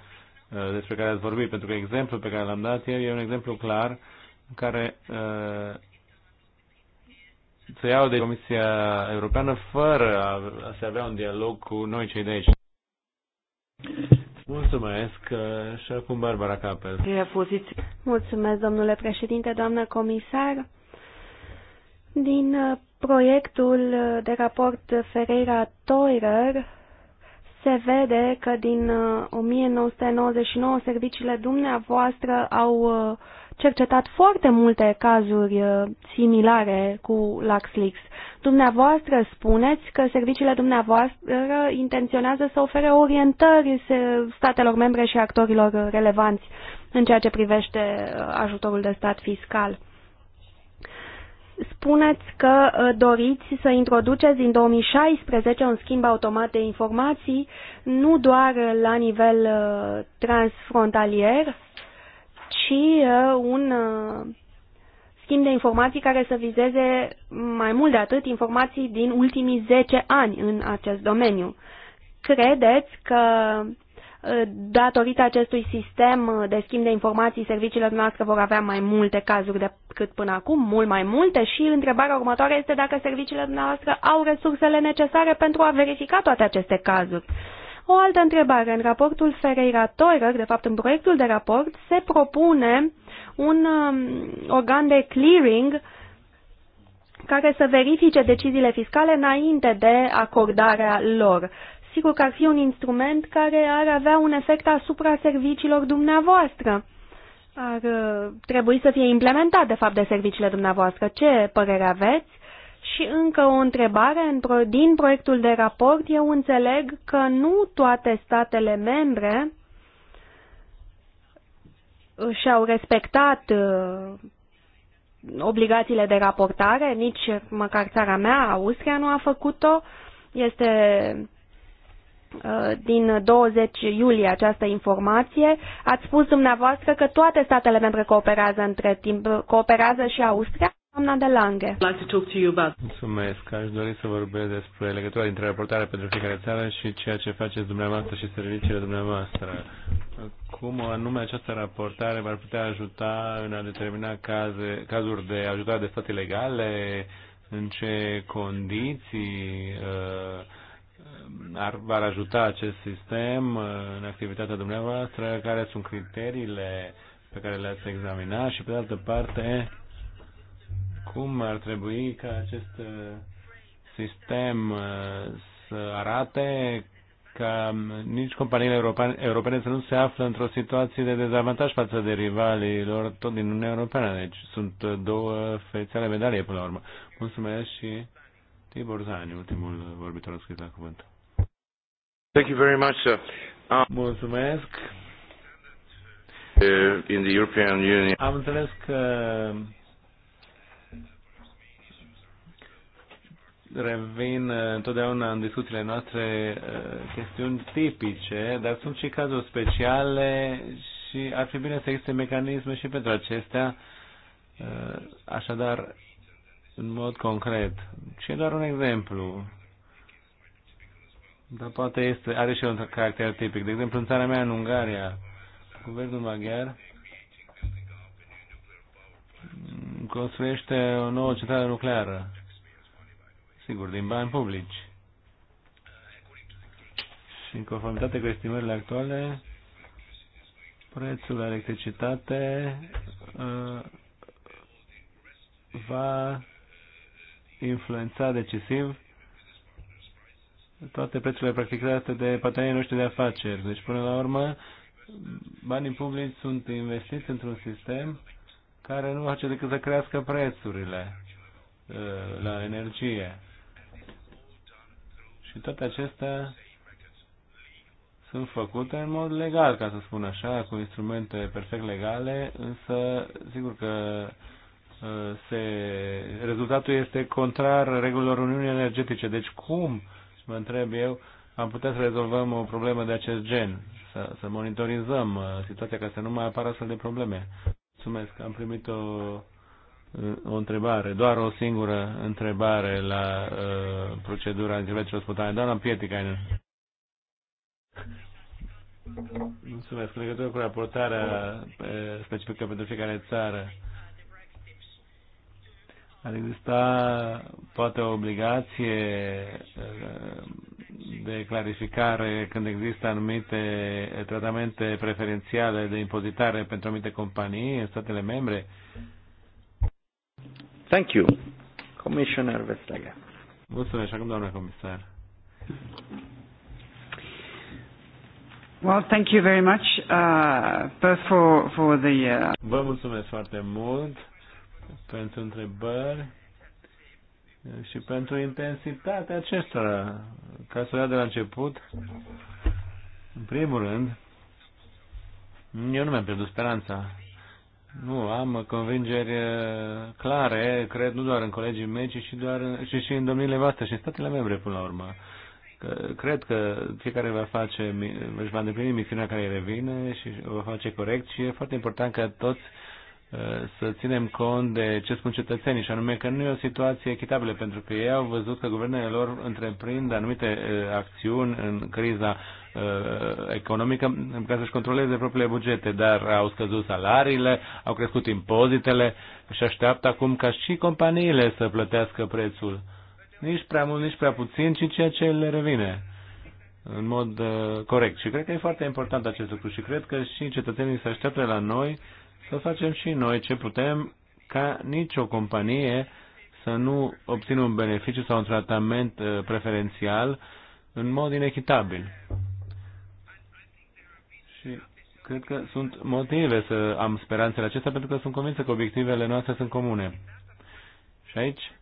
A: uh, despre care ați vorbit, pentru că exemplul pe care l-am dat eu e un exemplu clar în care se iau de Comisia Europeană fără a, a se avea un dialog cu noi cei de aici. Mulțumesc uh, și acum Barbara Capel.
B: Mulțumesc, domnule președinte, doamnă comisar. Din uh, proiectul de raport Ferreira-Toirer se vede că din 1999 uh, serviciile dumneavoastră au uh, cercetat foarte multe cazuri uh, similare cu LaxLeaks. Dumneavoastră spuneți că serviciile dumneavoastră intenționează să ofere orientări statelor membre și actorilor relevanți în ceea ce privește uh, ajutorul de stat fiscal. Spuneți că uh, doriți să introduceți din 2016 un schimb automat de informații, nu doar la nivel transfrontalier, și uh, un uh, schimb de informații care să vizeze mai mult de atât informații din ultimii 10 ani în acest domeniu. Credeți că uh, datorită acestui sistem de schimb de informații, serviciile noastre vor avea mai multe cazuri decât până acum, mult mai multe și întrebarea următoare este dacă serviciile noastre au resursele necesare pentru a verifica toate aceste cazuri. O altă întrebare. În raportul Ferreira-Toirer, de fapt în proiectul de raport, se propune un um, organ de clearing care să verifice deciziile fiscale înainte de acordarea lor. Sigur că ar fi un instrument care ar avea un efect asupra serviciilor dumneavoastră. Ar uh, trebui să fie implementat, de fapt, de serviciile dumneavoastră. Ce părere aveți? Și încă o întrebare din proiectul de raport. Eu înțeleg că nu toate statele membre și-au respectat uh, obligațiile de raportare, nici măcar țara mea, Austria, nu a făcut-o. Este uh, din 20 iulie această informație. Ați spus dumneavoastră că toate statele membre cooperează între timp, cooperează și Austria. Doamna de Lange.
A: Mulțumesc. Aș dori să vorbesc despre legătura dintre raportarea pentru fiecare țară și ceea ce faceți dumneavoastră și serviciile dumneavoastră. Cum anume această raportare v-ar putea ajuta în a determina caze, cazuri de ajutare de stat ilegale, în ce condiții uh, ar, ar ajuta acest sistem uh, în activitatea dumneavoastră, care sunt criteriile pe care le-ați examinat și pe de altă parte cum ar trebui ca acest uh, sistem uh, să arate ca nici companiile europene să nu se află într-o situație de dezavantaj față de rivalii lor tot din Uniunea Europeană. Deci sunt uh, două fețe ale medaliei până la urmă. Mulțumesc și Tibor Zani, ultimul vorbitor scris la cuvânt. Thank you very much, sir. Uh, Mulțumesc. Uh, in the European Union. Am înțeles că revin uh, întotdeauna în discuțiile noastre uh, chestiuni tipice, dar sunt și cazuri speciale și ar fi bine să existe mecanisme și pentru acestea. Uh, așadar, în mod concret. Și e doar un exemplu. Dar poate este, are și un caracter tipic. De exemplu, în țara mea, în Ungaria, guvernul maghiar construiește o nouă centrală nucleară sigur, din bani publici. Și în conformitate cu estimările actuale, prețul la electricitate uh, va influența decisiv toate prețurile practicate de patenii noștri de afaceri. Deci, până la urmă, banii publici sunt investiți într-un sistem care nu face decât să crească prețurile uh, la energie. Și toate acestea sunt făcute în mod legal, ca să spun așa, cu instrumente perfect legale, însă sigur că uh, se, rezultatul este contrar regulilor Uniunii Energetice. Deci cum, mă întreb eu, am putea să rezolvăm o problemă de acest gen, să, să monitorizăm uh, situația ca să nu mai apară astfel de probleme. Mulțumesc, am primit o o întrebare, doar o singură întrebare la uh, procedura intervențiilor spontane. Doamna Pietikainen. Mulțumesc. În legătură cu raportarea specifică pentru fiecare țară, ar exista poate o obligație uh, de clarificare când există anumite tratamente preferențiale de impozitare pentru anumite companii în statele membre? Thank you, Commissioner Vestager. Mulțumesc, acum doamna comisar. Well, thank you very much uh, both for, for the... Uh... Vă mulțumesc foarte mult pentru întrebări și pentru intensitatea acestora. Ca să ia de la început, în primul rând, eu nu mi-am pierdut speranța nu, am convingeri uh, clare, cred, nu doar în colegii mei, ci și, doar, și, și în domniile voastre și în statele membre, până la urmă. Că, cred că fiecare va face, își va îndeplini misiunea care îi revine și o va face corect și e foarte important ca toți uh, să ținem cont de ce spun cetățenii, și anume că nu e o situație echitabilă, pentru că ei au văzut că guvernele lor întreprind anumite uh, acțiuni în criza Uh, economică ca să-și controleze propriile bugete, dar au scăzut salariile, au crescut impozitele și așteaptă acum ca și companiile să plătească prețul. Nici prea mult, nici prea puțin, ci ceea ce le revine în mod uh, corect. Și cred că e foarte important acest lucru și cred că și cetățenii se așteaptă la noi să facem și noi ce putem ca nicio companie să nu obțină un beneficiu sau un tratament uh, preferențial în mod inechitabil cred că sunt motive să am speranțele acestea, pentru că sunt convins că obiectivele noastre sunt comune. Și aici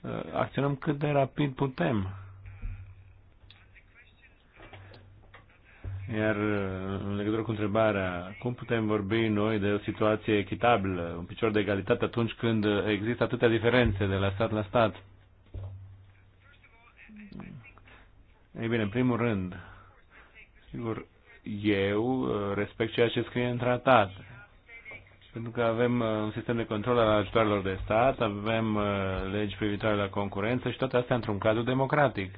A: uh, acționăm cât de rapid putem. Iar uh, în legătură cu întrebarea, cum putem vorbi noi de o situație echitabilă, un picior de egalitate atunci când există atâtea diferențe de la stat la stat? Ei bine, în primul rând, sigur, eu uh, respect ceea ce scrie în tratat. Pentru că avem uh, un sistem de control al ajutoarelor de stat, avem uh, legi privitoare la concurență și toate astea într-un cadru democratic.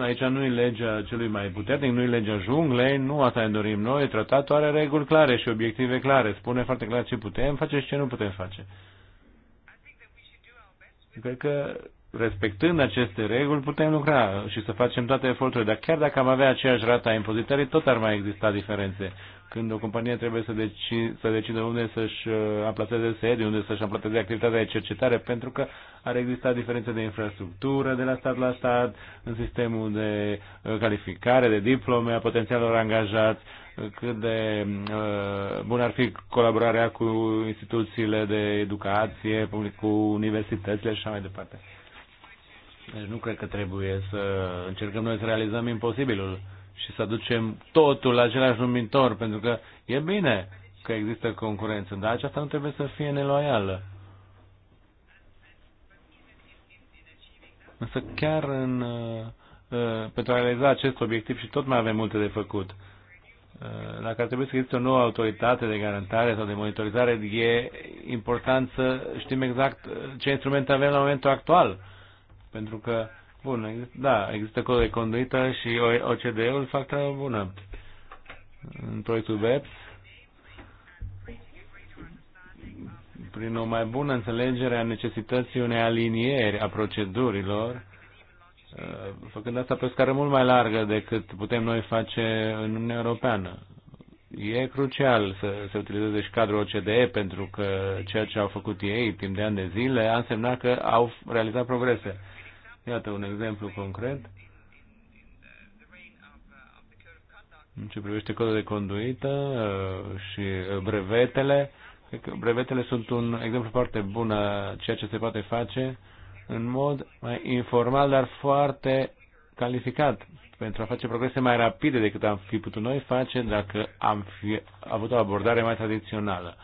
A: Aici nu e legea celui mai puternic, nu e legea junglei, nu asta ne dorim noi. Tratatul are reguli clare și obiective clare. Spune foarte clar ce putem face și ce nu putem face. Cred că respectând aceste reguli, putem lucra și să facem toate eforturile. Dar chiar dacă am avea aceeași rată a impozitării, tot ar mai exista diferențe. Când o companie trebuie să, deci, să decidă unde să-și uh, aplateze sediu, unde să-și aplateze activitatea de cercetare, pentru că ar exista diferențe de infrastructură de la stat la stat, în sistemul de uh, calificare, de diplome a potențialor angajați, uh, cât de uh, bun ar fi colaborarea cu instituțiile de educație, cu universitățile și așa mai departe. Deci nu cred că trebuie să încercăm noi să realizăm imposibilul și să ducem totul la același numitor, pentru că e bine că există concurență, dar aceasta nu trebuie să fie neloială. Însă chiar în, uh, pentru a realiza acest obiectiv și tot mai avem multe de făcut, uh, dacă ar trebui să existe o nouă autoritate de garantare sau de monitorizare, e important să știm exact ce instrumente avem la momentul actual pentru că, bun, da, există cod de conduită și ocd ul fac treaba bună. În proiectul BEPS, prin o mai bună înțelegere a necesității unei alinieri a procedurilor, uh, făcând asta pe o scară mult mai largă decât putem noi face în Uniunea Europeană. E crucial să se utilizeze și cadrul OCDE pentru că ceea ce au făcut ei timp de ani de zile a însemnat că au realizat progrese. Iată un exemplu concret. În ce privește codul de conduită uh, și uh, brevetele, brevetele sunt un exemplu foarte bun a uh, ceea ce se poate face în mod mai informal, dar foarte calificat pentru a face progrese mai rapide decât am fi putut noi face dacă am fi avut o abordare mai tradițională.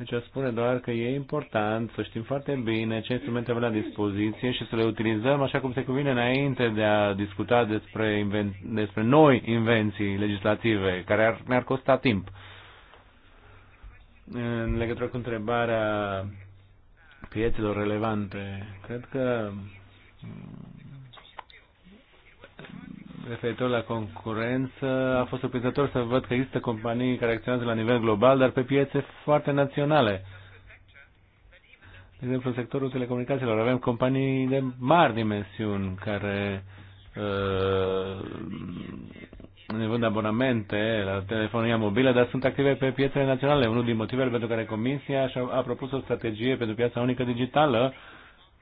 A: Deci o spune doar că e important să știm foarte bine ce instrumente avem la dispoziție și să le utilizăm așa cum se cuvine înainte de a discuta despre, inven- despre noi invenții legislative, care ar, ne-ar costa timp. În legătură cu întrebarea pieților relevante, cred că referitor la concurență, a fost surprinzător să văd că există companii care acționează la nivel global, dar pe piețe foarte naționale. De exemplu, în sectorul telecomunicațiilor avem companii de mari dimensiuni care uh, ne vând abonamente la telefonia mobilă, dar sunt active pe piețele naționale. Unul din motivele pentru care Comisia a propus o strategie pentru piața unică digitală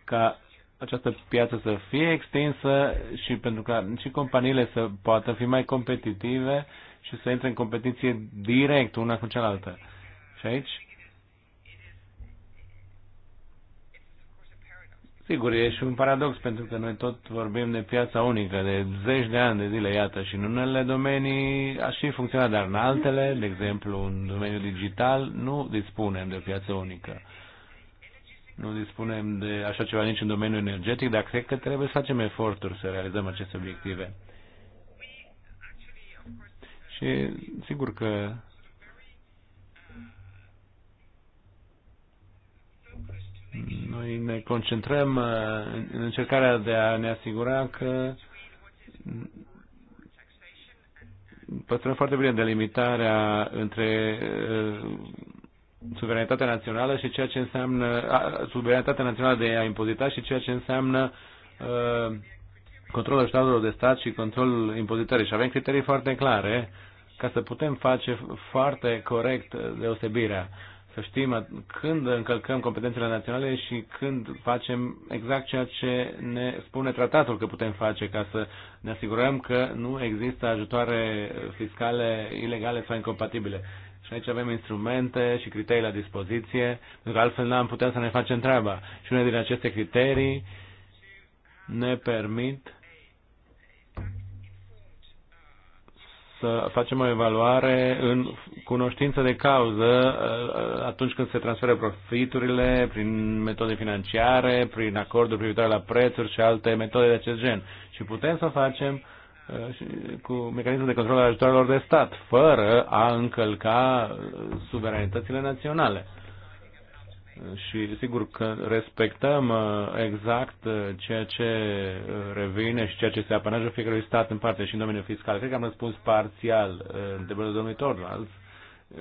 A: ca această piață să fie extinsă și pentru ca și companiile să poată fi mai competitive și să intre în competiție direct una cu cealaltă. Și aici Sigur, e și un paradox, pentru că noi tot vorbim de piața unică, de zeci de ani de zile, iată, și în unele domenii a și funcționat, dar în altele, de exemplu, în domeniul digital, nu dispunem de o piață unică nu dispunem de așa ceva nici în domeniul energetic, dar cred că trebuie să facem eforturi să realizăm aceste obiective. Și sigur că noi ne concentrăm uh, în încercarea de a ne asigura că păstrăm foarte bine delimitarea între uh, suveranitatea națională și ceea ce înseamnă suveranitatea națională de a impozita și ceea ce înseamnă a, uh, controlul statelor de stat și controlul impozitării. Și avem criterii foarte clare ca să putem face foarte corect deosebirea. Să știm când încălcăm competențele naționale și când facem exact ceea ce ne spune tratatul că putem face ca să ne asigurăm că nu există ajutoare fiscale ilegale sau incompatibile. Și aici avem instrumente și criterii la dispoziție, pentru că altfel n-am putea să ne facem treaba. Și unele din aceste criterii ne permit să facem o evaluare în cunoștință de cauză uh, atunci când se transferă profiturile prin metode financiare, prin acorduri privitoare la prețuri și alte metode de acest gen. Și putem să facem uh, Uh, cu mecanismul de control al ajutoarelor de stat, fără a încălca suveranitățile naționale. Și sigur că respectăm uh, exact uh, ceea ce revine și ceea ce se apanajă fiecărui stat în parte și în domeniul fiscal. Cred că am răspuns parțial întrebările domnului Torvalds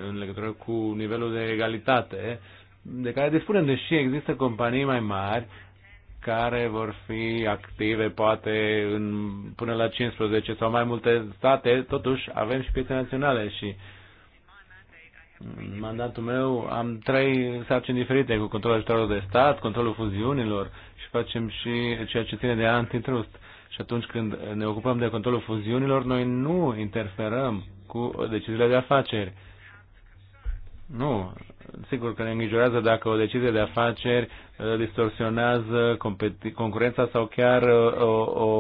A: în legătură cu nivelul de egalitate de care dispunem, deși există companii mai mari care vor fi active poate în, până la 15 sau mai multe state, totuși avem și piețe naționale și în mandatul meu am trei sarcini diferite cu controlul ajutorului de stat, controlul fuziunilor și facem și ceea ce ține de antitrust. Și atunci când ne ocupăm de controlul fuziunilor, noi nu interferăm cu deciziile de afaceri nu, sigur că ne îngrijorează dacă o decizie de afaceri uh, distorsionează concurența sau chiar uh, o, o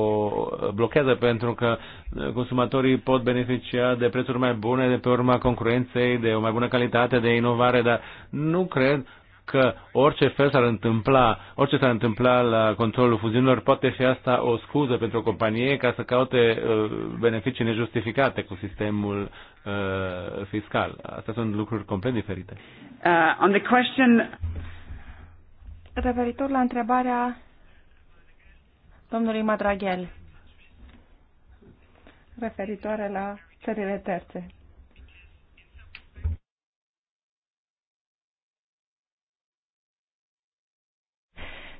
A: blochează pentru că uh, consumatorii pot beneficia de prețuri mai bune de pe urma concurenței, de o mai bună calitate, de inovare, dar nu cred că orice fel s-ar întâmpla, orice s-ar întâmpla la controlul fuziunilor, poate fi asta o scuză pentru o companie ca să caute uh, beneficii nejustificate cu sistemul uh, fiscal. Astea sunt lucruri complet diferite.
C: Uh, on the question... Referitor la întrebarea domnului Madraghel, referitoare la țările terțe.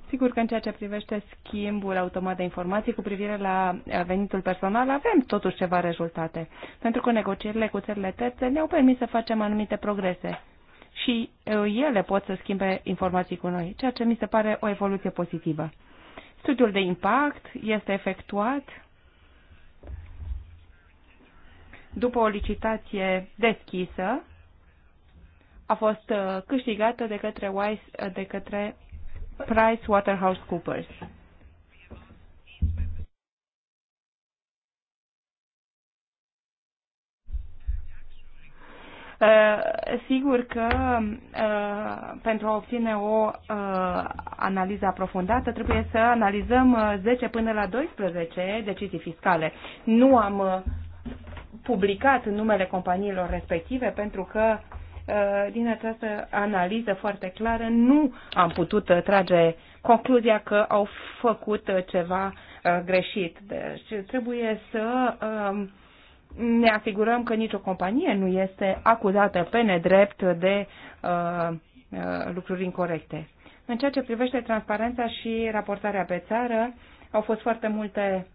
C: Sigur că în ceea ce privește schimbul automat de informații cu privire la eh, venitul personal, avem totuși ceva rezultate, pentru că negocierile cu țările terțe ne-au permis să facem anumite progrese și eh, ele pot să schimbe informații cu noi, ceea ce mi se pare o evoluție pozitivă. Studiul de impact este efectuat după o licitație deschisă, a fost eh, câștigată de către, Wise, de către PricewaterhouseCoopers. Uh, sigur că uh, pentru a obține o uh, analiză aprofundată trebuie să analizăm 10 uh, până la 12 decizii fiscale. Nu am uh, publicat numele companiilor respective pentru că uh, Uh, din această analiză foarte clară nu am putut uh, trage concluzia că au făcut uh, ceva greșit. Deci trebuie să um, ne asigurăm că nicio companie nu este acuzată pe nedrept de lucruri incorrecte. În ceea ce privește transparența și raportarea pe țară, au fost foarte multe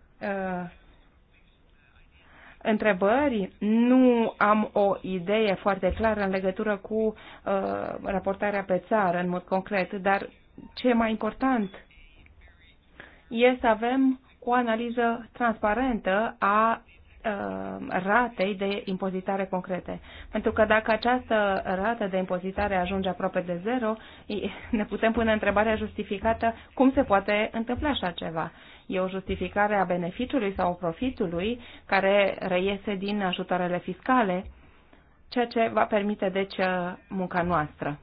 C: întrebări. Nu am o idee foarte clară în legătură cu uh, raportarea pe țară, în mod concret, dar ce e mai important e să avem o analiză transparentă a uh, ratei de impozitare concrete. Pentru că dacă această rată de impozitare ajunge aproape de zero, ne putem pune întrebarea justificată cum se poate întâmpla așa ceva. E o justificare a beneficiului sau profitului care reiese din ajutoarele fiscale, ceea ce va permite deci munca noastră.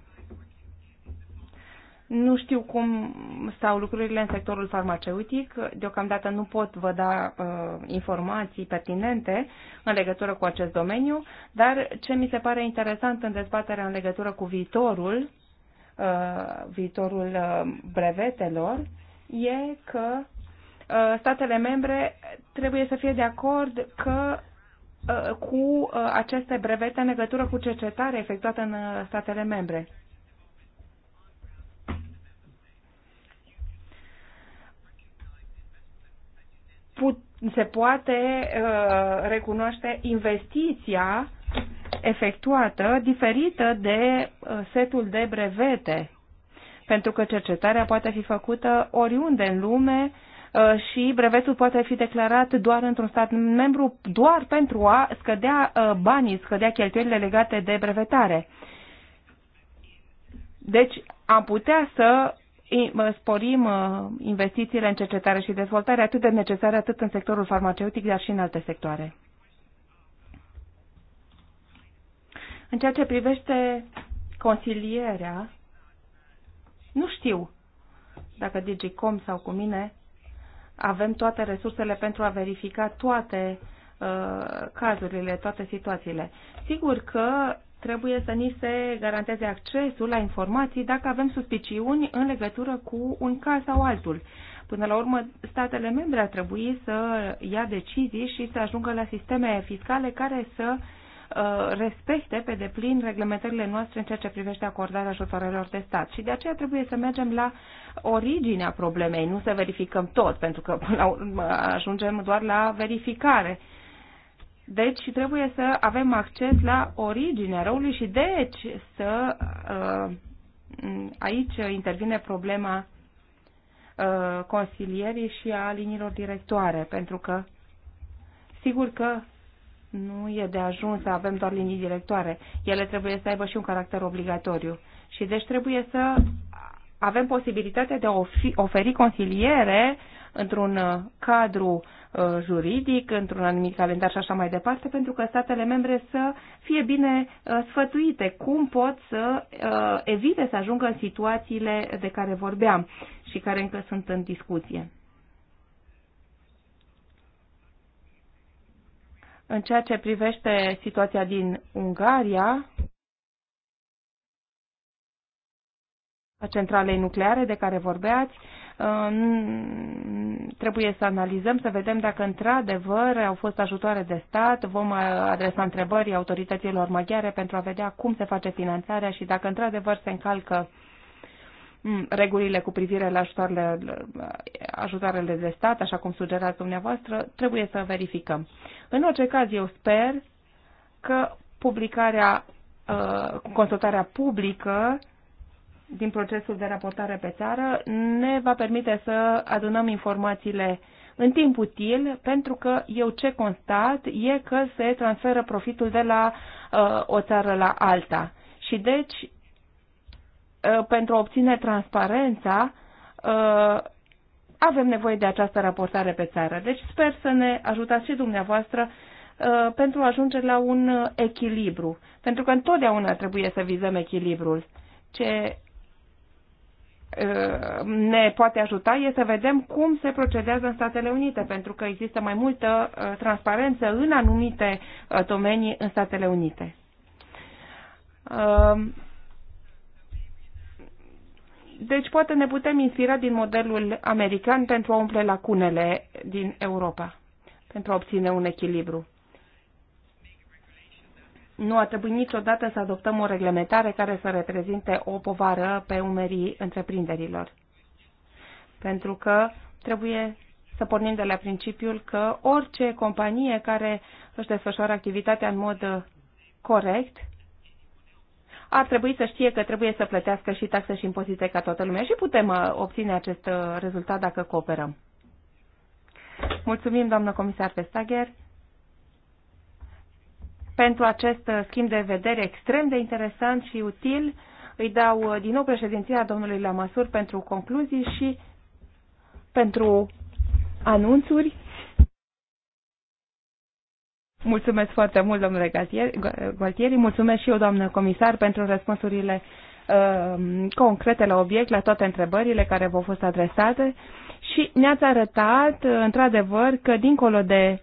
C: Nu știu cum stau lucrurile în sectorul farmaceutic. Deocamdată nu pot vă da uh, informații pertinente în legătură cu acest domeniu, dar ce mi se pare interesant în dezbaterea în legătură cu viitorul, uh, viitorul uh, brevetelor, e că Uh, statele membre trebuie să fie de acord că uh, cu uh, aceste brevete în legătură cu cercetare efectuată în statele membre. Put, se poate uh, recunoaște investiția efectuată diferită de uh, setul de brevete, pentru că cercetarea poate fi făcută oriunde în lume uh, Uh, și brevetul poate fi declarat doar într-un stat membru, doar pentru a scădea uh, banii, scădea cheltuielile legate de brevetare. Deci am putea să sporim uh, investițiile în cercetare și dezvoltare atât de necesare atât în sectorul farmaceutic, dar și în alte sectoare. În ceea ce privește consilierea, nu știu dacă Digicom sau cu mine avem toate resursele pentru a verifica toate uh, cazurile, toate situațiile. Sigur că trebuie să ni se garanteze accesul la informații dacă avem suspiciuni în legătură cu un caz sau altul. Până la urmă, statele membre ar trebui să ia decizii și să ajungă la sisteme fiscale care să uh, Uh, respecte pe deplin reglementările noastre în ceea ce privește acordarea ajutorelor de stat. Și de aceea trebuie să mergem la originea problemei, nu să verificăm tot, pentru că până la urmă ajungem doar la verificare. Deci trebuie să avem acces la originea răului și deci să uh, aici intervine problema uh, consilierii și a liniilor directoare, pentru că sigur că nu e de ajuns să avem doar linii directoare. Ele trebuie să aibă și un caracter obligatoriu. Și deci trebuie să avem posibilitatea de a oferi consiliere într-un uh, cadru uh, juridic, într-un anumit calendar și așa mai departe, pentru că statele membre să fie bine uh, sfătuite cum pot să evite să ajungă în situațiile de care vorbeam și care încă sunt în discuție. În ceea ce privește situația din Ungaria, a centralei nucleare de care vorbeați, uh, trebuie să analizăm, să vedem dacă într-adevăr au fost ajutoare de stat. Vom uh, adresa întrebări autorităților maghiare pentru a vedea cum se face finanțarea și dacă într-adevăr se încalcă uh, Mm, regulile cu privire la ajutoarele, ajutoarele de stat, așa cum sugerați dumneavoastră, trebuie să verificăm. În orice caz, eu sper că publicarea, uh, consultarea publică din procesul de raportare pe țară ne va permite să adunăm informațiile în timp util, pentru că eu ce constat e că se transferă profitul de la uh, o țară la alta. Și deci Uh, pentru a obține transparența, uh, avem nevoie de această raportare pe țară. Deci sper să ne ajutați și dumneavoastră uh, pentru a ajunge la un echilibru. Pentru că întotdeauna trebuie să vizăm echilibrul. Ce ne poate ajuta e să vedem cum se procedează în Statele Unite, pentru că există mai multă transparență în anumite domenii în Statele Unite. Deci poate ne putem inspira din modelul american pentru a umple lacunele din Europa, pentru a obține un echilibru. Nu a trebuit niciodată să adoptăm o reglementare care să reprezinte o povară pe umerii întreprinderilor. Pentru că trebuie să pornim de la principiul că orice companie care își desfășoară activitatea în mod corect ar trebui să știe că trebuie să plătească și taxe și impozite ca toată lumea și putem uh, obține acest uh, rezultat dacă cooperăm. Mulțumim, doamnă comisar Vestager, pentru acest uh, schimb de vedere extrem de interesant și util. Îi dau din nou președinția domnului Lamasur pentru concluzii și pentru anunțuri. Mulțumesc foarte mult, domnule Gualtieri. Mulțumesc și eu, doamnă comisar, pentru răspunsurile uh, concrete la obiect, la toate întrebările care v-au fost adresate și ne-ați arătat, uh, într-adevăr, că dincolo de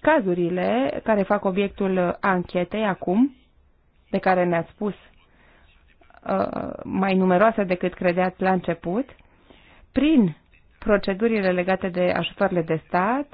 C: cazurile care fac obiectul anchetei acum, de care ne-ați spus uh, mai numeroase decât credeați la început, prin procedurile legate de ajutoarele de stat,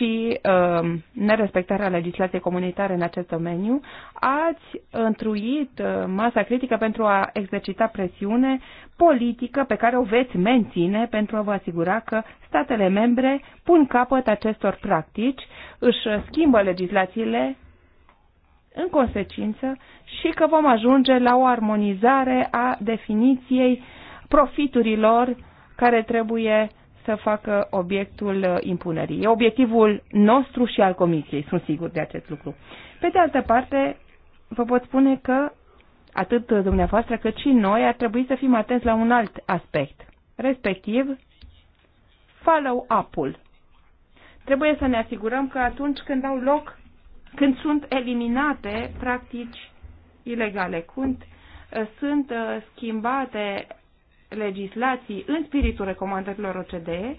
C: și uh, nerespectarea legislației comunitare în acest domeniu, ați întruit uh, masa critică pentru a exercita presiune politică pe care o veți menține pentru a vă asigura că statele membre pun capăt acestor practici, își schimbă legislațiile în consecință și că vom ajunge la o armonizare a definiției profiturilor care trebuie să facă obiectul uh, impunerii. E obiectivul nostru și al Comisiei, sunt sigur de acest lucru. Pe de altă parte, vă pot spune că atât dumneavoastră cât și noi ar trebui să fim atenți la un alt aspect, respectiv follow-up-ul. Trebuie să ne asigurăm că atunci când au loc, când sunt eliminate practici ilegale, când uh, sunt uh, schimbate legislații în spiritul recomandărilor OCDE,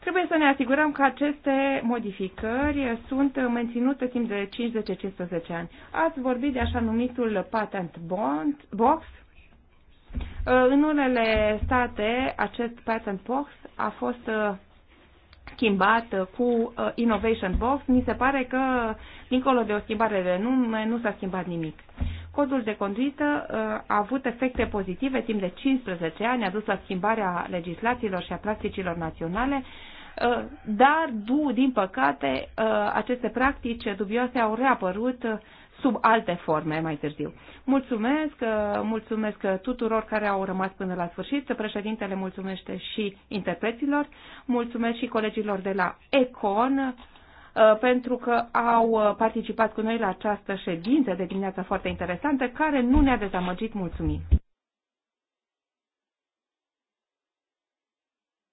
C: trebuie să ne asigurăm că aceste modificări sunt menținute timp de 5-10-15 ani. Ați vorbit de așa numitul patent bond, box. În unele state, acest patent box a fost schimbat cu uh, Innovation Box. Mi se pare că, dincolo de o schimbare de nume, nu s-a schimbat nimic codul de conduită uh, a avut efecte pozitive timp de 15 ani, a dus la schimbarea legislațiilor și a practicilor naționale, uh, dar, din păcate, uh, aceste practici dubioase au reapărut sub alte forme mai târziu. Mulțumesc, mulțumesc tuturor care au rămas până la sfârșit. Președintele mulțumește și interpreților, mulțumesc și colegilor de la Econ, Uh, pentru că au uh, participat cu noi la această ședință de dimineață foarte interesantă, care nu ne-a dezamăgit. Mulțumim!